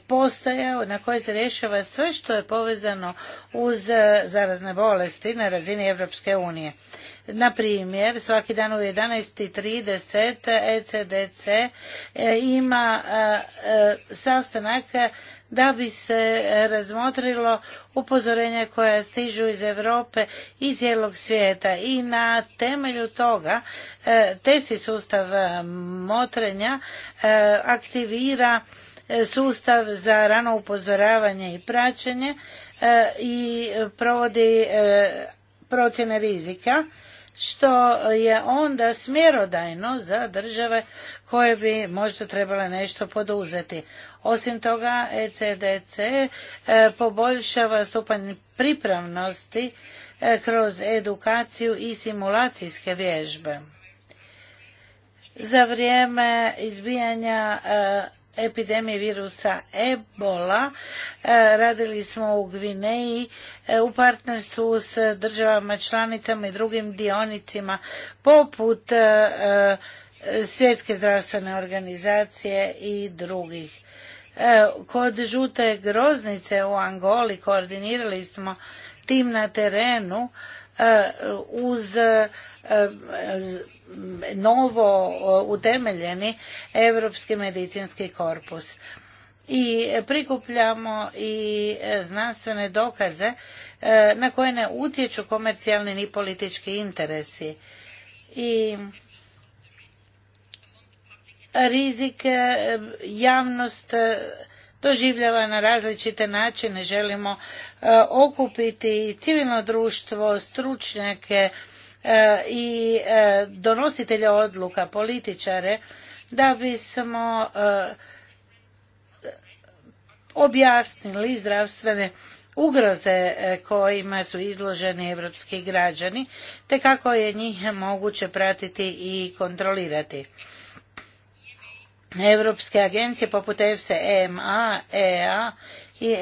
postaja na kojoj se rješava sve što je povezano uz zarazne bolesti na razini Europske unije. Na primjer, svaki dan u 11.30 ECDC ima sastanak da bi se e, razmotrilo upozorenje koja stižu iz Europe i cijelog svijeta i na temelju toga e, tesi sustav e, motrenja aktivira sustav za rano upozoravanje i praćenje i provodi procjene rizika što je onda smjerodajno za države koje bi možda trebale nešto poduzeti. Osim toga, ECDC e, poboljšava stupanj pripravnosti e, kroz edukaciju i simulacijske vježbe. Za vrijeme izbijanja e, epidemije virusa Ebola radili smo u Gvineji u partnerstvu s državama članicama i drugim dionicima poput svjetske zdravstvene organizacije i drugih. E, kod žute groznice u Angoli koordinirali smo tim na terenu e, uz e, novo utemeljeni Europski medicinski korpus. I prikupljamo i znanstvene dokaze na koje ne utječu komercijalni ni politički interesi. I rizik javnost e, doživljava na različite načine. Želimo e, okupiti civilno društvo, stručnjake e, i donositelje odluka, političare, da bismo objasnili zdravstvene ugroze kojima su izloženi evropski građani, te kako je njih moguće pratiti i kontrolirati. Europske agencije poput EFSE, EMA, EA i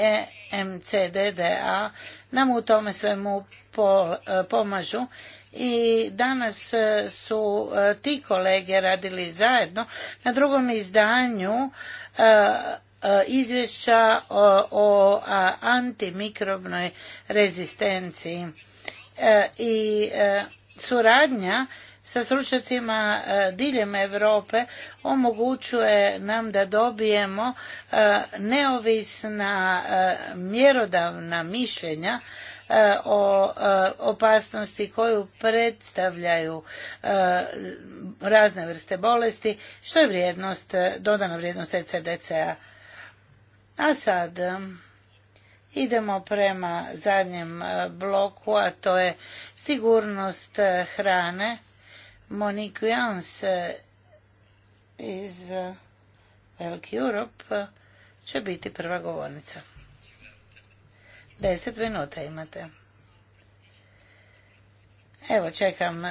EMCDDA nam u tome svemu e, pomažu i danas e, su e, ti kolege radili zajedno na drugom izdanju izvješća o antimikrobnoj rezistenciji i suradnja sa stručnjacima e, diljem Europe omogućuje nam da dobijemo e, neovisna e, mjerodavna mišljenja o opasnosti koju predstavljaju razne vrste bolesti, što je vrijednost, dodana vrijednost ECDC-a. A sad idemo prema zadnjem bloku, a to je sigurnost hrane Monique Jans eh, iz Veliki eh, Europe eh, će biti prva govornica. Deset minuta imate. Evo čekam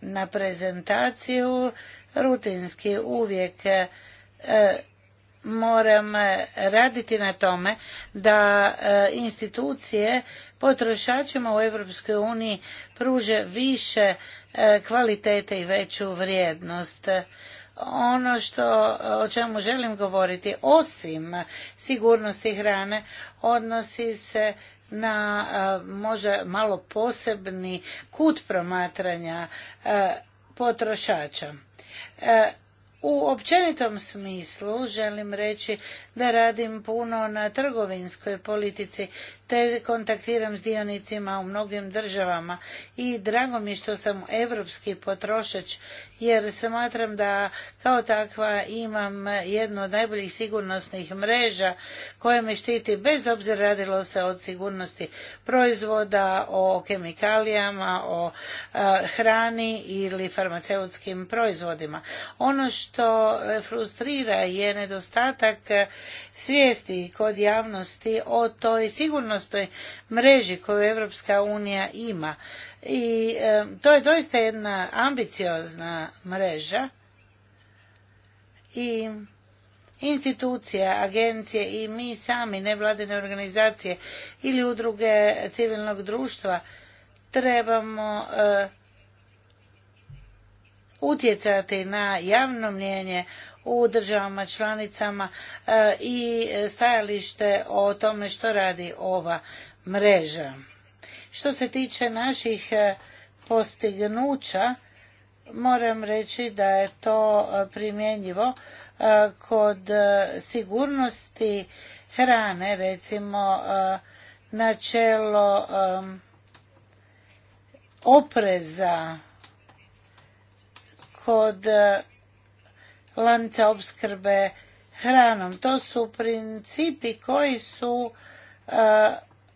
na prezentaciju. Rutinski uvijek moram raditi na tome da institucije potrošačima u Europskoj uniji pruže više E, kvalitete i veću vrijednost ono što o čemu želim govoriti osim sigurnosti hrane odnosi se na e, možda malo posebni kut promatranja e, potrošača u općenitom smislu želim reći da radim puno na trgovinskoj politici te kontaktiram s dionicima u mnogim državama i drago mi što sam europski potrošač jer smatram da kao takva imam jednu od najboljih sigurnosnih mreža koja me štiti bez obzira radilo se od sigurnosti proizvoda, o kemikalijama, o e, hrani ili farmaceutskim proizvodima. Ono što frustrira je nedostatak svijesti kod javnosti o toj sigurnosnoj mreži koju Europska unija ima. I e, to je doista jedna ambiciozna mreža i institucija, agencije i mi sami, nevladine organizacije ili udruge civilnog društva trebamo e, utjecati na javno mnjenje u državama članicama e, i stajalište o tome što radi ova mreža. Što se tiče naših e, postignuća, moram reći da je to e, primjenjivo kod sigurnosti hrane, recimo načelo opreza kod lanca opskrbe hranom. To su principi koji su e,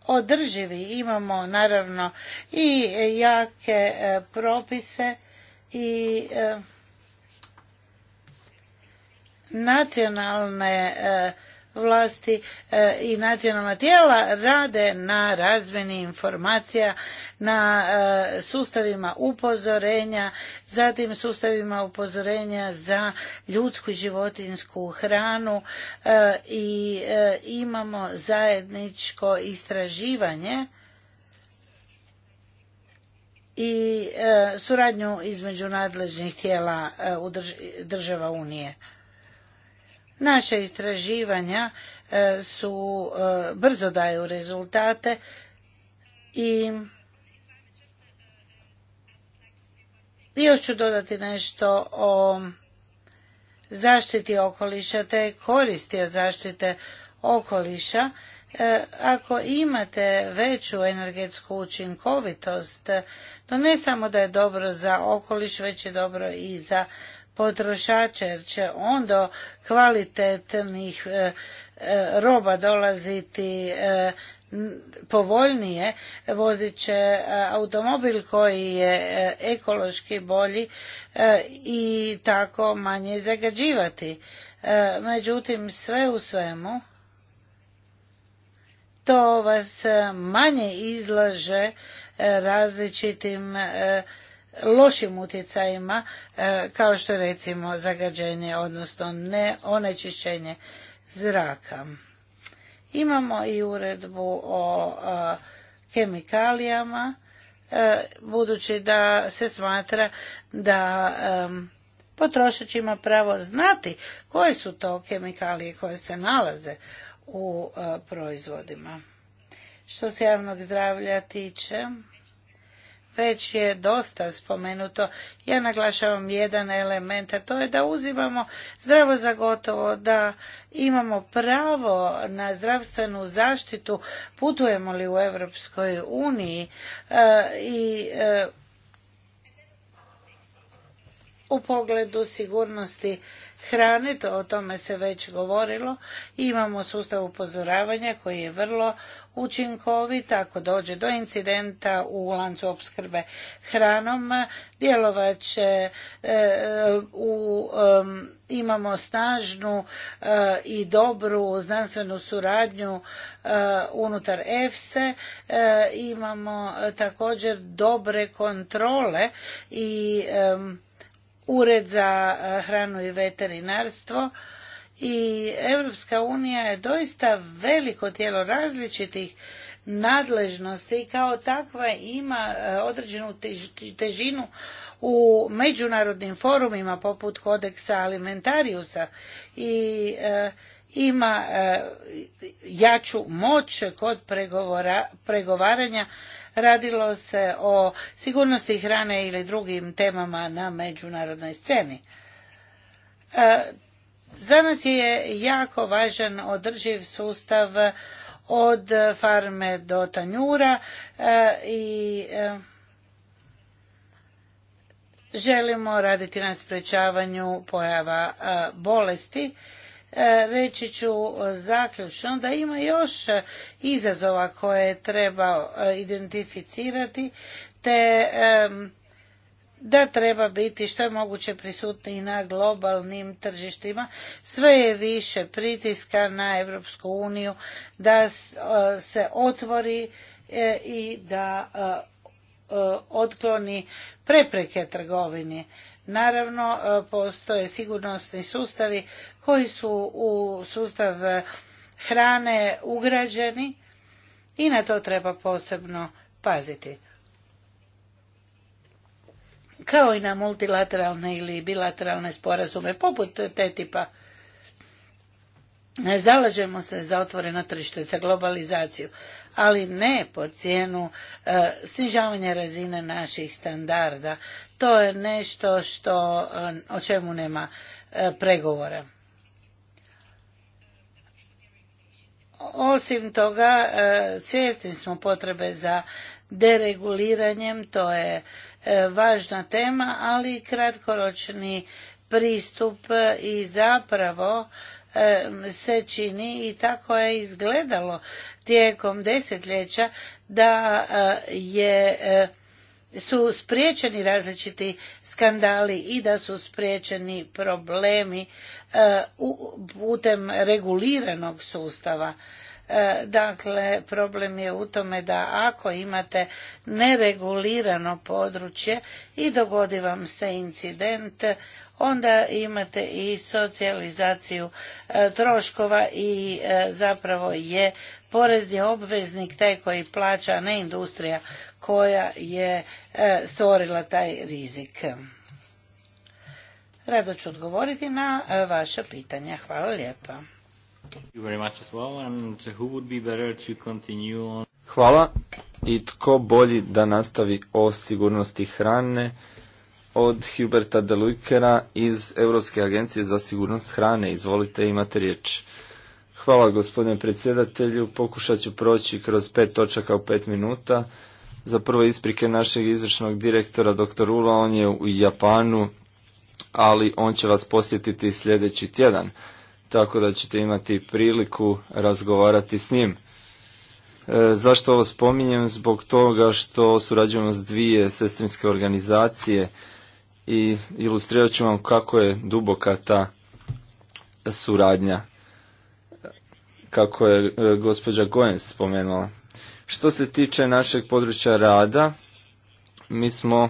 održivi. Imamo naravno i jake e, propise i e, nacionalne vlasti e, i nacionalna tijela rade na razmjeni informacija, na e, sustavima upozorenja, zatim sustavima upozorenja za ljudsku i životinsku hranu e, i imamo zajedničko istraživanje i suradnju između nadležnih tijela država Unije. Naša istraživanja e, su e, brzo daju rezultate i još ću dodati nešto o zaštiti okoliša te koristi od zaštite okoliša. E, ako imate veću energetsku učinkovitost, to ne samo da je dobro za okoliš, već je dobro i za potrošače jer će do kvalitetnih e, e, roba dolaziti e, povoljnije vozit će automobil koji je ekološki bolji i tako manje zagađivati. Međutim, sve u svemu to vas manje izlaže različitim lošim utjecajima e, kao što je recimo zagađenje odnosno ne onečišćenje zraka. Imamo i uredbu o e, kemikalijama e, budući da se smatra da potrošač ima pravo znati koje su to kemikalije koje se nalaze u proizvodima. Što se javnog zdravlja tiče, već je dosta spomenuto. Ja naglašavam jedan element, a to je da uzimamo zdravo za gotovo, da imamo pravo na zdravstvenu zaštitu, putujemo li u Europskoj uniji eh, i eh, u pogledu sigurnosti hrane, to, o tome se već govorilo. imamo sustav upozoravanja koji je vrlo učinkovit. Ako dođe do incidenta u lancu opskrbe hranom, djelovat će e, e, u imamo snažnu e, i dobru znanstvenu suradnju unutar EFSE, imamo također dobre kontrole i ured za e, hranu i veterinarstvo i Europska unija je doista veliko tijelo različitih nadležnosti i kao takva ima e, određenu težinu u međunarodnim forumima poput kodeksa alimentariusa i e, ima jaču moć kod pregovaranja Radilo se o sigurnosti hrane ili drugim temama na međunarodnoj sceni. E, za nas je jako važan održiv sustav od farme do tanjura e, i e, želimo raditi na sprečavanju pojava bolesti E, reći ću e, zaključno da ima još e, izazova koje treba identificirati te da treba biti što je moguće prisutni na globalnim tržištima. Sve je više pritiska na Europsku uniju da se otvori i da otkloni prepreke trgovini. Naravno, postoje sigurnosni sustavi koji su u sustav hrane ugrađeni i na to treba posebno paziti. Kao i na multilateralne ili bilateralne sporazume poput te tipa zalažemo se za otvoreno tržište, za globalizaciju, ali ne po cijenu e, snižavanja razine naših standarda. To je nešto što, e, o čemu nema e, pregovora. Osim toga, e, svjesni smo potrebe za dereguliranjem, to je e, važna tema, ali kratkoročni pristup e, i zapravo se čini i tako je izgledalo tijekom desetljeća da je su spriječeni različiti skandali i da su spriječeni problemi uh, putem reguliranog sustava. Uh, dakle, problem je u tome da ako imate neregulirano područje i dogodi vam se incident, onda imate i socijalizaciju uh, troškova i zapravo je porezni obveznik taj koji plaća, a ne industrija koja je e, stvorila taj rizik. Rado ću odgovoriti na e, vaša pitanja. Hvala lijepa. Hvala i tko bolji da nastavi o sigurnosti hrane od Huberta Delujkera iz Europske agencije za sigurnost hrane. Izvolite, imate riječ. Hvala gospodine predsjedatelju, pokušat ću proći kroz pet točaka u pet minuta za prve isprike našeg izvršnog direktora dr. Ula, on je u Japanu, ali on će vas posjetiti sljedeći tjedan, tako da ćete imati priliku razgovarati s njim. E, zašto ovo spominjem? Zbog toga što surađujemo s dvije sestrinske organizacije i ilustrirat ću vam kako je duboka ta suradnja, kako je e, gospođa Goens spomenula. Što se tiče našeg područja rada, mi smo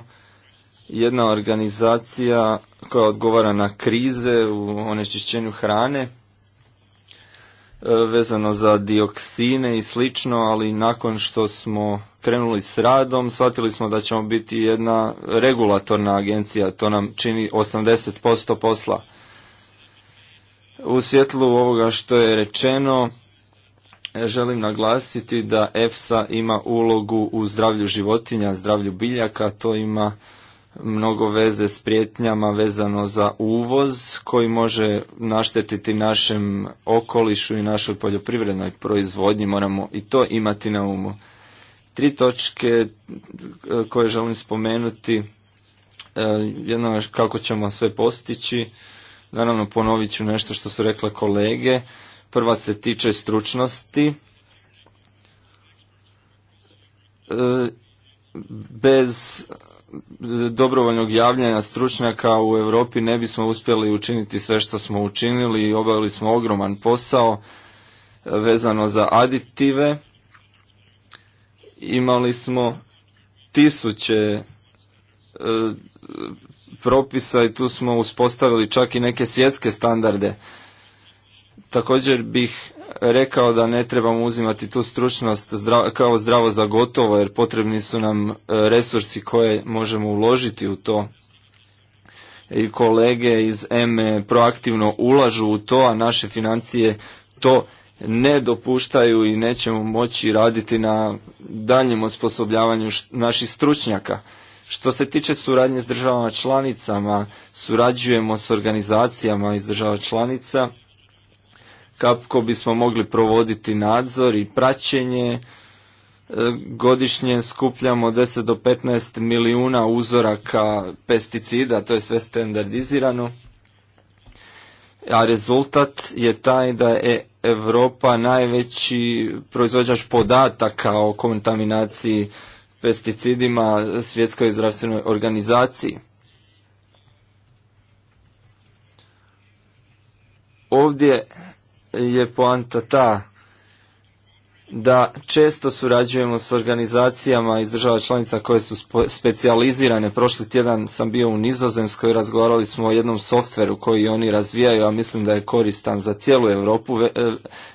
jedna organizacija koja odgovara na krize u onečišćenju hrane e, vezano za dioksine i slično, ali nakon što smo krenuli s radom, shvatili smo da ćemo biti jedna regulatorna agencija, to nam čini 80% posla. U svjetlu ovoga što je rečeno, želim naglasiti da EFSA ima ulogu u zdravlju životinja, zdravlju biljaka, to ima mnogo veze s prijetnjama vezano za uvoz koji može naštetiti našem okolišu i našoj poljoprivrednoj proizvodnji, moramo i to imati na umu. Tri točke e, koje želim spomenuti, e, jedno je kako ćemo sve postići, naravno ponovit ću nešto što su rekle kolege, Prva se tiče stručnosti. E, bez dobrovoljnog javljanja stručnjaka u Europi ne bismo uspjeli učiniti sve što smo učinili i obavili smo ogroman posao vezano za aditive. Imali smo tisuće e, propisa i tu smo uspostavili čak i neke svjetske standarde. Također bih rekao da ne trebamo uzimati tu stručnost kao zdravo za gotovo jer potrebni su nam e, resursi koje možemo uložiti u to. I kolege iz EME proaktivno ulažu u to, a naše financije to ne dopuštaju i nećemo moći raditi na daljem osposobljavanju naših stručnjaka. Što se tiče suradnje s državama članicama, surađujemo s organizacijama iz država članica – kako bismo mogli provoditi nadzor i praćenje. E, godišnje skupljamo 10 do 15 milijuna uzoraka pesticida, to je sve standardizirano. A rezultat je taj da je Europa najveći proizvođač podataka o kontaminaciji pesticidima svjetskoj zdravstvenoj organizaciji. Ovdje je poanta ta da često surađujemo s organizacijama iz država članica koje su specijalizirane. Prošli tjedan sam bio u Nizozemskoj, razgovarali smo o jednom softveru koji oni razvijaju, a mislim da je koristan za cijelu Europu, e,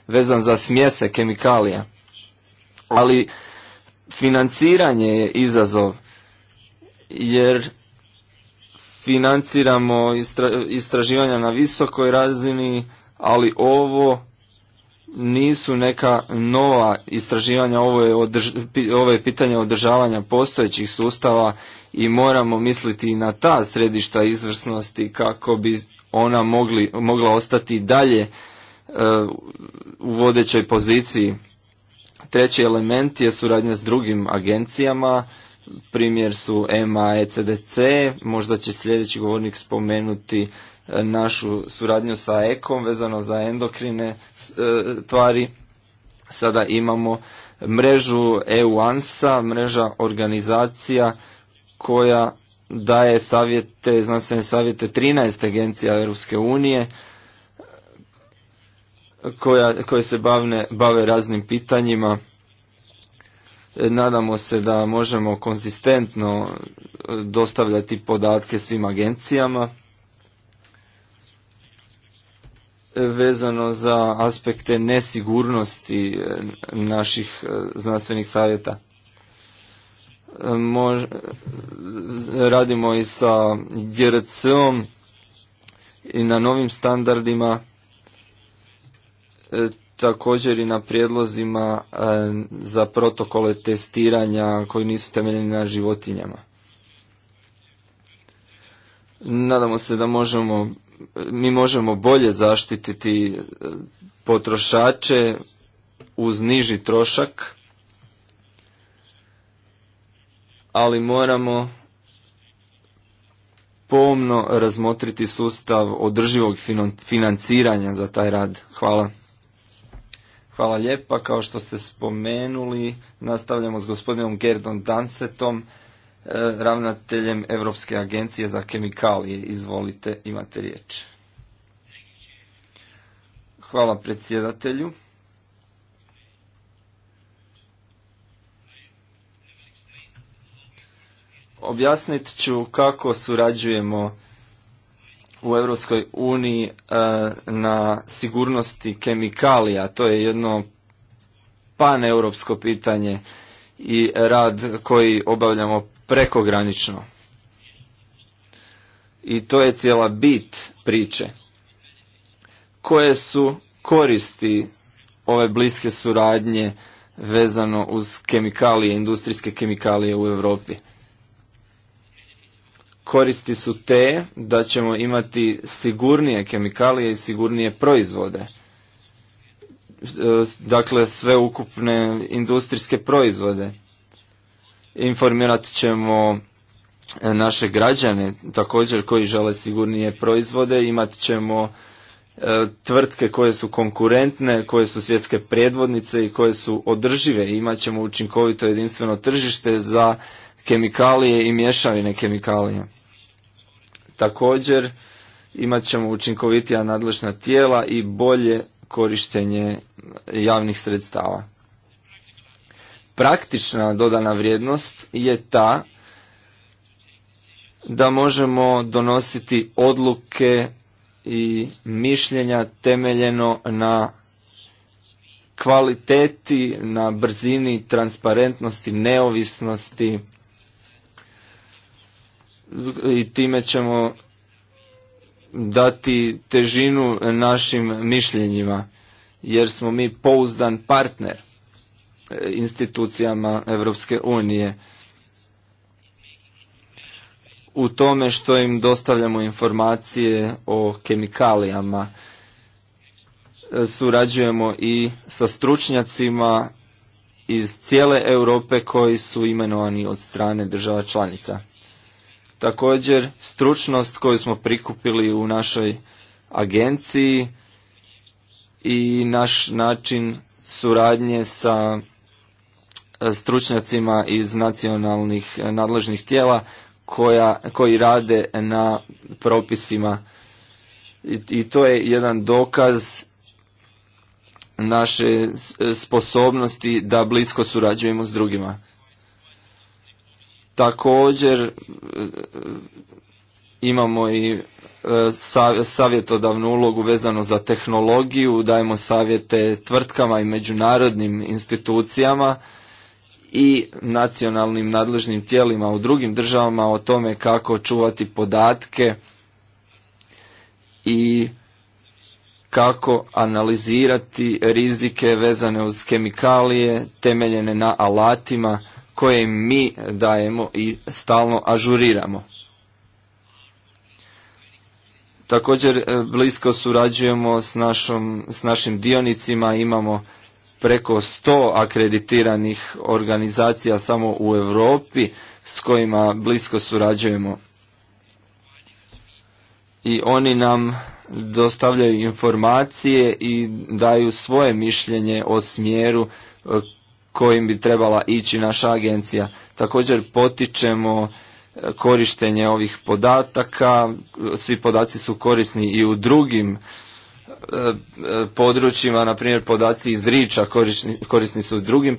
vezan za smjese kemikalija. Ali financiranje je izazov, jer financiramo istraživanja na visokoj razini, ali ovo nisu neka nova istraživanja, ovo je, ovo je pitanje održavanja postojećih sustava i moramo misliti na ta središta izvrsnosti kako bi ona mogli, mogla ostati dalje e, u vodećoj poziciji. Treći element je suradnja s drugim agencijama, primjer su EMA, ECDC, možda će sljedeći govornik spomenuti našu suradnju sa ekom vezano za endokrine e, tvari. Sada imamo mrežu EUANSA, mreža organizacija koja daje savjete, znanstvene savjete 13 agencija Europske unije koja, koje se bavne, bave raznim pitanjima. E, nadamo se da možemo konzistentno dostavljati podatke svim agencijama. vezano za aspekte nesigurnosti e, naših e, znanstvenih savjeta. E, radimo i sa grc om i na novim standardima, također i na prijedlozima za protokole testiranja koji nisu temeljeni na životinjama. Nadamo se da možemo mi možemo bolje zaštititi e, potrošače uz niži trošak, ali moramo pomno razmotriti sustav održivog financiranja za taj rad. Hvala. Hvala lijepa, kao što ste spomenuli, nastavljamo s gospodinom Gerdom Dansetom. E, ravnateljem Europske agencije za kemikalije. Izvolite, imate riječ. Hvala predsjedatelju. Objasnit ću kako surađujemo u Europskoj uniji e, na sigurnosti kemikalija. To je jedno paneuropsko pitanje i rad koji obavljamo prekogranično. I to je cijela bit priče. Koje su koristi ove bliske suradnje vezano uz kemikalije, industrijske kemikalije u Europi? Koristi su te da ćemo imati sigurnije kemikalije i sigurnije proizvode e, dakle sve ukupne industrijske proizvode. Informirat ćemo e, naše građane također koji žele sigurnije proizvode, imat ćemo e, tvrtke koje su konkurentne, koje su svjetske predvodnice i koje su održive. Imat ćemo učinkovito jedinstveno tržište za kemikalije i mješavine kemikalija. Također imat ćemo učinkovitija nadležna tijela i bolje korištenje javnih sredstava praktična dodana vrijednost je ta da možemo donositi odluke i mišljenja temeljeno na kvaliteti, na brzini, transparentnosti, neovisnosti i time ćemo dati težinu našim mišljenjima jer smo mi pouzdan partner institucijama Europske unije u tome što im dostavljamo informacije o kemikalijama. E, surađujemo i sa stručnjacima iz cijele Europe koji su imenovani od strane država članica. Također, stručnost koju smo prikupili u našoj agenciji i naš način suradnje sa stručnjacima iz nacionalnih eh, nadležnih tijela koja, koji rade na propisima I, i to je jedan dokaz naše eh, sposobnosti da blisko surađujemo s drugima. Također eh, imamo i savjetodavnu ulogu vezano za tehnologiju, dajemo savjete tvrtkama i međunarodnim institucijama i nacionalnim nadležnim tijelima u drugim državama o tome kako čuvati podatke i kako analizirati rizike vezane uz kemikalije temeljene na alatima koje mi dajemo i stalno ažuriramo. Također e, blisko surađujemo s, našom, s našim dionicima, imamo preko 100 akreditiranih organizacija samo u Europi s kojima blisko surađujemo. I oni nam dostavljaju informacije i daju svoje mišljenje o smjeru e, kojim bi trebala ići naša agencija. Također potičemo e, korištenje ovih podataka, e, svi podaci su korisni i u drugim područjima, na primjer podaci iz Riča korisni, su u drugim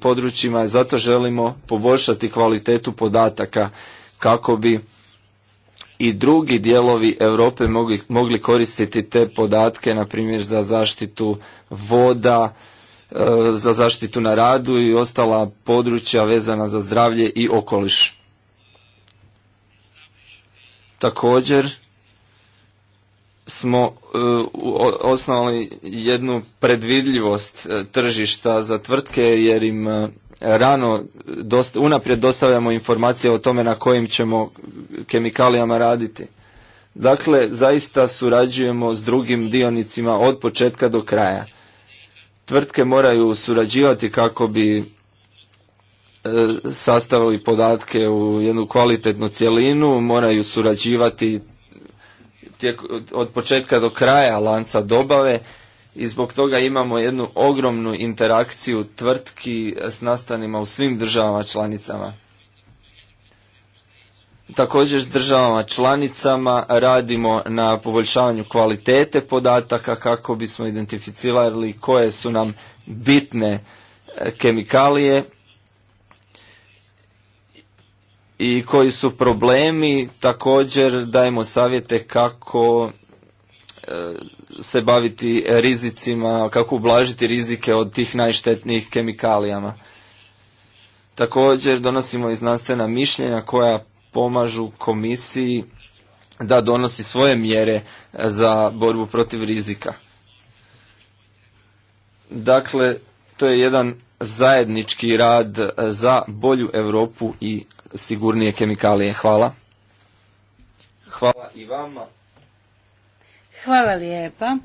područjima, zato želimo poboljšati kvalitetu podataka kako bi i drugi dijelovi Europe mogli, mogli koristiti te podatke, na primjer za zaštitu voda, e, za zaštitu na radu i ostala područja vezana za zdravlje i okoliš. Također smo e, osnovali jednu predvidljivost e, tržišta za tvrtke jer im e, rano dosta, unaprijed dostavljamo informacije o tome na kojim ćemo kemikalijama raditi. Dakle, zaista surađujemo s drugim dionicima od početka do kraja. Tvrtke moraju surađivati kako bi sastavili podatke u jednu kvalitetnu cjelinu, moraju surađivati tijek, od početka do kraja lanca dobave i zbog toga imamo jednu ogromnu interakciju tvrtki s nastanima u svim državama članicama. Također s državama članicama radimo na poboljšavanju kvalitete podataka kako bismo identificirali koje su nam bitne e, kemikalije i koji su problemi, također dajemo savjete kako e, se baviti rizicima, kako ublažiti rizike od tih najštetnijih kemikalijama. Također donosimo i znanstvena mišljenja koja pomažu komisiji da donosi svoje mjere za borbu protiv rizika. Dakle, to je jedan zajednički rad za bolju Europu i sigurnije kemikalije. Hvala. Hvala i vama. Hvala lijepa.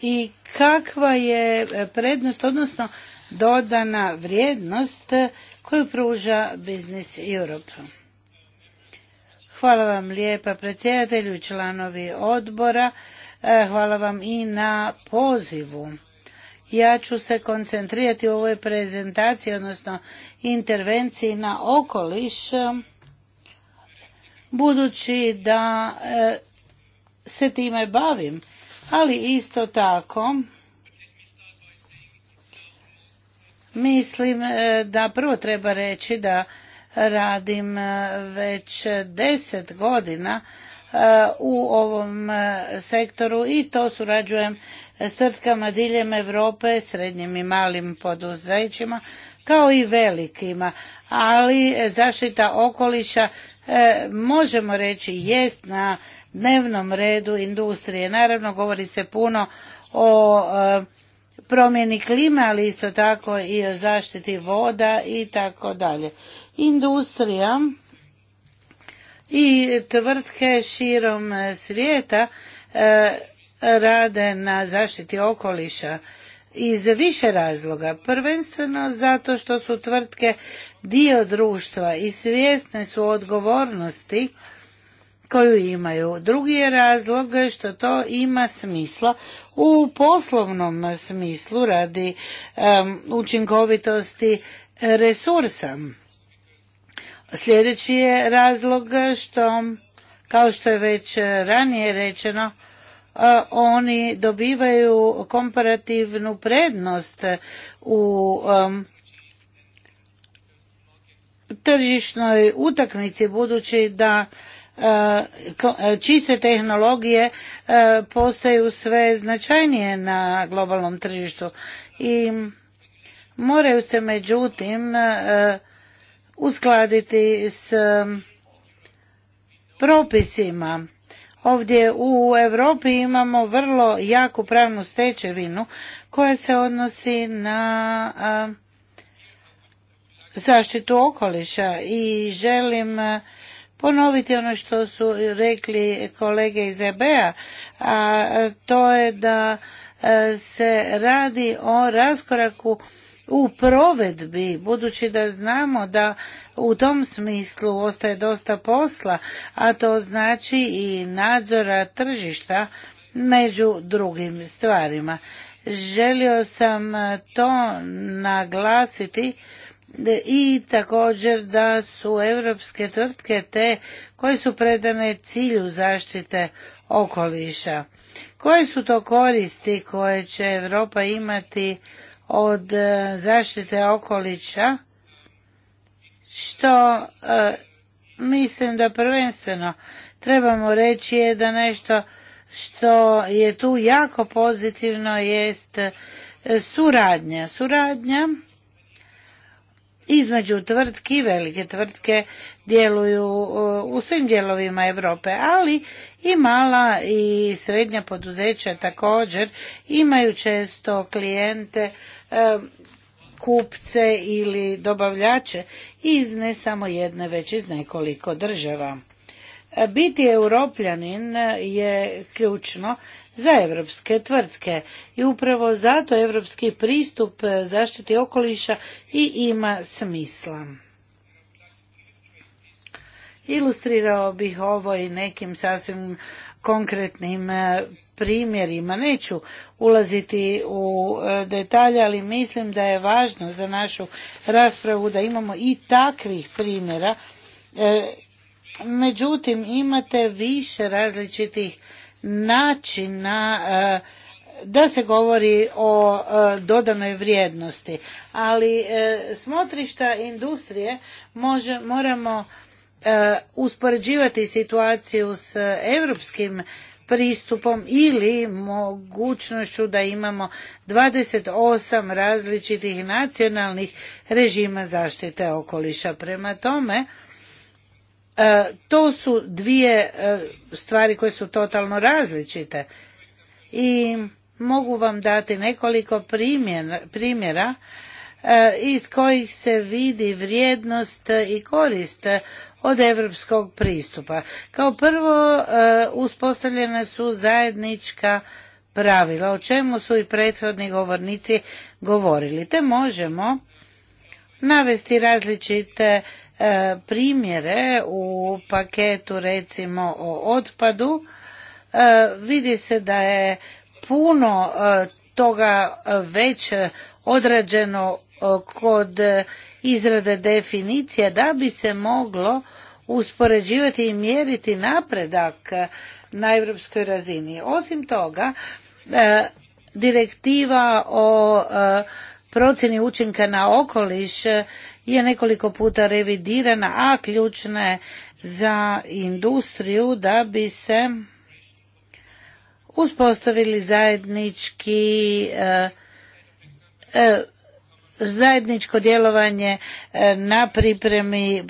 I kakva je prednost, odnosno dodana vrijednost koju pruža Business Europe? Hvala vam lijepa predsjedatelju i članovi odbora. E, hvala vam i na pozivu ja ću se koncentrirati u ovoj prezentaciji, odnosno intervenciji na okoliš, budući da e, se time bavim, ali isto tako mislim e, da prvo treba reći da radim e, već deset godina u ovom sektoru i to surađujem s diljem Europe, srednjim i malim poduzećima, kao i velikima, ali e, zaštita okoliša e, možemo reći jest na dnevnom redu industrije. Naravno govori se puno o e, promjeni klime, ali isto tako i o zaštiti voda i tako dalje. Industrija i tvrtke širom svijeta rade na zaštiti okoliša iz više razloga. Prvenstveno zato što su tvrtke dio društva i svjesne su odgovornosti koju imaju. Drugi je razlog što to ima smisla u poslovnom smislu radi učinkovitosti resursa. Sljedeći je razlog što, kao što je već ranije rečeno, oni dobivaju komparativnu prednost u um, tržišnoj utakmici budući da čiste tehnologije postaju sve značajnije na globalnom tržištu i moraju se međutim uskladiti s propisima Ovdje u Europi imamo vrlo jaku pravnu stečevinu koja se odnosi na zaštitu okoliša i želim ponoviti ono što su rekli kolege iz EBA, a to je da se radi o raskoraku u provedbi, budući da znamo da u tom smislu ostaje dosta posla, a to znači i nadzora tržišta među drugim stvarima. Želio sam to naglasiti i također da su europske tvrtke te koje su predane cilju zaštite okoliša. Koje su to koristi koje će Europa imati od e, zaštite okoliša. što e, mislim da prvenstveno trebamo reći je da nešto što je tu jako pozitivno jest e, suradnja. Suradnja između tvrtki, velike tvrtke djeluju u svim dijelovima Europe, ali i mala i srednja poduzeća također imaju često klijente E, kupce ili dobavljače iz ne samo jedne već iz nekoliko država. E, biti europljanin je ključno za europske tvrtke i upravo zato europski pristup zaštiti okoliša i ima smisla. Ilustrirao bih ovo i nekim sasvim konkretnim e, primjerima. Neću ulaziti u e, detalje, ali mislim da je važno za našu raspravu da imamo i takvih primjera. E, međutim, imate više različitih načina e, da se govori o dodanoj vrijednosti, ali smotrišta industrije moramo uspoređivati situaciju s europskim pristupom ili mogućnošću da imamo 28 različitih nacionalnih režima zaštite okoliša. Prema tome, e, to su dvije e, stvari koje su totalno različite. I mogu vam dati nekoliko primjera e, iz kojih se vidi vrijednost i korist od europskog pristupa. Kao prvo e, uspostavljene su zajednička pravila, o čemu su i prethodni govornici govorili. Te možemo navesti različite e, primjere u paketu recimo o otpadu. E, vidi se da je puno toga već odrađeno kod e, izrade definicija da bi se moglo uspoređivati i mjeriti napredak e, na europskoj razini. Osim toga, e, direktiva o procjeni učinka na okoliš je nekoliko puta revidirana, a ključna je za industriju da bi se uspostavili zajednički zajedničko djelovanje e, na pripremi e,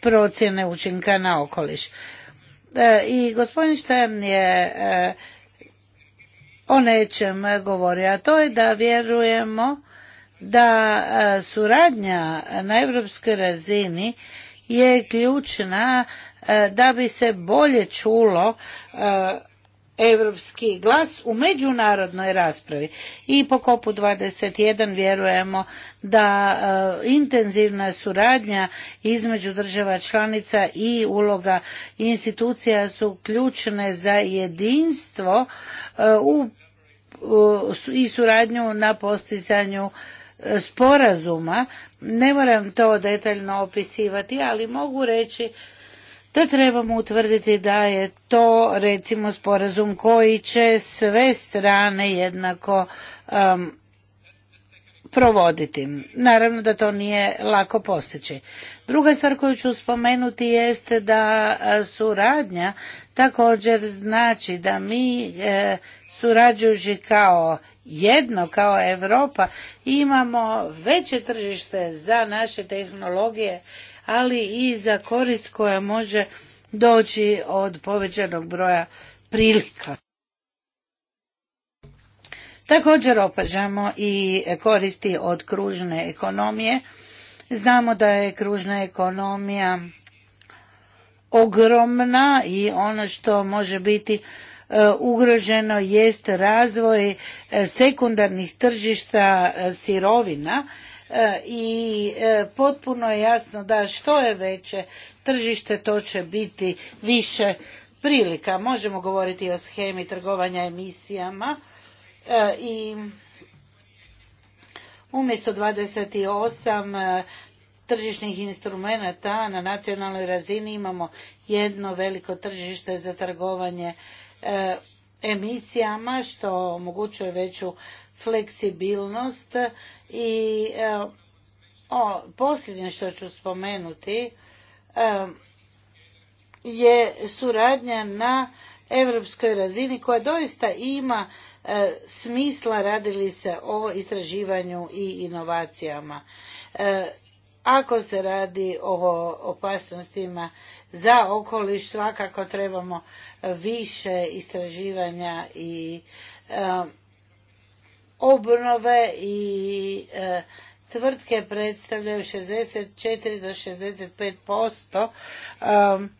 procjene učinka na okoliš. E, I gospodin Štern je o nečem govorio, a to je da vjerujemo da suradnja na europskoj razini je ključna da bi se bolje čulo europski glas u međunarodnoj raspravi. I po kopu 21 vjerujemo da e, intenzivna suradnja između država članica i uloga institucija su ključne za jedinstvo e, i suradnju na postizanju e, sporazuma. Ne moram to detaljno opisivati, ali mogu reći da trebamo utvrditi da je to recimo sporazum koji će sve strane jednako um, provoditi. Naravno da to nije lako postići. Druga stvar koju ću spomenuti jeste da suradnja također znači da mi e, surađujući kao jedno kao Europa imamo veće tržište za naše tehnologije ali i za korist koja može doći od povećanog broja prilika. Također opažamo i koristi od kružne ekonomije. Znamo da je kružna ekonomija ogromna i ono što može biti e, ugroženo jest razvoj e, sekundarnih tržišta e, sirovina E, i e, potpuno je jasno da što je veće tržište to će biti više prilika. Možemo govoriti o schemi trgovanja emisijama e, i umjesto 28 tržišnih instrumenata na nacionalnoj razini imamo jedno veliko tržište za trgovanje emisijama što omogućuje veću fleksibilnost i e, o, posljednje što ću spomenuti e, je suradnja na europskoj razini koja doista ima e, smisla radili se o istraživanju i inovacijama. ako se radi o opasnostima za okoliš, svakako trebamo više istraživanja i obnove i e, tvrtke predstavljaju 64 do 65% um,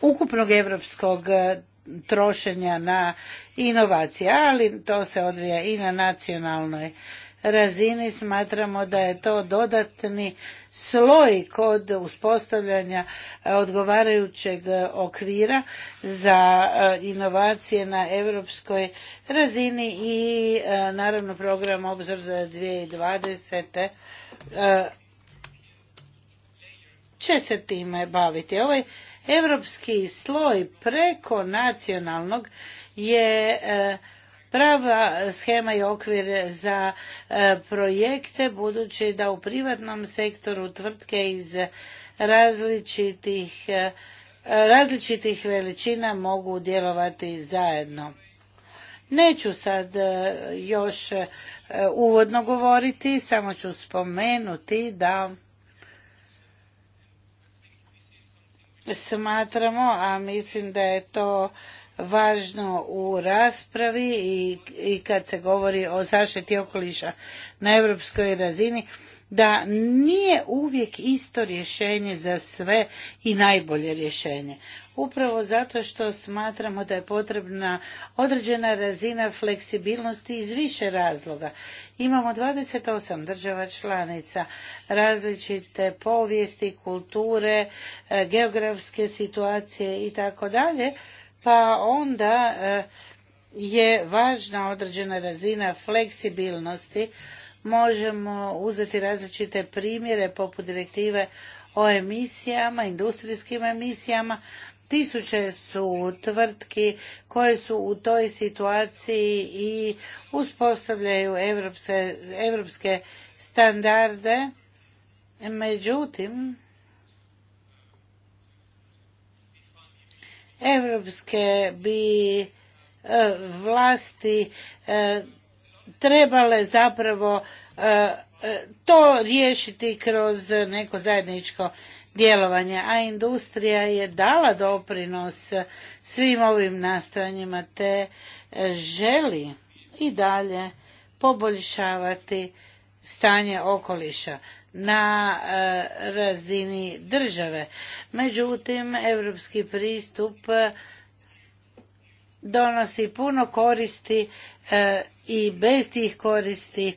ukupnog europskog e, trošenja na inovacije, ali to se odvija i na nacionalnoj razini smatramo da je to dodatni sloj kod uspostavljanja e, odgovarajućeg e, okvira za e, inovacije na europskoj razini i naravno program obzor 2020 će se time baviti. Ovaj europski sloj preko nacionalnog je prava schema i okvir za e, projekte budući da u privatnom sektoru tvrtke iz različitih e, različitih veličina mogu djelovati zajedno. Neću sad e, još uvodno govoriti, samo ću spomenuti da smatramo, a mislim da je to važno u raspravi i, kad se govori o zaštiti okoliša na europskoj razini da nije uvijek isto rješenje za sve i najbolje rješenje upravo zato što smatramo da je potrebna određena razina fleksibilnosti iz više razloga. Imamo 28 država članica, različite povijesti, kulture, e, geografske situacije i tako dalje, pa onda eh, je važna određena razina fleksibilnosti. Možemo uzeti različite primjere poput direktive o emisijama, industrijskim emisijama. Tisuće su tvrtki koje su u toj situaciji i uspostavljaju evropske, standarde. Međutim, Evropske bi e, vlasti e, trebale zapravo e, to riješiti kroz neko zajedničko djelovanje, a industrija je dala doprinos svim ovim nastojanjima te želi i dalje poboljšavati stanje okoliša na e, razini države. Međutim, europski pristup e, donosi puno koristi e, i bez tih koristi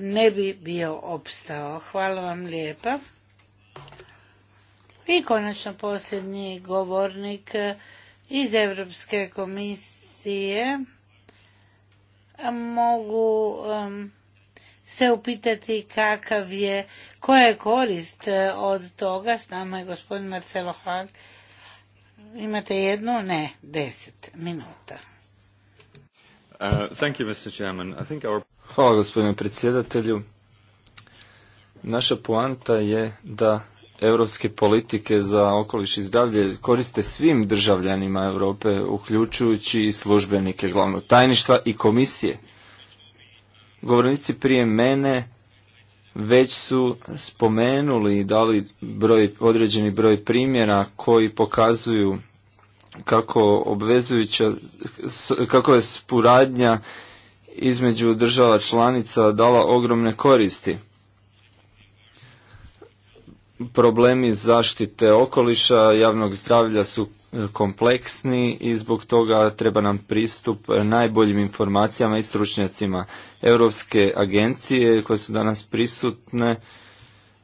ne bi bio opstao. Hvala vam lijepa. I konačno posljednji govornik iz Europske komisije mogu se upitati kakav je, koja je korist e, od toga. S nama je gospodin Marcelo Hag. Imate jednu, ne, deset minuta. Uh, Hvala gospodine predsjedatelju. Naša poanta je da europske politike za okoliš i zdravlje koriste svim državljanima Europe, uključujući i službenike glavnog tajništva i komisije. Govornici prije mene već su spomenuli i dali broj, određeni broj primjera koji pokazuju kako obvezujuća, kako je suradnja između država članica dala ogromne koristi. Problemi zaštite okoliša, javnog zdravlja su kompleksni i zbog toga treba nam pristup najboljim informacijama i stručnjacima. Europske agencije koje su danas prisutne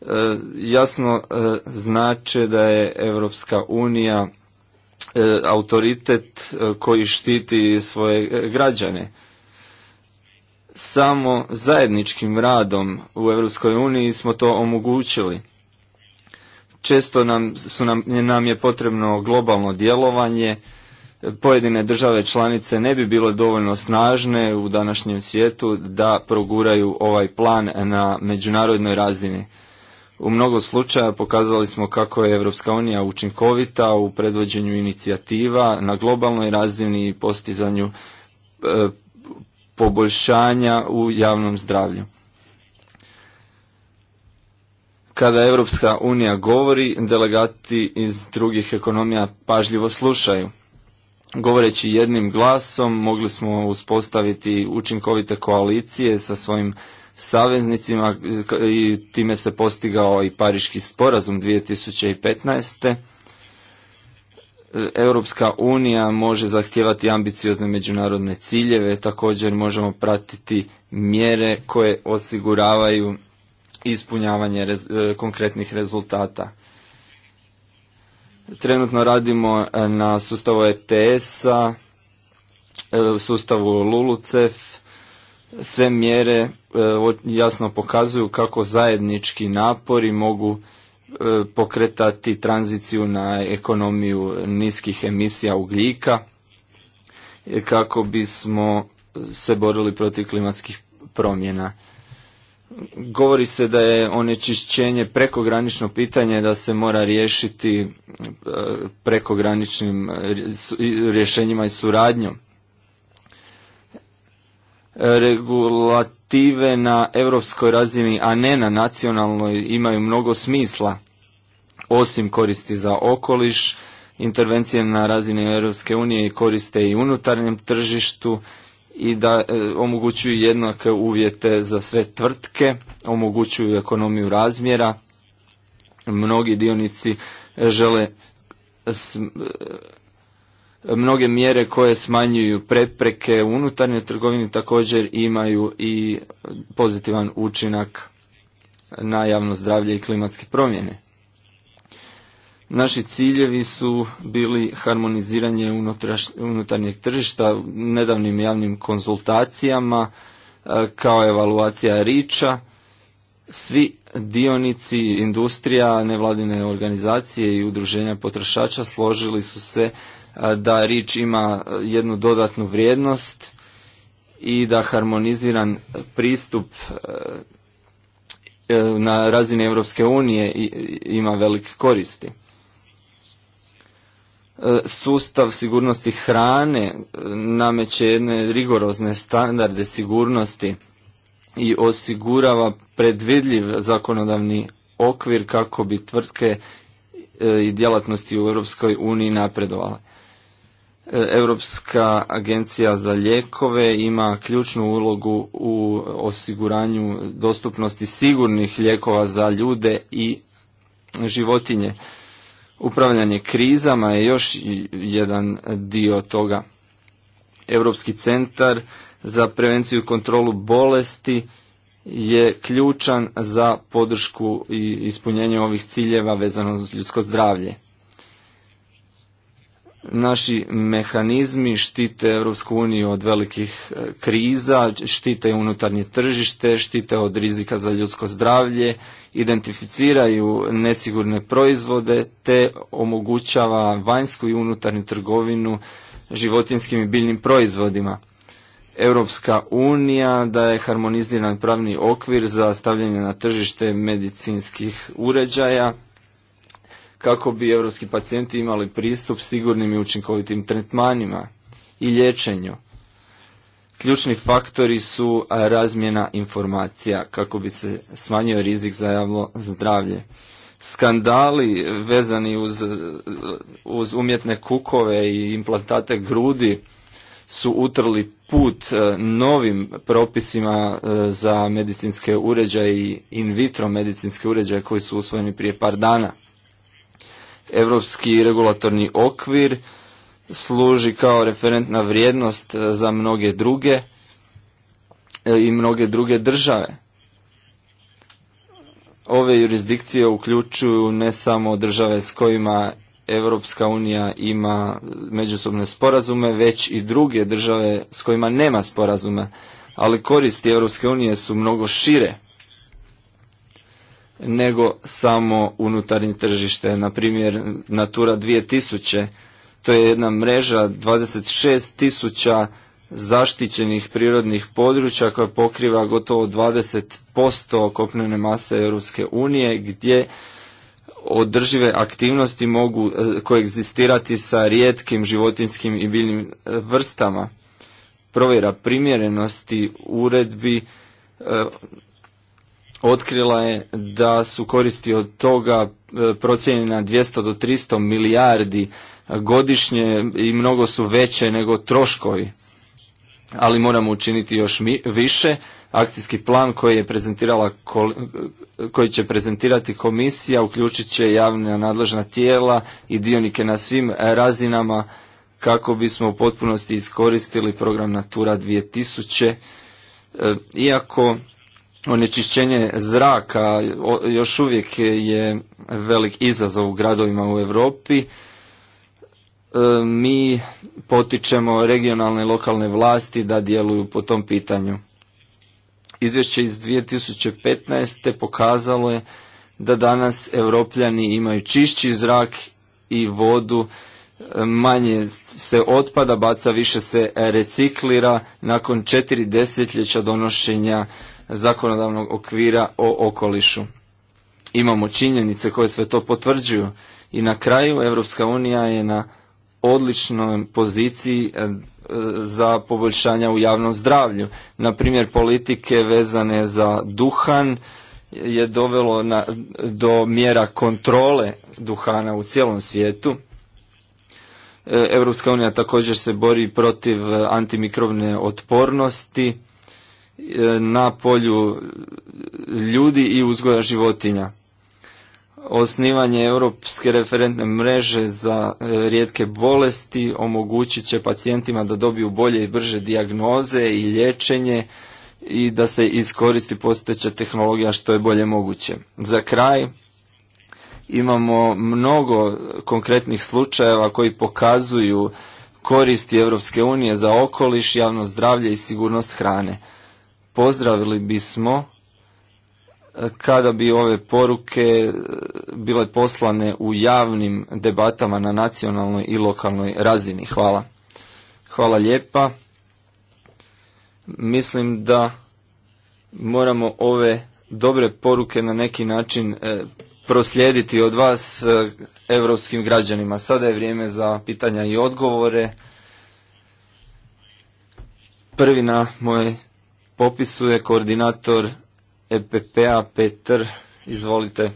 e, jasno e, znače da je Europska unija e, autoritet koji štiti svoje građane. Samo zajedničkim radom u Europskoj uniji smo to omogućili često nam, su nam, je potrebno globalno djelovanje, pojedine države članice ne bi bile dovoljno snažne u današnjem svijetu da proguraju ovaj plan na međunarodnoj razini. U mnogo slučaja pokazali smo kako je Europska unija učinkovita u predvođenju inicijativa na globalnoj razini i postizanju e, poboljšanja u javnom zdravlju. Kada Europska unija govori, delegati iz drugih ekonomija pažljivo slušaju. Govoreći jednim glasom mogli smo uspostaviti učinkovite koalicije sa svojim saveznicima i time se postigao i Pariški sporazum 2015. Europska unija može zahtijevati ambiciozne međunarodne ciljeve, također možemo pratiti mjere koje osiguravaju ispunjavanje e, konkretnih rezultata. Trenutno radimo e, na sustavu ETS-a, e, sustavu LULUCEF. Sve mjere jasno pokazuju kako zajednički napori mogu pokretati tranziciju na ekonomiju niskih emisija ugljika kako bismo se borili protiv klimatskih promjena govori se da je onečišćenje prekogranično pitanje da se mora riješiti e, prekograničnim e, rješenjima i suradnjom. Regulative na europskoj razini, a ne na nacionalnoj, imaju mnogo smisla, osim koristi za okoliš, intervencije na razini Europske unije koriste i unutarnjem tržištu, i da e, omogućuju jednake uvjete za sve tvrtke, omogućuju ekonomiju razmjera. Mnogi dionici e, žele e, mnoge mjere koje smanjuju prepreke u unutarnjoj trgovini također imaju i pozitivan učinak na javno zdravlje i klimatske promjene. Naši ciljevi su bili harmoniziranje unutarnjeg tržišta nedavnim javnim konzultacijama e, kao evaluacija riča. Svi dionici, industrija, nevladine organizacije i udruženja potrošača složili su se e, da rič ima e, jednu dodatnu vrijednost i da harmoniziran pristup na razini Europske unije ima velike koristi. E, sustav sigurnosti hrane e, nameće jedne rigorozne standarde sigurnosti i osigurava predvidljiv zakonodavni okvir kako bi tvrtke e, i djelatnosti u Europskoj uniji napredovale. Europska agencija za lijekove ima ključnu ulogu u osiguranju dostupnosti sigurnih lijekova za ljude i životinje. Upravljanje krizama je još jedan dio toga. Europski centar za prevenciju i kontrolu bolesti je ključan za podršku i ispunjenje ovih ciljeva vezano uz ljudsko zdravlje. Naši mehanizmi štite Europsku uniju od velikih e, kriza, štite unutarnje tržište, štite od rizika za ljudsko zdravlje identificiraju nesigurne proizvode te omogućava vanjsku i unutarnju trgovinu životinskim i biljnim proizvodima. Europska unija daje harmoniziran pravni okvir za stavljanje na tržište medicinskih uređaja kako bi europski pacijenti imali pristup sigurnim i učinkovitim tretmanima i liječenju. Ključni faktori su razmjena informacija kako bi se smanjio rizik za javno zdravlje. Skandali vezani uz, uz umjetne kukove i implantate grudi su utrli put novim propisima za medicinske uređaje i in vitro medicinske uređaje koji su usvojeni prije par dana. Europski regulatorni okvir služi kao referentna vrijednost e, za mnoge druge e, i mnoge druge države. Ove jurisdikcije uključuju ne samo države s kojima Europska unija ima međusobne sporazume, već i druge države s kojima nema sporazume, ali koristi Europske unije su mnogo šire nego samo unutarnje tržište. Na primjer, Natura 2000 to je jedna mreža 26 tisuća zaštićenih prirodnih područja koja pokriva gotovo 20% kopnene mase Europske unije gdje održive aktivnosti mogu e, koegzistirati sa rijetkim životinskim i biljnim e, vrstama. Provjera primjerenosti uredbi e, otkrila je da su koristi od toga procijenjena 200 do 300 milijardi godišnje i mnogo su veće nego troškovi. Ali moramo učiniti još više. Akcijski plan koji, je prezentirala, koji će prezentirati komisija uključit će javna nadležna tijela i dionike na svim razinama kako bismo u potpunosti iskoristili program Natura 2000. E, iako onečišćenje zraka još uvijek je velik izazov u gradovima u Europi, E, mi potičemo regionalne i lokalne vlasti da djeluju po tom pitanju. Izvješće iz 2015. pokazalo je da danas europljani imaju čišći zrak i vodu, e, manje se otpada, baca, više se reciklira nakon četiri desetljeća donošenja zakonodavnog okvira o okolišu. Imamo činjenice koje sve to potvrđuju i na kraju Evropska unija je na odličnoj poziciji e, e, za poboljšanja u javnom zdravlju. Na primjer, politike vezane za duhan je dovelo na, do mjera kontrole duhana u cijelom svijetu. E, Europska unija također se bori protiv antimikrobne otpornosti na polju ljudi i uzgoja životinja osnivanje europske referentne mreže za e, rijetke bolesti omogućit će pacijentima da dobiju bolje i brže dijagnoze i liječenje i da se iskoristi postojeća tehnologija što je bolje moguće. Za kraj imamo mnogo konkretnih slučajeva koji pokazuju koristi Europske unije za okoliš, javno zdravlje i sigurnost hrane. Pozdravili bismo kada bi ove poruke e, bile poslane u javnim debatama na nacionalnoj i lokalnoj razini. Hvala. Hvala lijepa. Mislim da moramo ove dobre poruke na neki način e, proslijediti od vas europskim građanima. Sada je vrijeme za pitanja i odgovore. Prvi na moj popisu je koordinator EPP-a Petr, izvolite.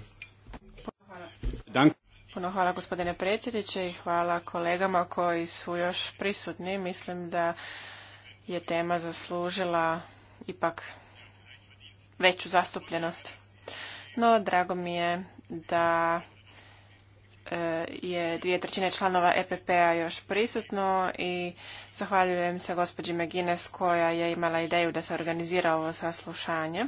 Puno hvala gospodine predsjedniče i hvala kolegama koji su još prisutni. Mislim da je tema zaslužila ipak veću zastupljenost. No, drago mi je da e, je dvije trećine članova EPP-a još prisutno i zahvaljujem se gospođi Megines koja je imala ideju da se organizira ovo saslušanje.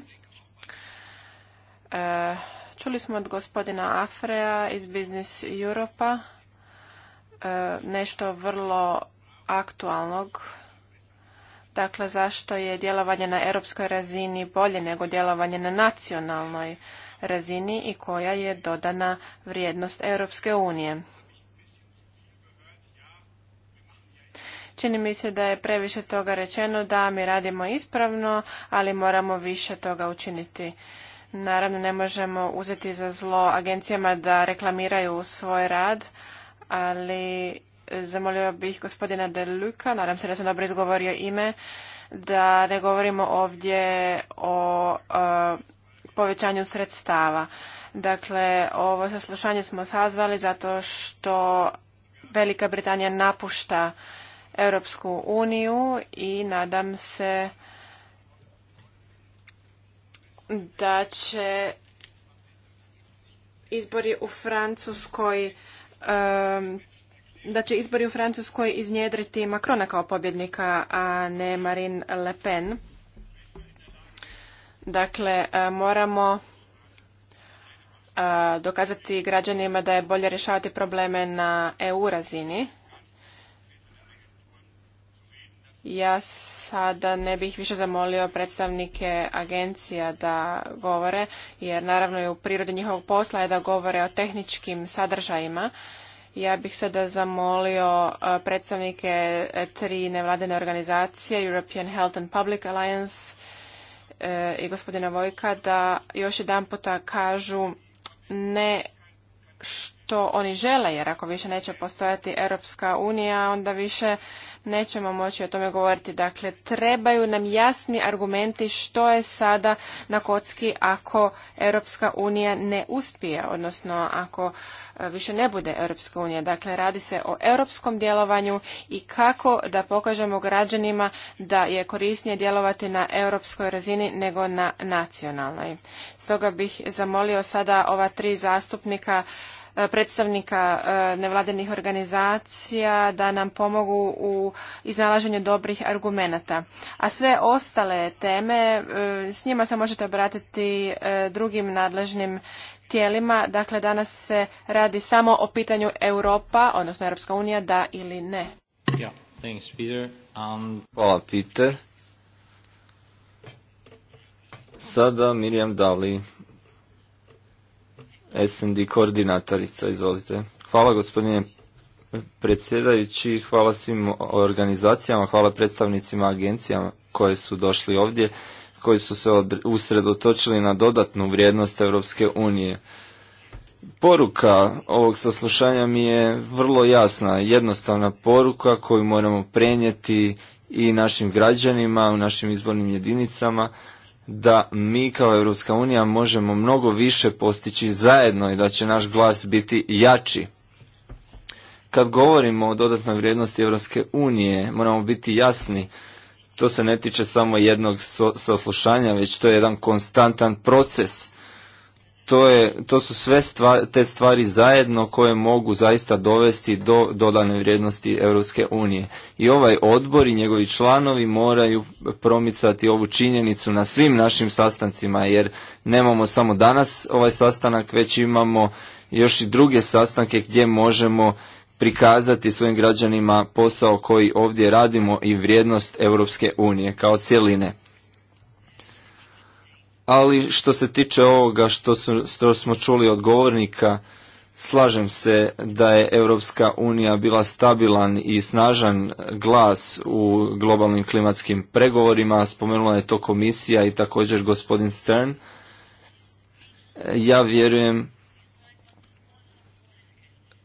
Čuli smo od gospodina Afreja iz Business Europa e, nešto vrlo aktualnog. Dakle, zašto je djelovanje na europskoj razini bolje nego djelovanje na nacionalnoj razini i koja je dodana vrijednost Europske unije. Čini mi se da je previše toga rečeno da mi radimo ispravno, ali moramo više toga učiniti. Naravno, ne možemo uzeti za zlo agencijama da reklamiraju svoj rad, ali zamolio bih gospodina Luka, nadam se da sam dobro izgovorio ime, da ne govorimo ovdje o e, povećanju sredstava. Dakle, ovo saslušanje smo sazvali zato što Velika Britanija napušta Europsku uniju i nadam se da će izbori u Francuskoj da će izbori u Francuskoj iznjedriti Makrona kao pobjednika, a ne Marine Le Pen. Dakle, e, moramo e, dokazati građanima da je bolje rješavati probleme na EU razini. Ja sada ne bih više zamolio predstavnike agencija da govore, jer naravno je u prirodi njihovog posla je da govore o tehničkim sadržajima. Ja bih sada zamolio e, predstavnike e, tri nevladine organizacije, European Health and Public Alliance e, i gospodina Vojka, da još jedan puta kažu ne što oni žele, jer ako više neće postojati Europska unija, onda više nećemo moći o tome govoriti. Dakle, trebaju nam jasni argumenti što je sada na kocki ako Europska unija ne uspije, odnosno ako e, više ne bude Europska unija. Dakle, radi se o europskom djelovanju i kako da pokažemo građanima da je korisnije djelovati na europskoj razini nego na nacionalnoj. Stoga bih zamolio sada ova tri zastupnika E, predstavnika e, nevladenih organizacija da nam pomogu u iznalaženju dobrih argumenata. A sve ostale teme, e, s njima se možete obratiti drugim nadležnim tijelima. Dakle, danas se radi samo o pitanju Europa, odnosno Europska unija, da ili ne. Um, Hvala, Peter. Sada Mirjam Dali. SND koordinatorica, izvolite. Hvala gospodine predsjedajući, hvala svim organizacijama, hvala predstavnicima agencijama koje su došli ovdje, koji su se usredotočili na dodatnu vrijednost Europske unije. Poruka ovog saslušanja mi je vrlo jasna, jednostavna poruka koju moramo prenijeti i našim građanima, u našim izbornim jedinicama, da mi kao Europska unija možemo mnogo više postići zajedno i da će naš glas biti jači. Kad govorimo o dodatnoj vrijednosti Europske unije, moramo biti jasni, to se ne tiče samo jednog saslušanja, već to je jedan konstantan proces to, je, to su sve te stvari zajedno koje mogu zaista dovesti do dodane vrijednosti Europske unije. I ovaj odbor i njegovi članovi moraju promicati ovu činjenicu na svim našim sastancima, jer nemamo samo danas ovaj sastanak, već imamo još i druge sastanke gdje možemo prikazati svojim građanima posao koji ovdje radimo i vrijednost Europske unije kao cjeline ali što se tiče ovoga što, što smo čuli od govornika, slažem se da je Europska unija bila stabilan i snažan glas u globalnim klimatskim pregovorima, spomenula je to komisija i također gospodin Stern. Ja vjerujem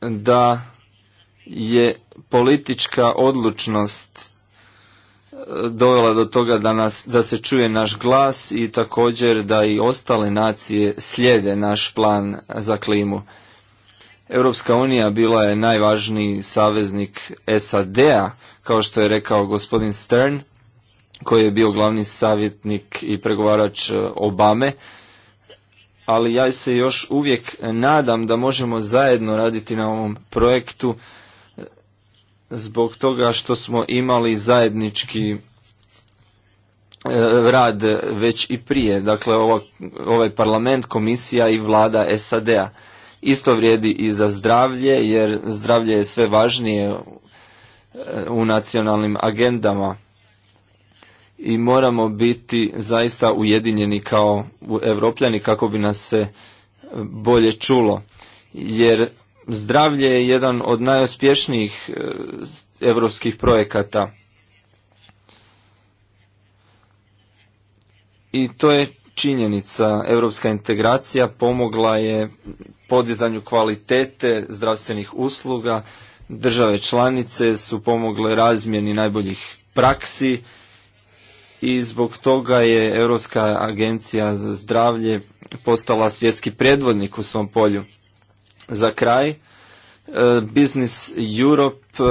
da je politička odlučnost dovela do toga da, nas, da se čuje naš glas i također da i ostale nacije slijede naš plan za klimu. Europska unija bila je najvažniji saveznik SAD-a, kao što je rekao gospodin Stern, koji je bio glavni savjetnik i pregovarač e, Obame, ali ja se još uvijek nadam da možemo zajedno raditi na ovom projektu zbog toga što smo imali zajednički e, rad već i prije, dakle ovaj parlament, komisija i vlada SAD-a. Isto vrijedi i za zdravlje, jer zdravlje je sve važnije e, u nacionalnim agendama i moramo biti zaista ujedinjeni kao evropljani kako bi nas se bolje čulo. Jer zdravlje je jedan od najuspješnijih europskih projekata. I to je činjenica. Europska integracija pomogla je podizanju kvalitete zdravstvenih usluga, države članice su pomogle razmjeni najboljih praksi i zbog toga je Europska agencija za zdravlje postala svjetski predvodnik u svom polju. Za kraj, e, Business Europe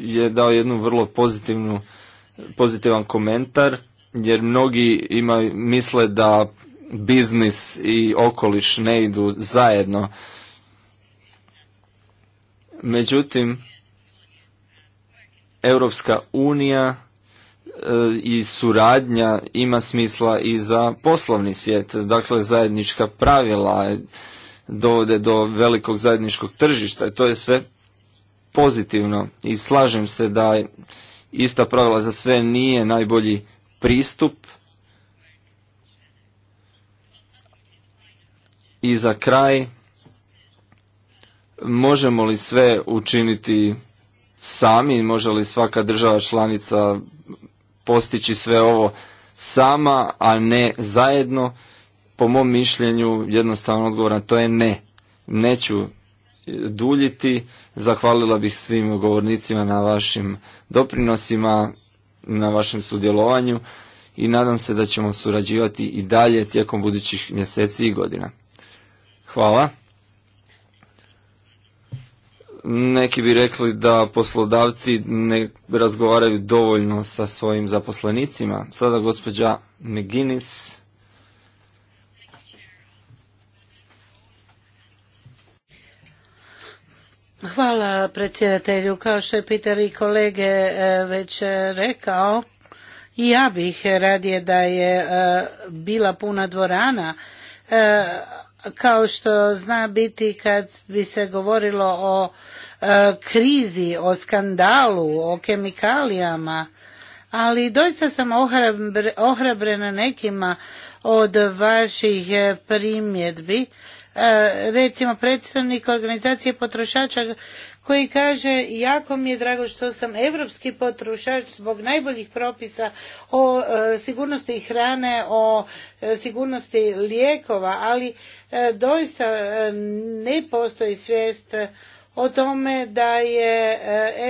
je dao jednu vrlo pozitivnu, pozitivan komentar, jer mnogi ima misle da biznis i okoliš ne idu zajedno. Međutim, Europska unija e, i suradnja ima smisla i za poslovni svijet, dakle zajednička pravila, dovode do velikog zajedničkog tržišta i to je sve pozitivno i slažem se da ista pravila za sve nije najbolji pristup i za kraj možemo li sve učiniti sami, može li svaka država članica postići sve ovo sama, a ne zajedno po mom mišljenju jednostavno odgovor na to je ne. Neću duljiti. Zahvalila bih svim govornicima na vašim doprinosima, na vašem sudjelovanju i nadam se da ćemo surađivati i dalje tijekom budućih mjeseci i godina. Hvala. Neki bi rekli da poslodavci ne razgovaraju dovoljno sa svojim zaposlenicima. Sada gospođa McGinnis. Hvala predsjedatelju. Kao što je Peter i kolege e, već rekao, ja bih radije da je e, bila puna dvorana, e, kao što zna biti kad bi se govorilo o krizi, o skandalu, o kemikalijama, ali doista sam ohrabrena nekima od vaših primjedbi E, recimo predstavnik organizacije potrošača koji kaže jako mi je drago što sam europski potrošač zbog najboljih propisa o e, sigurnosti hrane, o e, sigurnosti lijekova, ali doista ne postoji svijest o tome da je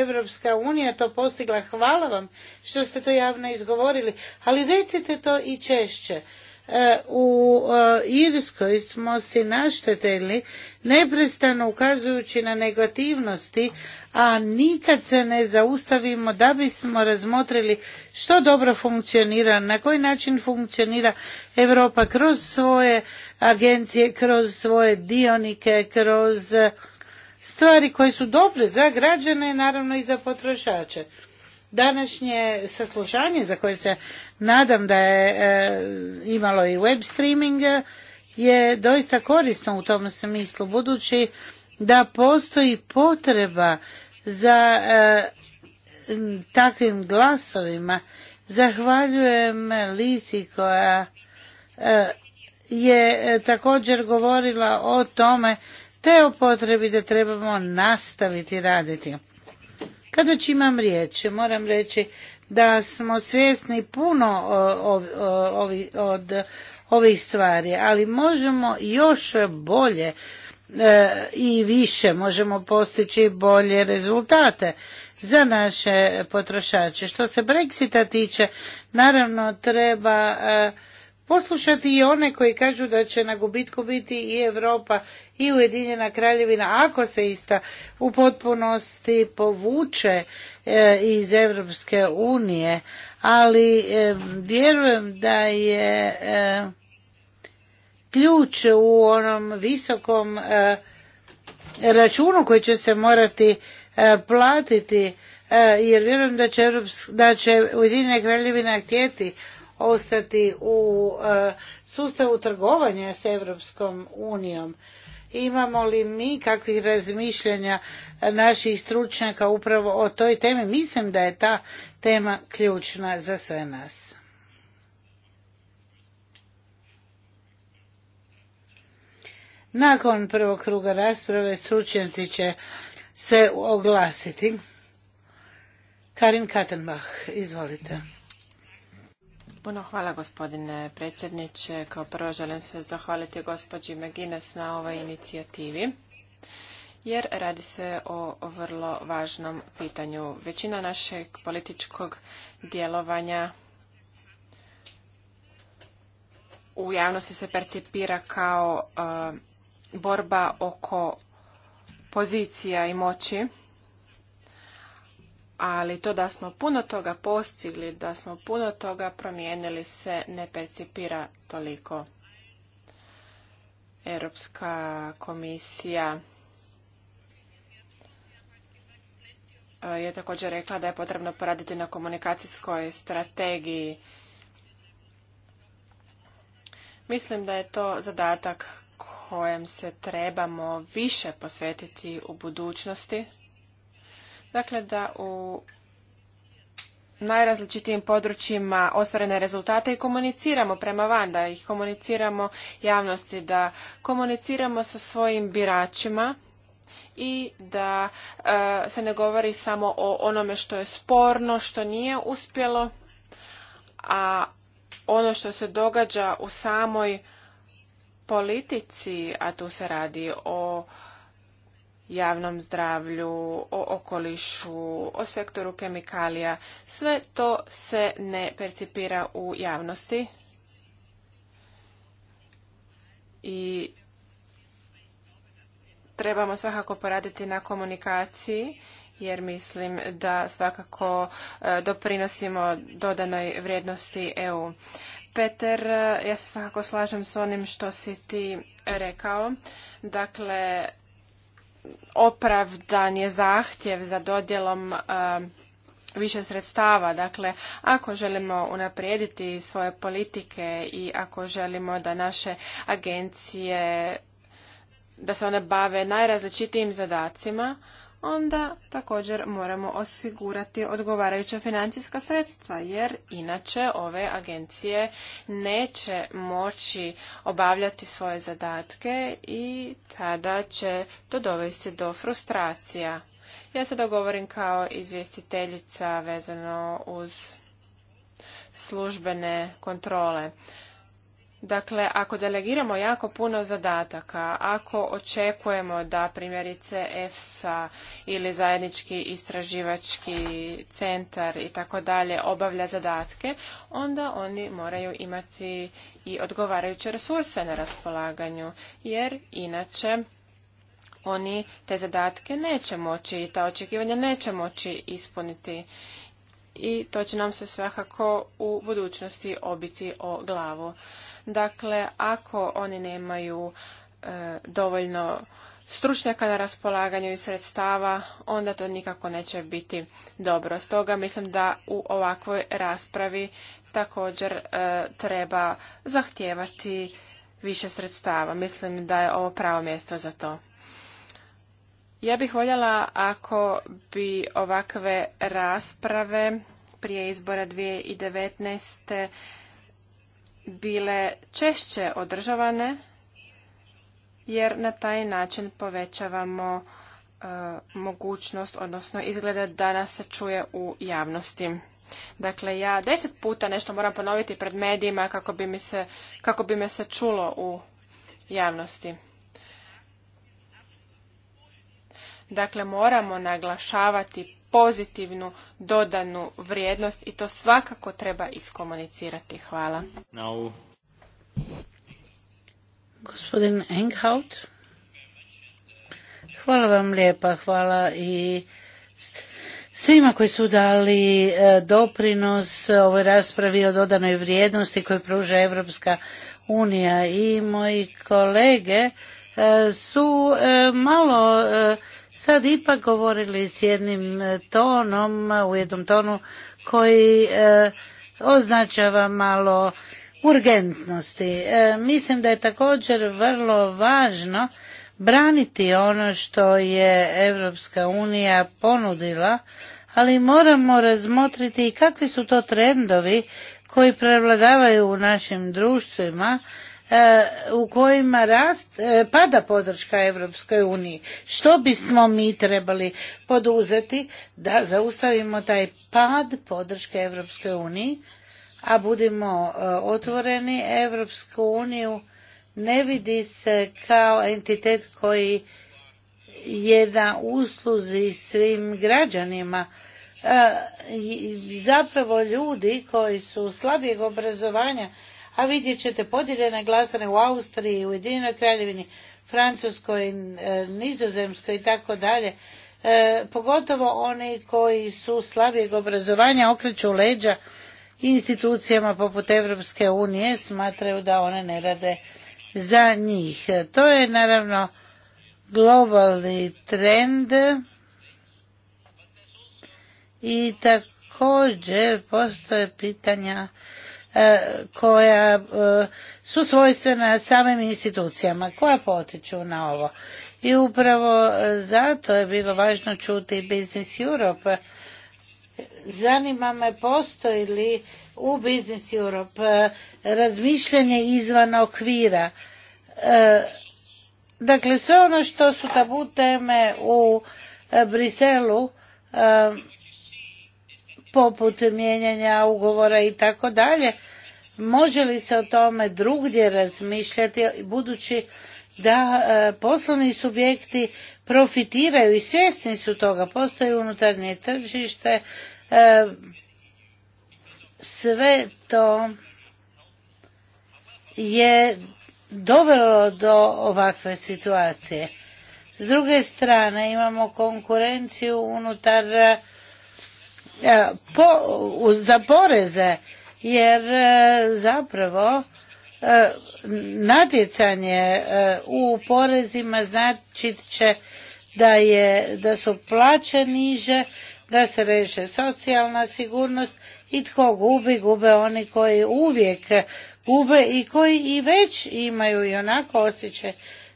Europska unija to postigla. Hvala vam što ste to javno izgovorili, ali recite to i češće E, u e, Irskoj smo si naštetili neprestano ukazujući na negativnosti, a nikad se ne zaustavimo da bismo razmotrili što dobro funkcionira, na koji način funkcionira Europa kroz svoje agencije, kroz svoje dionike, kroz e, stvari koje su dobre za građane, naravno i za potrošače. Današnje saslušanje za koje se nadam da je e, imalo i web streaming je doista korisno u tom smislu budući da postoji potreba za e, takvim glasovima. Zahvaljujem Lisi koja e, je također govorila o tome te o potrebi da trebamo nastaviti raditi. Kada imam riječ, moram reći da smo svjesni puno od ovih stvari, ali možemo još bolje e, i više, možemo postići bolje rezultate za naše potrošače. Što se Brexita tiče, naravno treba e, poslušati i one koji kažu da će na gubitku biti i Europa i Ujedinjena kraljevina ako se ista u potpunosti povuče e, iz Europske unije, ali e, vjerujem da je e, ključ u onom visokom računu koji će se morati platiti jer vjerujem da će, da će Ujedinjena kraljevina htjeti ostati u e, sustavu trgovanja s Europskom unijom. Imamo li mi kakvih razmišljanja naših stručnjaka upravo o toj temi? Mislim da je ta tema ključna za sve nas. Nakon prvog kruga rasprave stručnjaci će se oglasiti. Karin Katenbach, izvolite. Puno hvala gospodine predsjedniče. Kao prvo želim se zahvaliti gospođi McGuinness na ovoj inicijativi jer radi se o vrlo važnom pitanju. Većina našeg političkog djelovanja u javnosti se percipira kao eh, borba oko pozicija i moći ali to da smo puno toga postigli, da smo puno toga promijenili se ne percipira toliko. Europska komisija e, je također rekla da je potrebno poraditi na komunikacijskoj strategiji. Mislim da je to zadatak kojem se trebamo više posvetiti u budućnosti. Dakle, da u najrazličitijim područjima ostvarene rezultate i komuniciramo prema van, da ih komuniciramo javnosti, da komuniciramo sa svojim biračima i da e, se ne govori samo o onome što je sporno, što nije uspjelo, a ono što se događa u samoj politici, a tu se radi o javnom zdravlju, o okolišu, o sektoru kemikalija. Sve to se ne percipira u javnosti. I trebamo svakako poraditi na komunikaciji jer mislim da svakako e, doprinosimo dodanoj vrijednosti EU. Peter, e, ja se svakako slažem s onim što si ti rekao. Dakle, opravdan je zahtjev za dodjelom e, više sredstava. Dakle, ako želimo unaprijediti svoje politike i ako želimo da naše agencije, da se one bave najrazličitijim zadacima, onda također moramo osigurati odgovarajuća financijska sredstva, jer inače ove agencije neće moći obavljati svoje zadatke i tada će to dovesti do frustracija. Ja sada govorim kao izvjestiteljica vezano uz službene kontrole. Dakle, ako delegiramo jako puno zadataka, ako očekujemo da primjerice EFSA ili zajednički istraživački centar i tako dalje obavlja zadatke, onda oni moraju imati i odgovarajuće resurse na raspolaganju, jer inače oni te zadatke neće moći i ta očekivanja neće moći ispuniti i to će nam se svakako u budućnosti obiti o glavu. Dakle, ako oni nemaju e, dovoljno stručnjaka na raspolaganju i sredstava, onda to nikako neće biti dobro. Stoga mislim da u ovakvoj raspravi također e, treba zahtijevati više sredstava. Mislim da je ovo pravo mjesto za to. Ja bih voljela ako bi ovakve rasprave prije izbora 2019 bile češće održavane jer na taj način povećavamo e, mogućnost, odnosno izgleda da nas se čuje u javnosti. Dakle, ja deset puta nešto moram ponoviti pred medijima kako bi, mi se, kako bi me se čulo u javnosti. Dakle, moramo naglašavati pozitivnu dodanu vrijednost i to svakako treba iskomunicirati. Hvala. Gospodin Enghout. Hvala vam lijepa, hvala i svima koji su dali e, doprinos ovoj raspravi o dodanoj vrijednosti koju pruža Europska unija i moji kolege e, su e, malo sad ipak govorili s jednim e, tonom, e, u jednom tonu koji e, označava malo urgentnosti. Mislim da je također vrlo važno braniti ono što je Europska unija ponudila, ali moramo razmotriti i kakvi su to trendovi koji prevladavaju u našim društvima E, u kojima rast, e, pada podrška Europskoj uniji. Što bismo mi trebali poduzeti da zaustavimo taj pad podrške Europskoj uniji, a budimo e, otvoreni Europsku uniju ne vidi se kao entitet koji je na usluzi svim građanima. Zapravo ljudi koji su slabijeg obrazovanja a vidjet ćete podijeljene glasane u Austriji, u Ujedinjenoj kraljevini, Francuskoj, e, Nizozemskoj i tako dalje. E, pogotovo oni koji su slabijeg obrazovanja okreću leđa institucijama poput Evropske unije, smatraju da one ne rade za njih. E, to je naravno globalni trend i također postoje pitanja E, koja e, su svojstvena samim institucijama koja potiču na ovo. I upravo zato je bilo važno čuti Business Europe. Zanima me postoji li u Business Europe e, razmišljanje izvan okvira. Dakle, sve ono što su tabu teme u Briselu poput mijenjanja ugovora i tako dalje. Može li se o tome drugdje razmišljati budući da e, poslovni subjekti profitiraju i svjesni su toga. Postoji unutarnje tržište, e, sve to je dovelo do ovakve situacije. S druge strane imamo konkurenciju unutar E, za poreze jer e, zapravo e, natjecanje u porezima znači će da, je, da su plaće niže, da se reše socijalna sigurnost i tko gubi, gube oni koji uvijek gube i koji i već imaju i onako osjećaj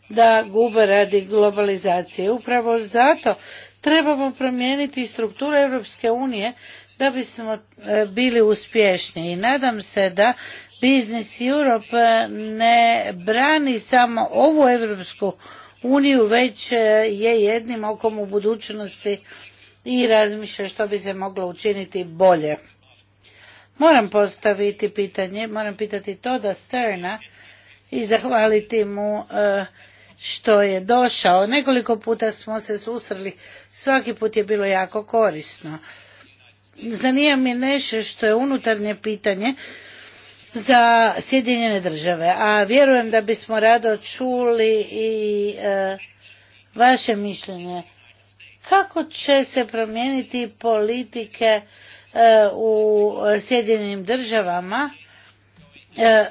da gube radi globalizacije. Upravo zato trebamo promijeniti strukturu Europske unije da bismo e, bili uspješni i nadam se da Business Europe e, ne brani samo ovu Europsku uniju, već e, je jednim okom u budućnosti i razmišlja što bi se moglo učiniti bolje. Moram postaviti pitanje, moram pitati to da Sterna i zahvaliti mu što je došao. Nekoliko puta smo se susreli, svaki put je bilo jako korisno. Zanima mi nešto što je unutarnje pitanje za Sjedinjene države, a vjerujem da bismo rado čuli i e, vaše mišljenje. Kako će se promijeniti politike e, u Sjedinjenim državama e,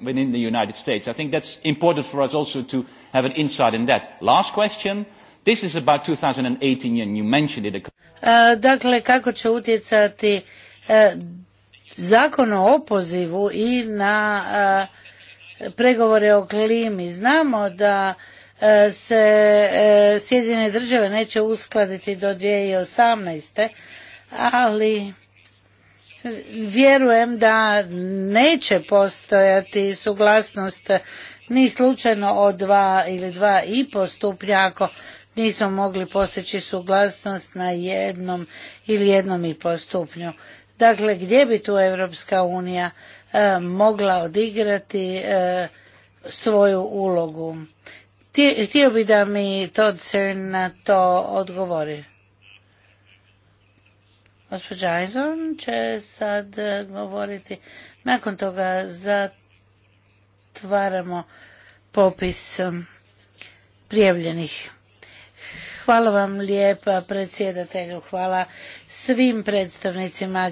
within the United States. I think that's important for us also to have an insight in that. Last question. This is about 2018 and you mentioned it. A, uh, dakle, kako će utjecati uh, zakon o opozivu i na uh, pregovore o klimi. Znamo da se Sjedinjene države neće uskladiti do 2018. ali vjerujem da neće postojati suglasnost ni slučajno od dva ili dva i po stupnja ako nismo mogli postići suglasnost na jednom ili jednom i po stupnju. Dakle, gdje bi tu Europska unija e, mogla odigrati e, svoju ulogu? Htio bi da mi Todd Cern na to odgovori. Gospođa Ajzon će sad e, govoriti. Nakon toga zatvaramo popis e, prijavljenih. Hvala vam lijepa predsjedatelju, hvala svim predstavnicima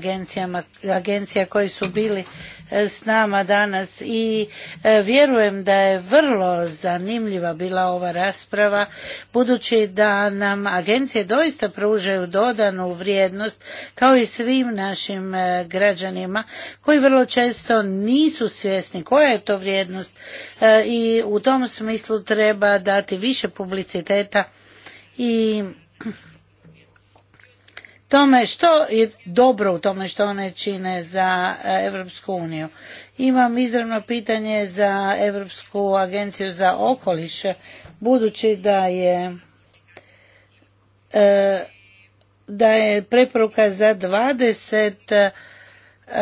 agencija koji su bili e, s nama danas i e, vjerujem da je vrlo zanimljiva bila ova rasprava budući da nam agencije doista pružaju dodanu vrijednost kao i svim našim e, građanima koji vrlo često nisu svjesni koja je to vrijednost i u tom smislu treba dati više publiciteta i tome što je dobro u tome što one čine za Europsku uniju. Imam izravno pitanje za Europsku agenciju za okoliš, budući da je e, da je preporuka za 20 e,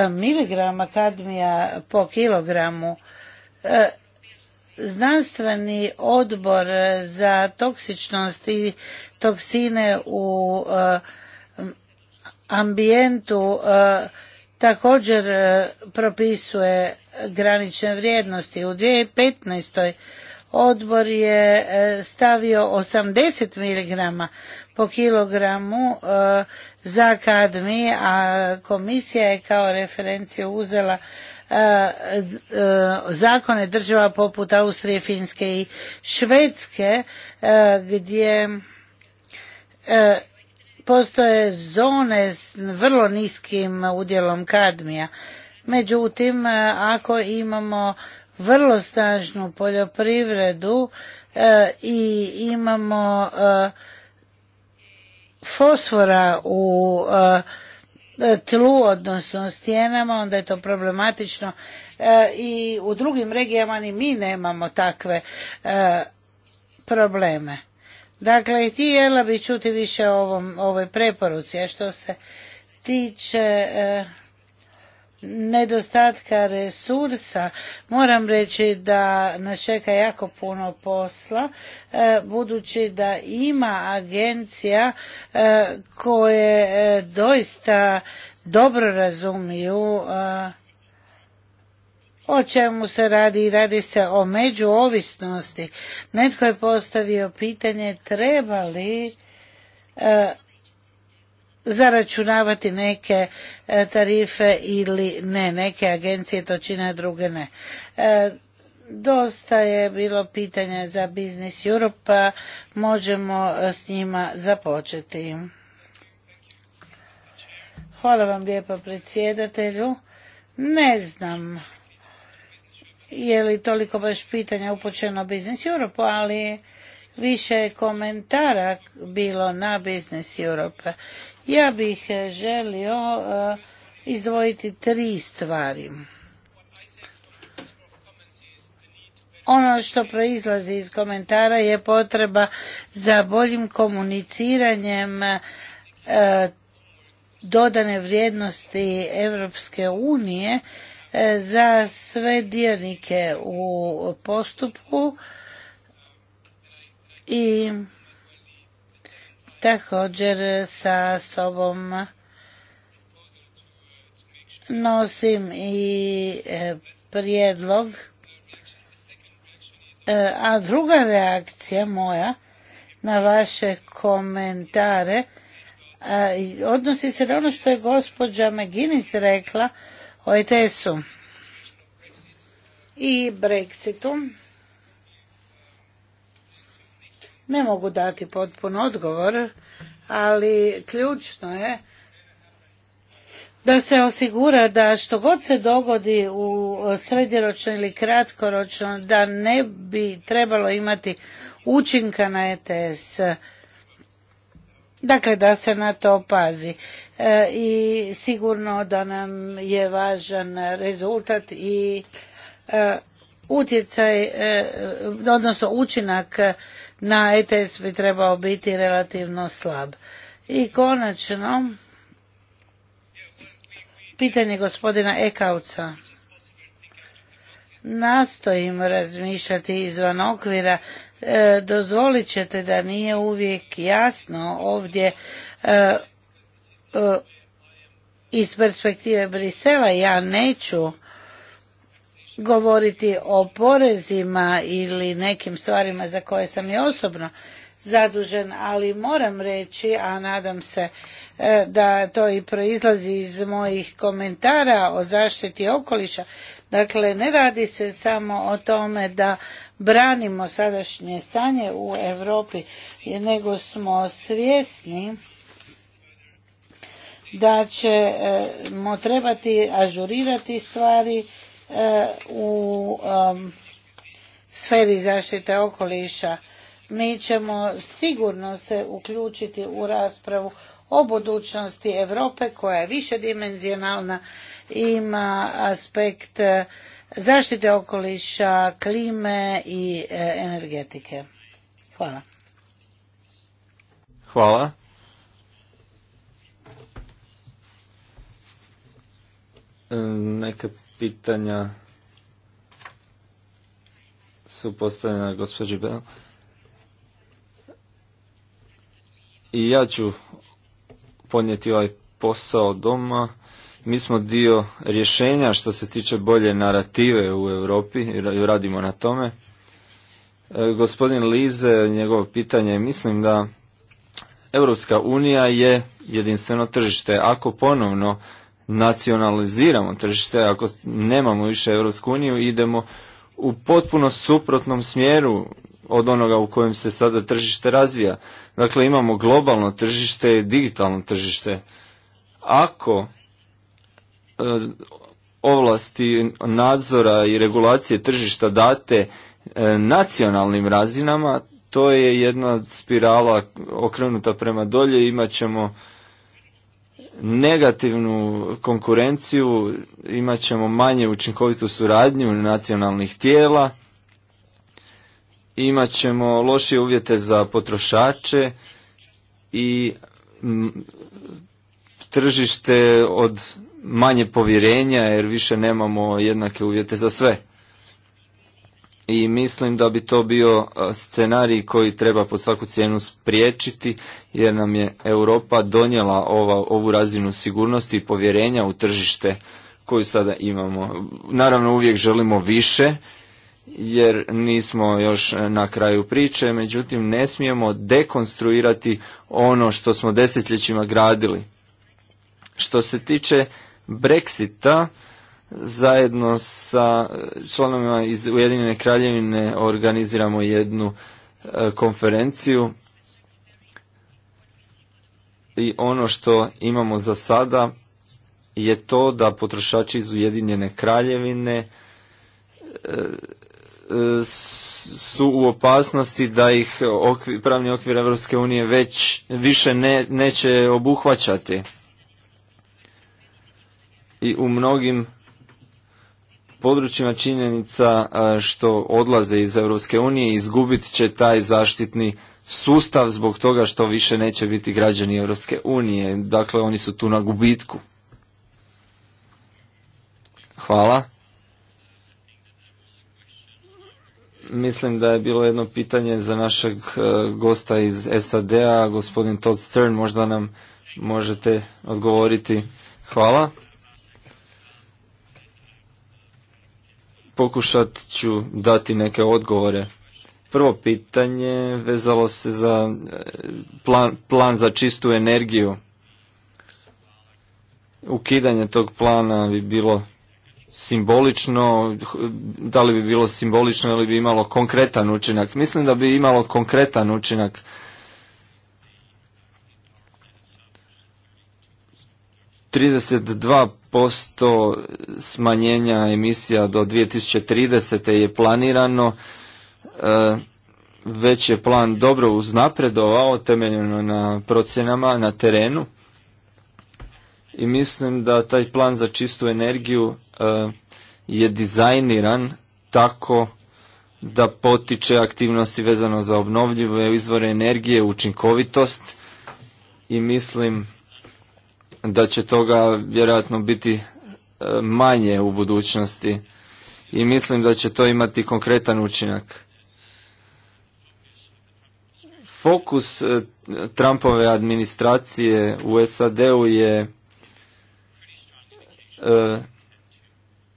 miligrama kadmija po kilogramu. E, znanstveni odbor za toksičnost i toksine u ambijentu e, također e, propisuje granične vrijednosti. U 2015. odbor je e, stavio 80 mg po kilogramu za kadmi, a komisija je kao referenciju uzela zakone država poput Austrije, Finske i Švedske gdje Postoje zone s vrlo niskim udjelom kadmija. Međutim, e, ako imamo vrlo snažnu poljoprivredu e, i imamo e, fosfora u tlu, odnosno stijenama, onda je to problematično i u drugim regijama ni mi nemamo takve probleme. Dakle, Jela, bi čuti više o ovom, ovoj preporuci, a što se tiče eh, nedostatka resursa, moram reći da nas čeka jako puno posla, eh, budući da ima agencija eh, koje doista dobro razumiju o čemu se radi i radi se o međuovisnosti. Netko je postavio pitanje treba li e, zaračunavati neke e, tarife ili ne. Neke agencije to čine, druge ne. E, dosta je bilo pitanja za Biznis Europa, možemo e, s njima započeti. Hvala vam lijepo predsjedatelju. Ne znam je li toliko baš pitanja upućeno Business Europu, ali više je komentara bilo na Business Europe. Ja bih eh, želio eh, izdvojiti tri stvari. Ono što proizlazi iz komentara je potreba za boljim komuniciranjem eh, dodane vrijednosti Europske unije E, za sve dionike u postupku i također sa sobom nosim i e, prijedlog e, a druga reakcija moja na vaše komentare odnosi se na ono što je gospođa McGinnis rekla o ETS-u i Brexitu. Ne mogu dati potpun odgovor, ali ključno je da se osigura da što god se dogodi u srednjeročno ili kratkoročno da ne bi trebalo imati učinka na ETS. Dakle, da se na to pazi. E, i sigurno da nam je važan rezultat i e, utjecaj, e, odnosno učinak na ETS bi trebao biti relativno slab. I konačno, pitanje gospodina Ekauca. Nastojim razmišljati izvan okvira, dozvolit ćete da nije uvijek jasno ovdje E, iz perspektive Brisela ja neću govoriti o porezima ili nekim stvarima za koje sam i osobno zadužen, ali moram reći, a nadam se e, da to i proizlazi iz mojih komentara o zaštiti okoliša. Dakle, ne radi se samo o tome da branimo sadašnje stanje u Europi, nego smo svjesni da ćemo e, trebati ažurirati stvari e, u sferi zaštite okoliša. Mi ćemo sigurno se uključiti u raspravu o budućnosti Europe koja je višedimenzionalna, ima aspekt e, zaštite okoliša, klime i energetike. Hvala. Hvala. E, neka pitanja su postavljena gospođi Bel. I ja ću ponijeti ovaj posao doma. Mi smo dio rješenja što se tiče bolje narative u Europi i radimo na tome. E, gospodin Lize, njegovo pitanje, mislim da Europska unija je jedinstveno tržište. Ako ponovno nacionaliziramo tržište, ako nemamo više Europsku uniju, idemo u potpuno suprotnom smjeru od onoga u kojem se sada tržište razvija. Dakle, imamo globalno tržište i digitalno tržište. Ako e, ovlasti nadzora i regulacije tržišta date e, nacionalnim razinama, to je jedna spirala okrenuta prema dolje, imat ćemo negativnu konkurenciju, imat ćemo manje učinkovitu suradnju nacionalnih tijela, imat ćemo lošije uvjete za potrošače i tržište od manje povjerenja jer više nemamo jednake uvjete za sve i mislim da bi to bio e, scenarij koji treba pod svaku cijenu spriječiti jer nam je Europa donijela ovu razinu sigurnosti i povjerenja u tržište koju sada imamo. Naravno uvijek želimo više jer nismo još na kraju priče, međutim ne smijemo dekonstruirati ono što smo desetljećima gradili. Što se tiče Brexita, zajedno sa eh, članovima iz Ujedinjene kraljevine organiziramo jednu eh, konferenciju i ono što imamo za sada je to da potrošači iz Ujedinjene kraljevine eh, su u opasnosti da ih okvir, pravni okvir Europske unije već više ne, neće obuhvaćati. I u mnogim područjima činjenica e, što odlaze iz Europske unije izgubit će taj zaštitni sustav zbog toga što više neće biti građani Europske unije. Dakle, oni su tu na gubitku. Hvala. Mislim da je bilo jedno pitanje za našeg e, gosta iz SAD-a, gospodin Todd Stern, možda nam možete odgovoriti. Hvala. Pokušat ću dati neke odgovore. Prvo pitanje vezalo se za e, plan, plan za čistu energiju. Ukidanje tog plana bi bilo simbolično, da li bi bilo simbolično ili bi imalo konkretan učinak. Mislim da bi imalo konkretan učinak 32% smanjenja emisija do 2030. je planirano. E, već je plan dobro uznapredovao, temeljeno na procjenama na terenu. I mislim da taj plan za čistu energiju e, je dizajniran tako da potiče aktivnosti vezano za obnovljive izvore energije, učinkovitost i mislim da će toga vjerojatno biti e, manje u budućnosti i mislim da će to imati konkretan učinak. Fokus e, Trumpove administracije u SAD-u je e,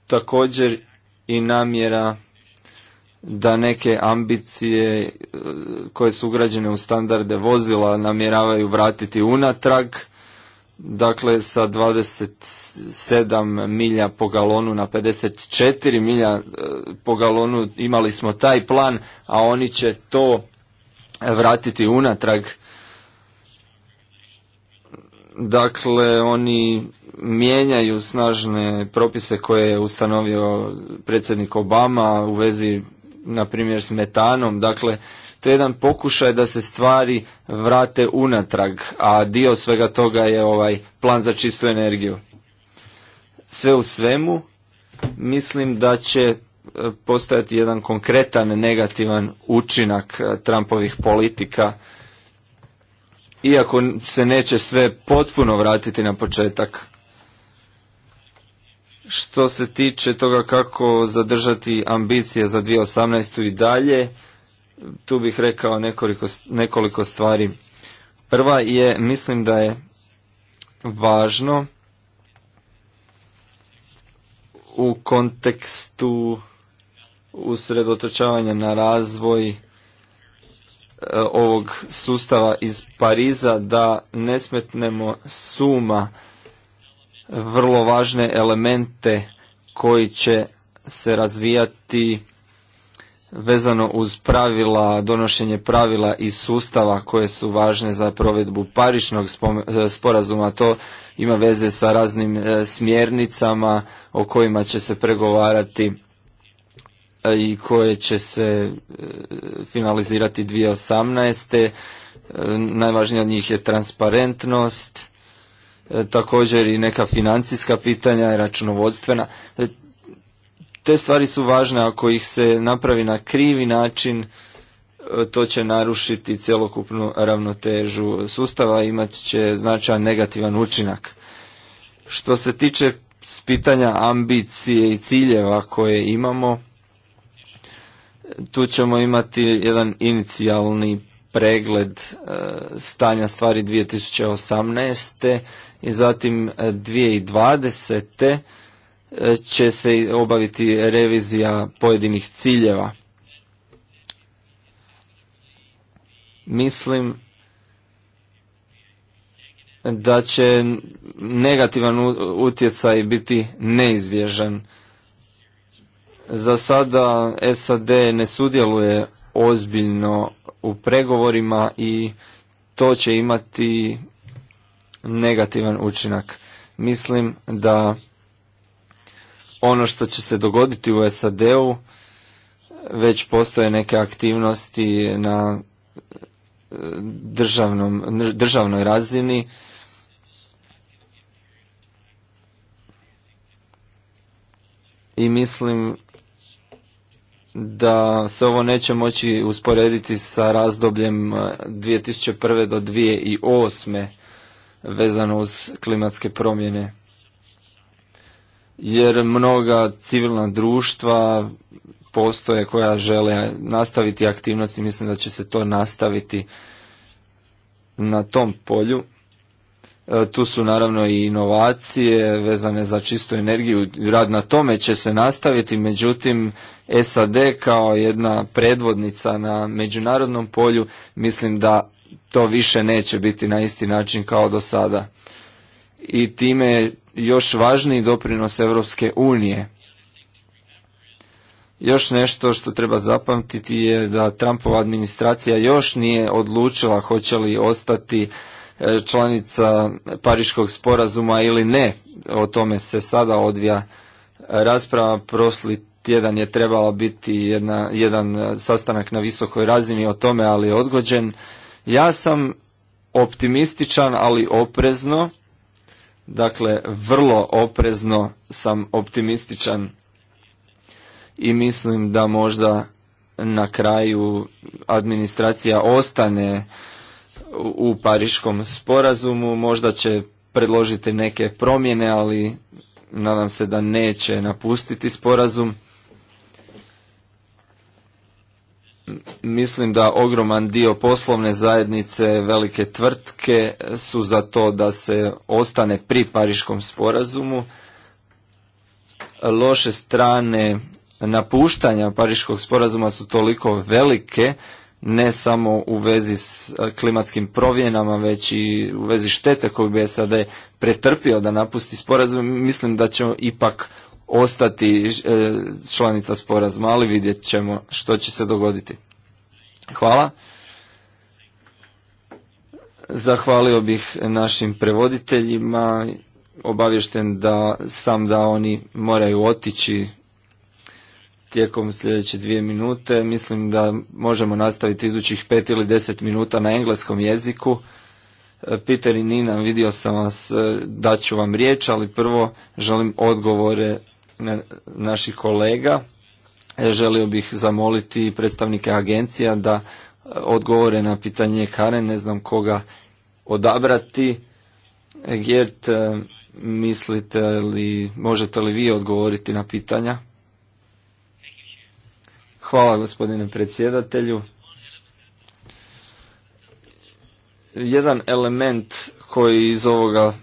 također i namjera da neke ambicije koje su ugrađene u standarde vozila namjeravaju vratiti unatrag dakle sa 27 milja po galonu na 54 milja e, po galonu imali smo taj plan, a oni će to vratiti unatrag. Dakle, oni mijenjaju snažne propise koje je ustanovio predsjednik Obama u vezi, na primjer, s metanom. Dakle, to je jedan pokušaj da se stvari vrate unatrag, a dio svega toga je ovaj plan za čistu energiju. Sve u svemu, mislim da će e, postojati jedan konkretan negativan učinak e, Trumpovih politika, iako se neće sve potpuno vratiti na početak. Što se tiče toga kako zadržati ambicije za 2018. i dalje, tu bih rekao nekoliko, nekoliko stvari. Prva je, mislim da je važno u kontekstu usredotočavanja na razvoj e, ovog sustava iz Pariza da ne smetnemo suma vrlo važne elemente koji će se razvijati vezano uz pravila, donošenje pravila i sustava koje su važne za provedbu parišnog e, sporazuma. To ima veze sa raznim e, smjernicama o kojima će se pregovarati e, i koje će se finalizirati 2018. Najvažnija od njih je transparentnost, također i neka financijska pitanja i računovodstvena te stvari su važne, ako ih se napravi na krivi način, e, to će narušiti cjelokupnu ravnotežu sustava, imat će značajan negativan učinak. Što se tiče pitanja ambicije i ciljeva koje imamo, tu ćemo imati jedan inicijalni pregled e, stanja stvari 2018. i zatim 2020 e, će se obaviti revizija pojedinih ciljeva. Mislim da će negativan utjecaj biti neizvježan. Za sada SAD ne sudjeluje ozbiljno u pregovorima i to će imati negativan učinak. Mislim da ono što će se dogoditi u SAD-u, već postoje neke aktivnosti na e, državnom, državnoj razini. I mislim da se ovo neće moći usporediti sa razdobljem 2001. E, do 2008. vezano uz klimatske promjene jer mnoga civilna društva postoje koja žele nastaviti aktivnosti, mislim da će se to nastaviti na tom polju. E, tu su naravno i inovacije vezane za čistu energiju, rad na tome će se nastaviti, međutim SAD kao jedna predvodnica na međunarodnom polju mislim da to više neće biti na isti način kao do sada. I time još važniji doprinos Evropske unije. Još nešto što treba zapamtiti je da Trumpova administracija još nije odlučila hoće li ostati e, članica Pariškog sporazuma ili ne. O tome se sada odvija rasprava. Prosli tjedan je trebala biti jedan sastanak na visokoj razini o tome, ali je odgođen. Ja sam optimističan, ali oprezno Dakle, vrlo oprezno sam optimističan i mislim da možda na kraju administracija ostane u pariškom sporazumu, možda će predložiti neke promjene, ali nadam se da neće napustiti sporazum. mislim da ogroman dio poslovne zajednice, velike tvrtke su za to da se ostane pri Pariškom sporazumu. Loše strane napuštanja Pariškog sporazuma su toliko velike, ne samo u vezi s klimatskim provjenama, već i u vezi štete koju bi SAD pretrpio da napusti sporazum. Mislim da će ipak ostati e, članica sporazuma, ali vidjet ćemo što će se dogoditi. Hvala. Zahvalio bih našim prevoditeljima, obavješten da sam da oni moraju otići tijekom sljedeće dvije minute. Mislim da možemo nastaviti idućih pet ili deset minuta na engleskom jeziku. E, Peter i Nina, vidio sam vas, e, daću vam riječ, ali prvo želim odgovore naših kolega. E, želio bih zamoliti predstavnike agencija da e, odgovore na pitanje Karen, ne znam koga odabrati. E, Gert, mislite li, možete li vi odgovoriti na pitanja? Hvala gospodine predsjedatelju. Jedan element koji iz ovoga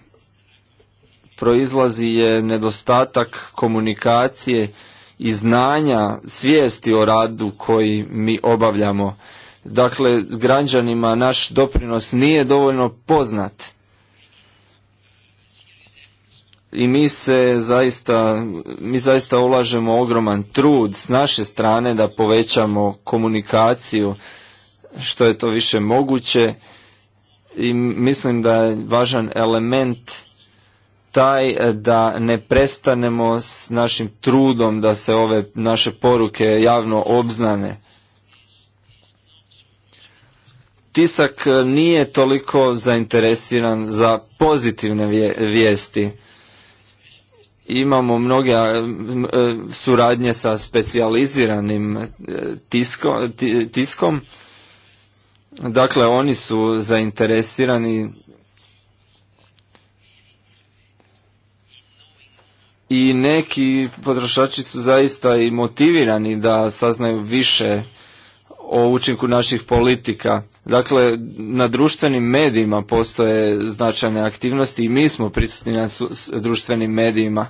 proizlazi je nedostatak komunikacije i znanja, svijesti o radu koji mi obavljamo. Dakle, građanima naš doprinos nije dovoljno poznat. I mi se zaista, mi zaista ulažemo ogroman trud s naše strane da povećamo komunikaciju što je to više moguće i mislim da je važan element taj eh, da ne prestanemo s našim trudom da se ove naše poruke javno obznane. Tisak eh, nije toliko zainteresiran za pozitivne vijesti. Imamo mnoge eh, suradnje sa specijaliziranim tiskom. Dakle, oni su zainteresirani i neki potrošači su zaista i motivirani da saznaju više o učinku naših politika. Dakle, na društvenim medijima postoje značajne aktivnosti i mi smo prisutni na društvenim medijima.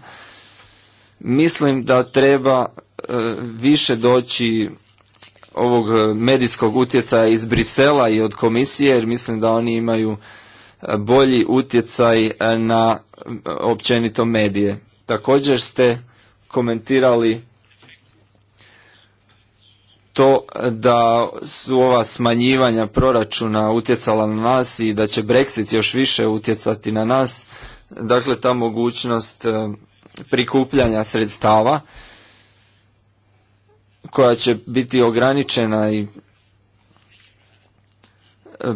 Mislim da treba e, više doći ovog e, medijskog utjecaja iz Brisela i od komisije, jer mislim da oni imaju e, bolji utjecaj na općenito medije. Također ste komentirali to da su ova smanjivanja proračuna utjecala na nas i da će Brexit još više utjecati na nas, dakle ta mogućnost e, prikupljanja sredstava koja će biti ograničena i e,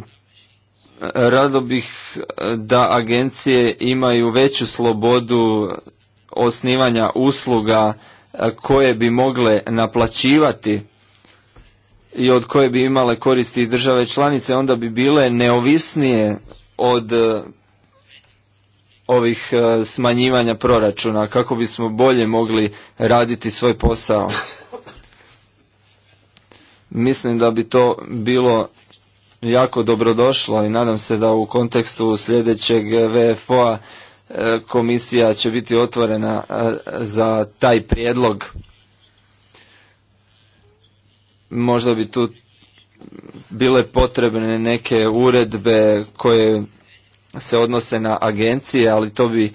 rado bih e, da agencije imaju veću slobodu osnivanja usluga e, koje bi mogle naplaćivati i od koje bi imale koristi države članice, onda bi bile neovisnije od e, ovih e, smanjivanja proračuna, kako bismo bolje mogli raditi svoj posao. Mislim da bi to bilo jako dobrodošlo i nadam se da u kontekstu sljedećeg VFO-a komisija će biti otvorena e, za taj prijedlog. Možda bi tu bile potrebne neke uredbe koje se odnose na agencije, ali to bi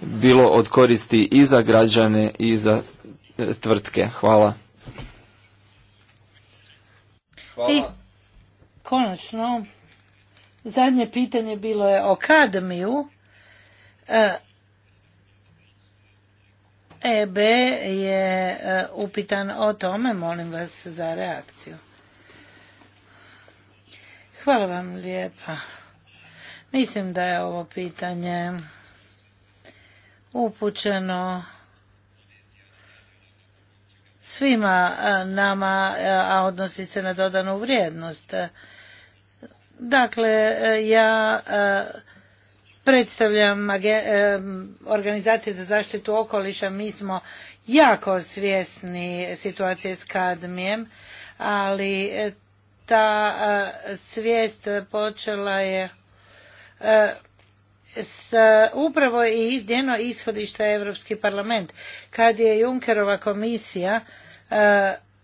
bilo od koristi i za građane i za e, tvrtke. Hvala. Hvala. konačno, zadnje pitanje bilo je o kadmiju EB e je e, upitan o tome, molim vas za reakciju. Hvala vam lijepa. Mislim da je ovo pitanje upućeno svima e, nama, a odnosi se na dodanu vrijednost. Dakle, ja predstavljam organizacije za zaštitu okoliša. Mi smo jako svjesni situacije s kadmijem, ali e, ta e, svijest počela je e, s, upravo i njeno ishodište Europski parlament kad je Junkerova komisija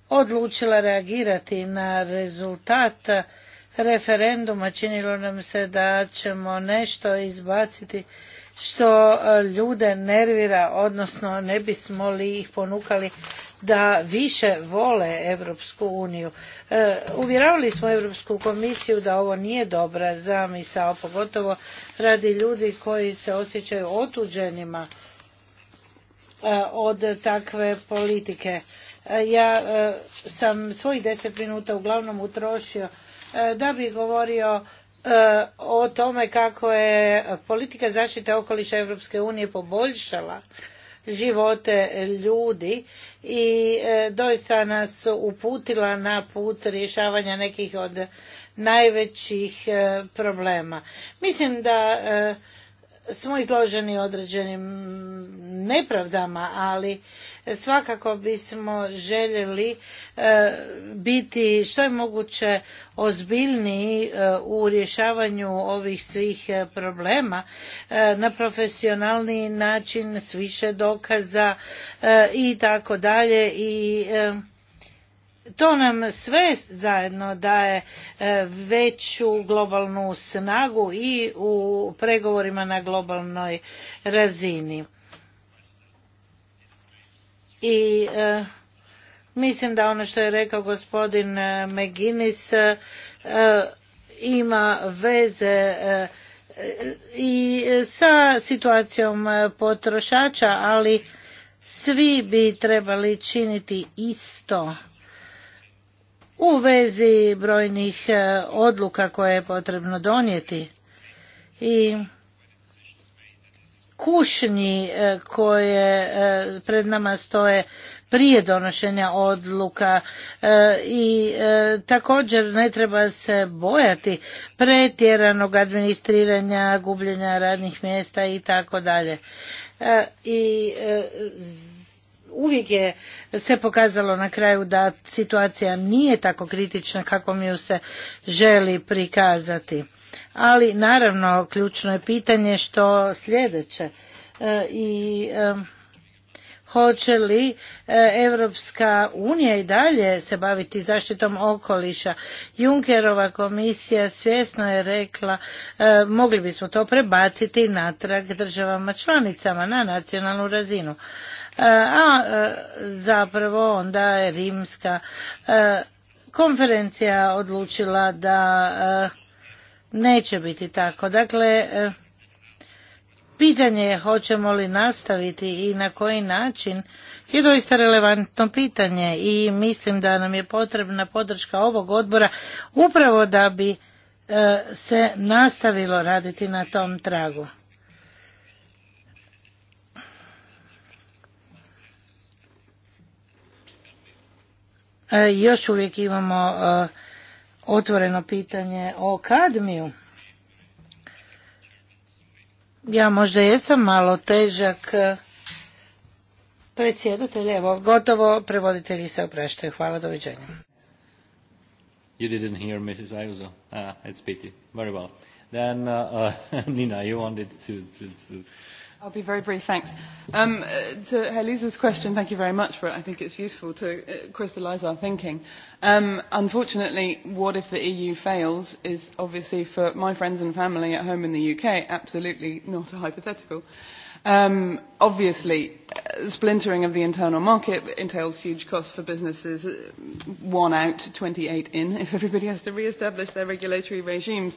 odlučila reagirati na rezultat referenduma činilo nam se da ćemo nešto izbaciti što e, ljude nervira, odnosno ne bismo li ih ponukali da više vole Europsku uniju. E, uvjeravali smo Europsku komisiju da ovo nije dobra zamisao, pogotovo radi ljudi koji se osjećaju otuđenima e, od takve politike. Ja sam svojih deset minuta uglavnom utrošio E, da bi govorio e, o tome kako je politika zaštite okoliša Europske unije poboljšala živote ljudi i e, doista nas uputila na put rješavanja nekih od najvećih problema. Mislim da smo izloženi određenim nepravdama, ali svakako bismo željeli e, biti što je moguće ozbiljniji e, u rješavanju ovih svih e, problema na profesionalni način s više dokaza i tako dalje i to nam sve zajedno daje e, veću globalnu snagu i u pregovorima na globalnoj razini. I e, mislim da ono što je rekao gospodin e, McGinnis ima veze i sa situacijom potrošača, ali svi bi trebali činiti isto u vezi brojnih e, odluka koje je potrebno donijeti i kušnji e, koje e, pred nama stoje prije donošenja odluka i također ne treba se bojati pretjeranog administriranja, gubljenja radnih mjesta i tako dalje. I uvijek je se pokazalo na kraju da situacija nije tako kritična kako mi ju se želi prikazati. Ali naravno ključno je pitanje što sljedeće e, i hoće li Europska unija i dalje se baviti zaštitom okoliša. Junkerova komisija svjesno je rekla e, mogli bismo to prebaciti natrag državama članicama na nacionalnu razinu. E, a e, zapravo onda je rimska e, konferencija odlučila da neće biti tako. Dakle, pitanje je hoćemo li nastaviti i na koji način je doista relevantno pitanje i mislim da nam je potrebna podrška ovog odbora upravo da bi se nastavilo raditi na tom tragu. E, još uvijek imamo e, otvoreno pitanje o kadmiju. Ja možda jesam malo težak e, predsjedatelj, evo, gotovo, prevoditelji se opraštaju. Hvala, doviđenja. You didn't hear Mrs. Ayuso. Ah, it's pity. Very well. Then, uh, uh, Nina, you wanted to, to, to I'll be very brief, thanks. Um, uh, to Helisa's question, thank you very much for it. I think it's useful to uh, crystallise our thinking. Um, unfortunately, what if the EU fails is obviously for my friends and family at home in the UK absolutely not a hypothetical. Um, obviously, uh, splintering of the internal market entails huge costs for businesses, uh, one out, 28 in, if everybody has to re-establish their regulatory regimes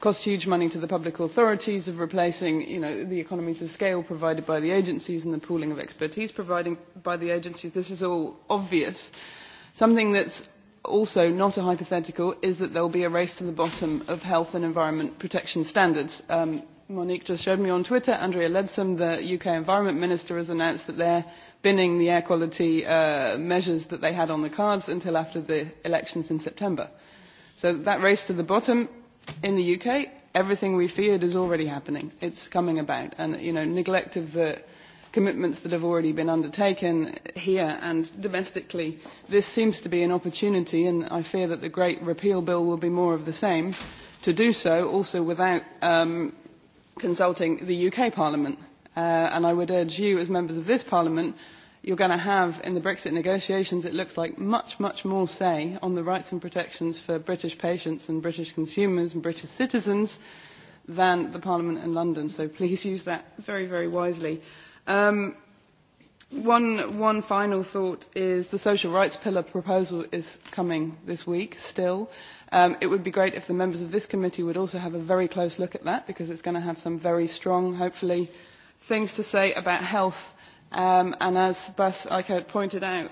cost huge money to the public authorities of replacing you know, the economies of scale provided by the agencies and the pooling of expertise provided by the agencies. This is all obvious. Something that's also not a hypothetical is that there will be a race to the bottom of health and environment protection standards. Um, Monique just showed me on Twitter, Andrea Leadsom, the UK Environment Minister, has announced that they're binning the air quality uh, measures that they had on the cards until after the elections in September. So that race to the bottom in the UK, everything we feared is already happening. It's coming about. And, you know, neglect of the commitments that have already been undertaken here and domestically, this seems to be an opportunity, and I fear that the Great Repeal Bill will be more of the same, to do so also without um, consulting the UK Parliament. Uh, and I would urge you, as members of this Parliament, you're going to have in the Brexit negotiations, it looks like much, much more say on the rights and protections for British patients and British consumers and British citizens than the Parliament in London. So please use that very, very wisely. Um, one, one final thought is the social rights pillar proposal is coming this week still. Um, it would be great if the members of this committee would also have a very close look at that because it's going to have some very strong, hopefully, things to say about health Um, and as Bas Eichert pointed out,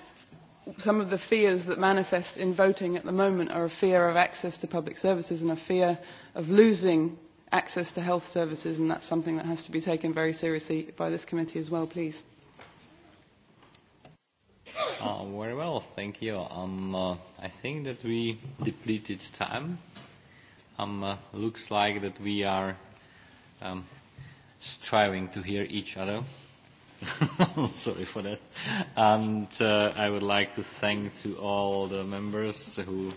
some of the fears that manifest in voting at the moment are a fear of access to public services and a fear of losing access to health services, and that's something that has to be taken very seriously by this committee as well, please. Uh, very well, thank you. Um, uh, I think that we depleted time. Um, uh, looks like that we are um, striving to hear each other. Sorry for that. And uh, I would like to thank to all the members who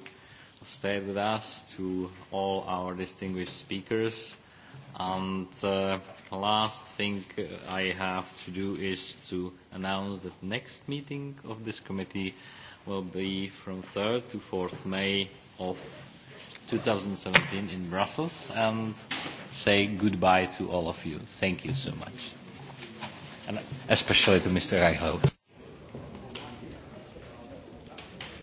stayed with us, to all our distinguished speakers. And uh, the last thing I have to do is to announce that next meeting of this committee will be from 3rd to 4th May of 2017 in Brussels and say goodbye to all of you. Thank you so much and especially to Mr. Eichhout.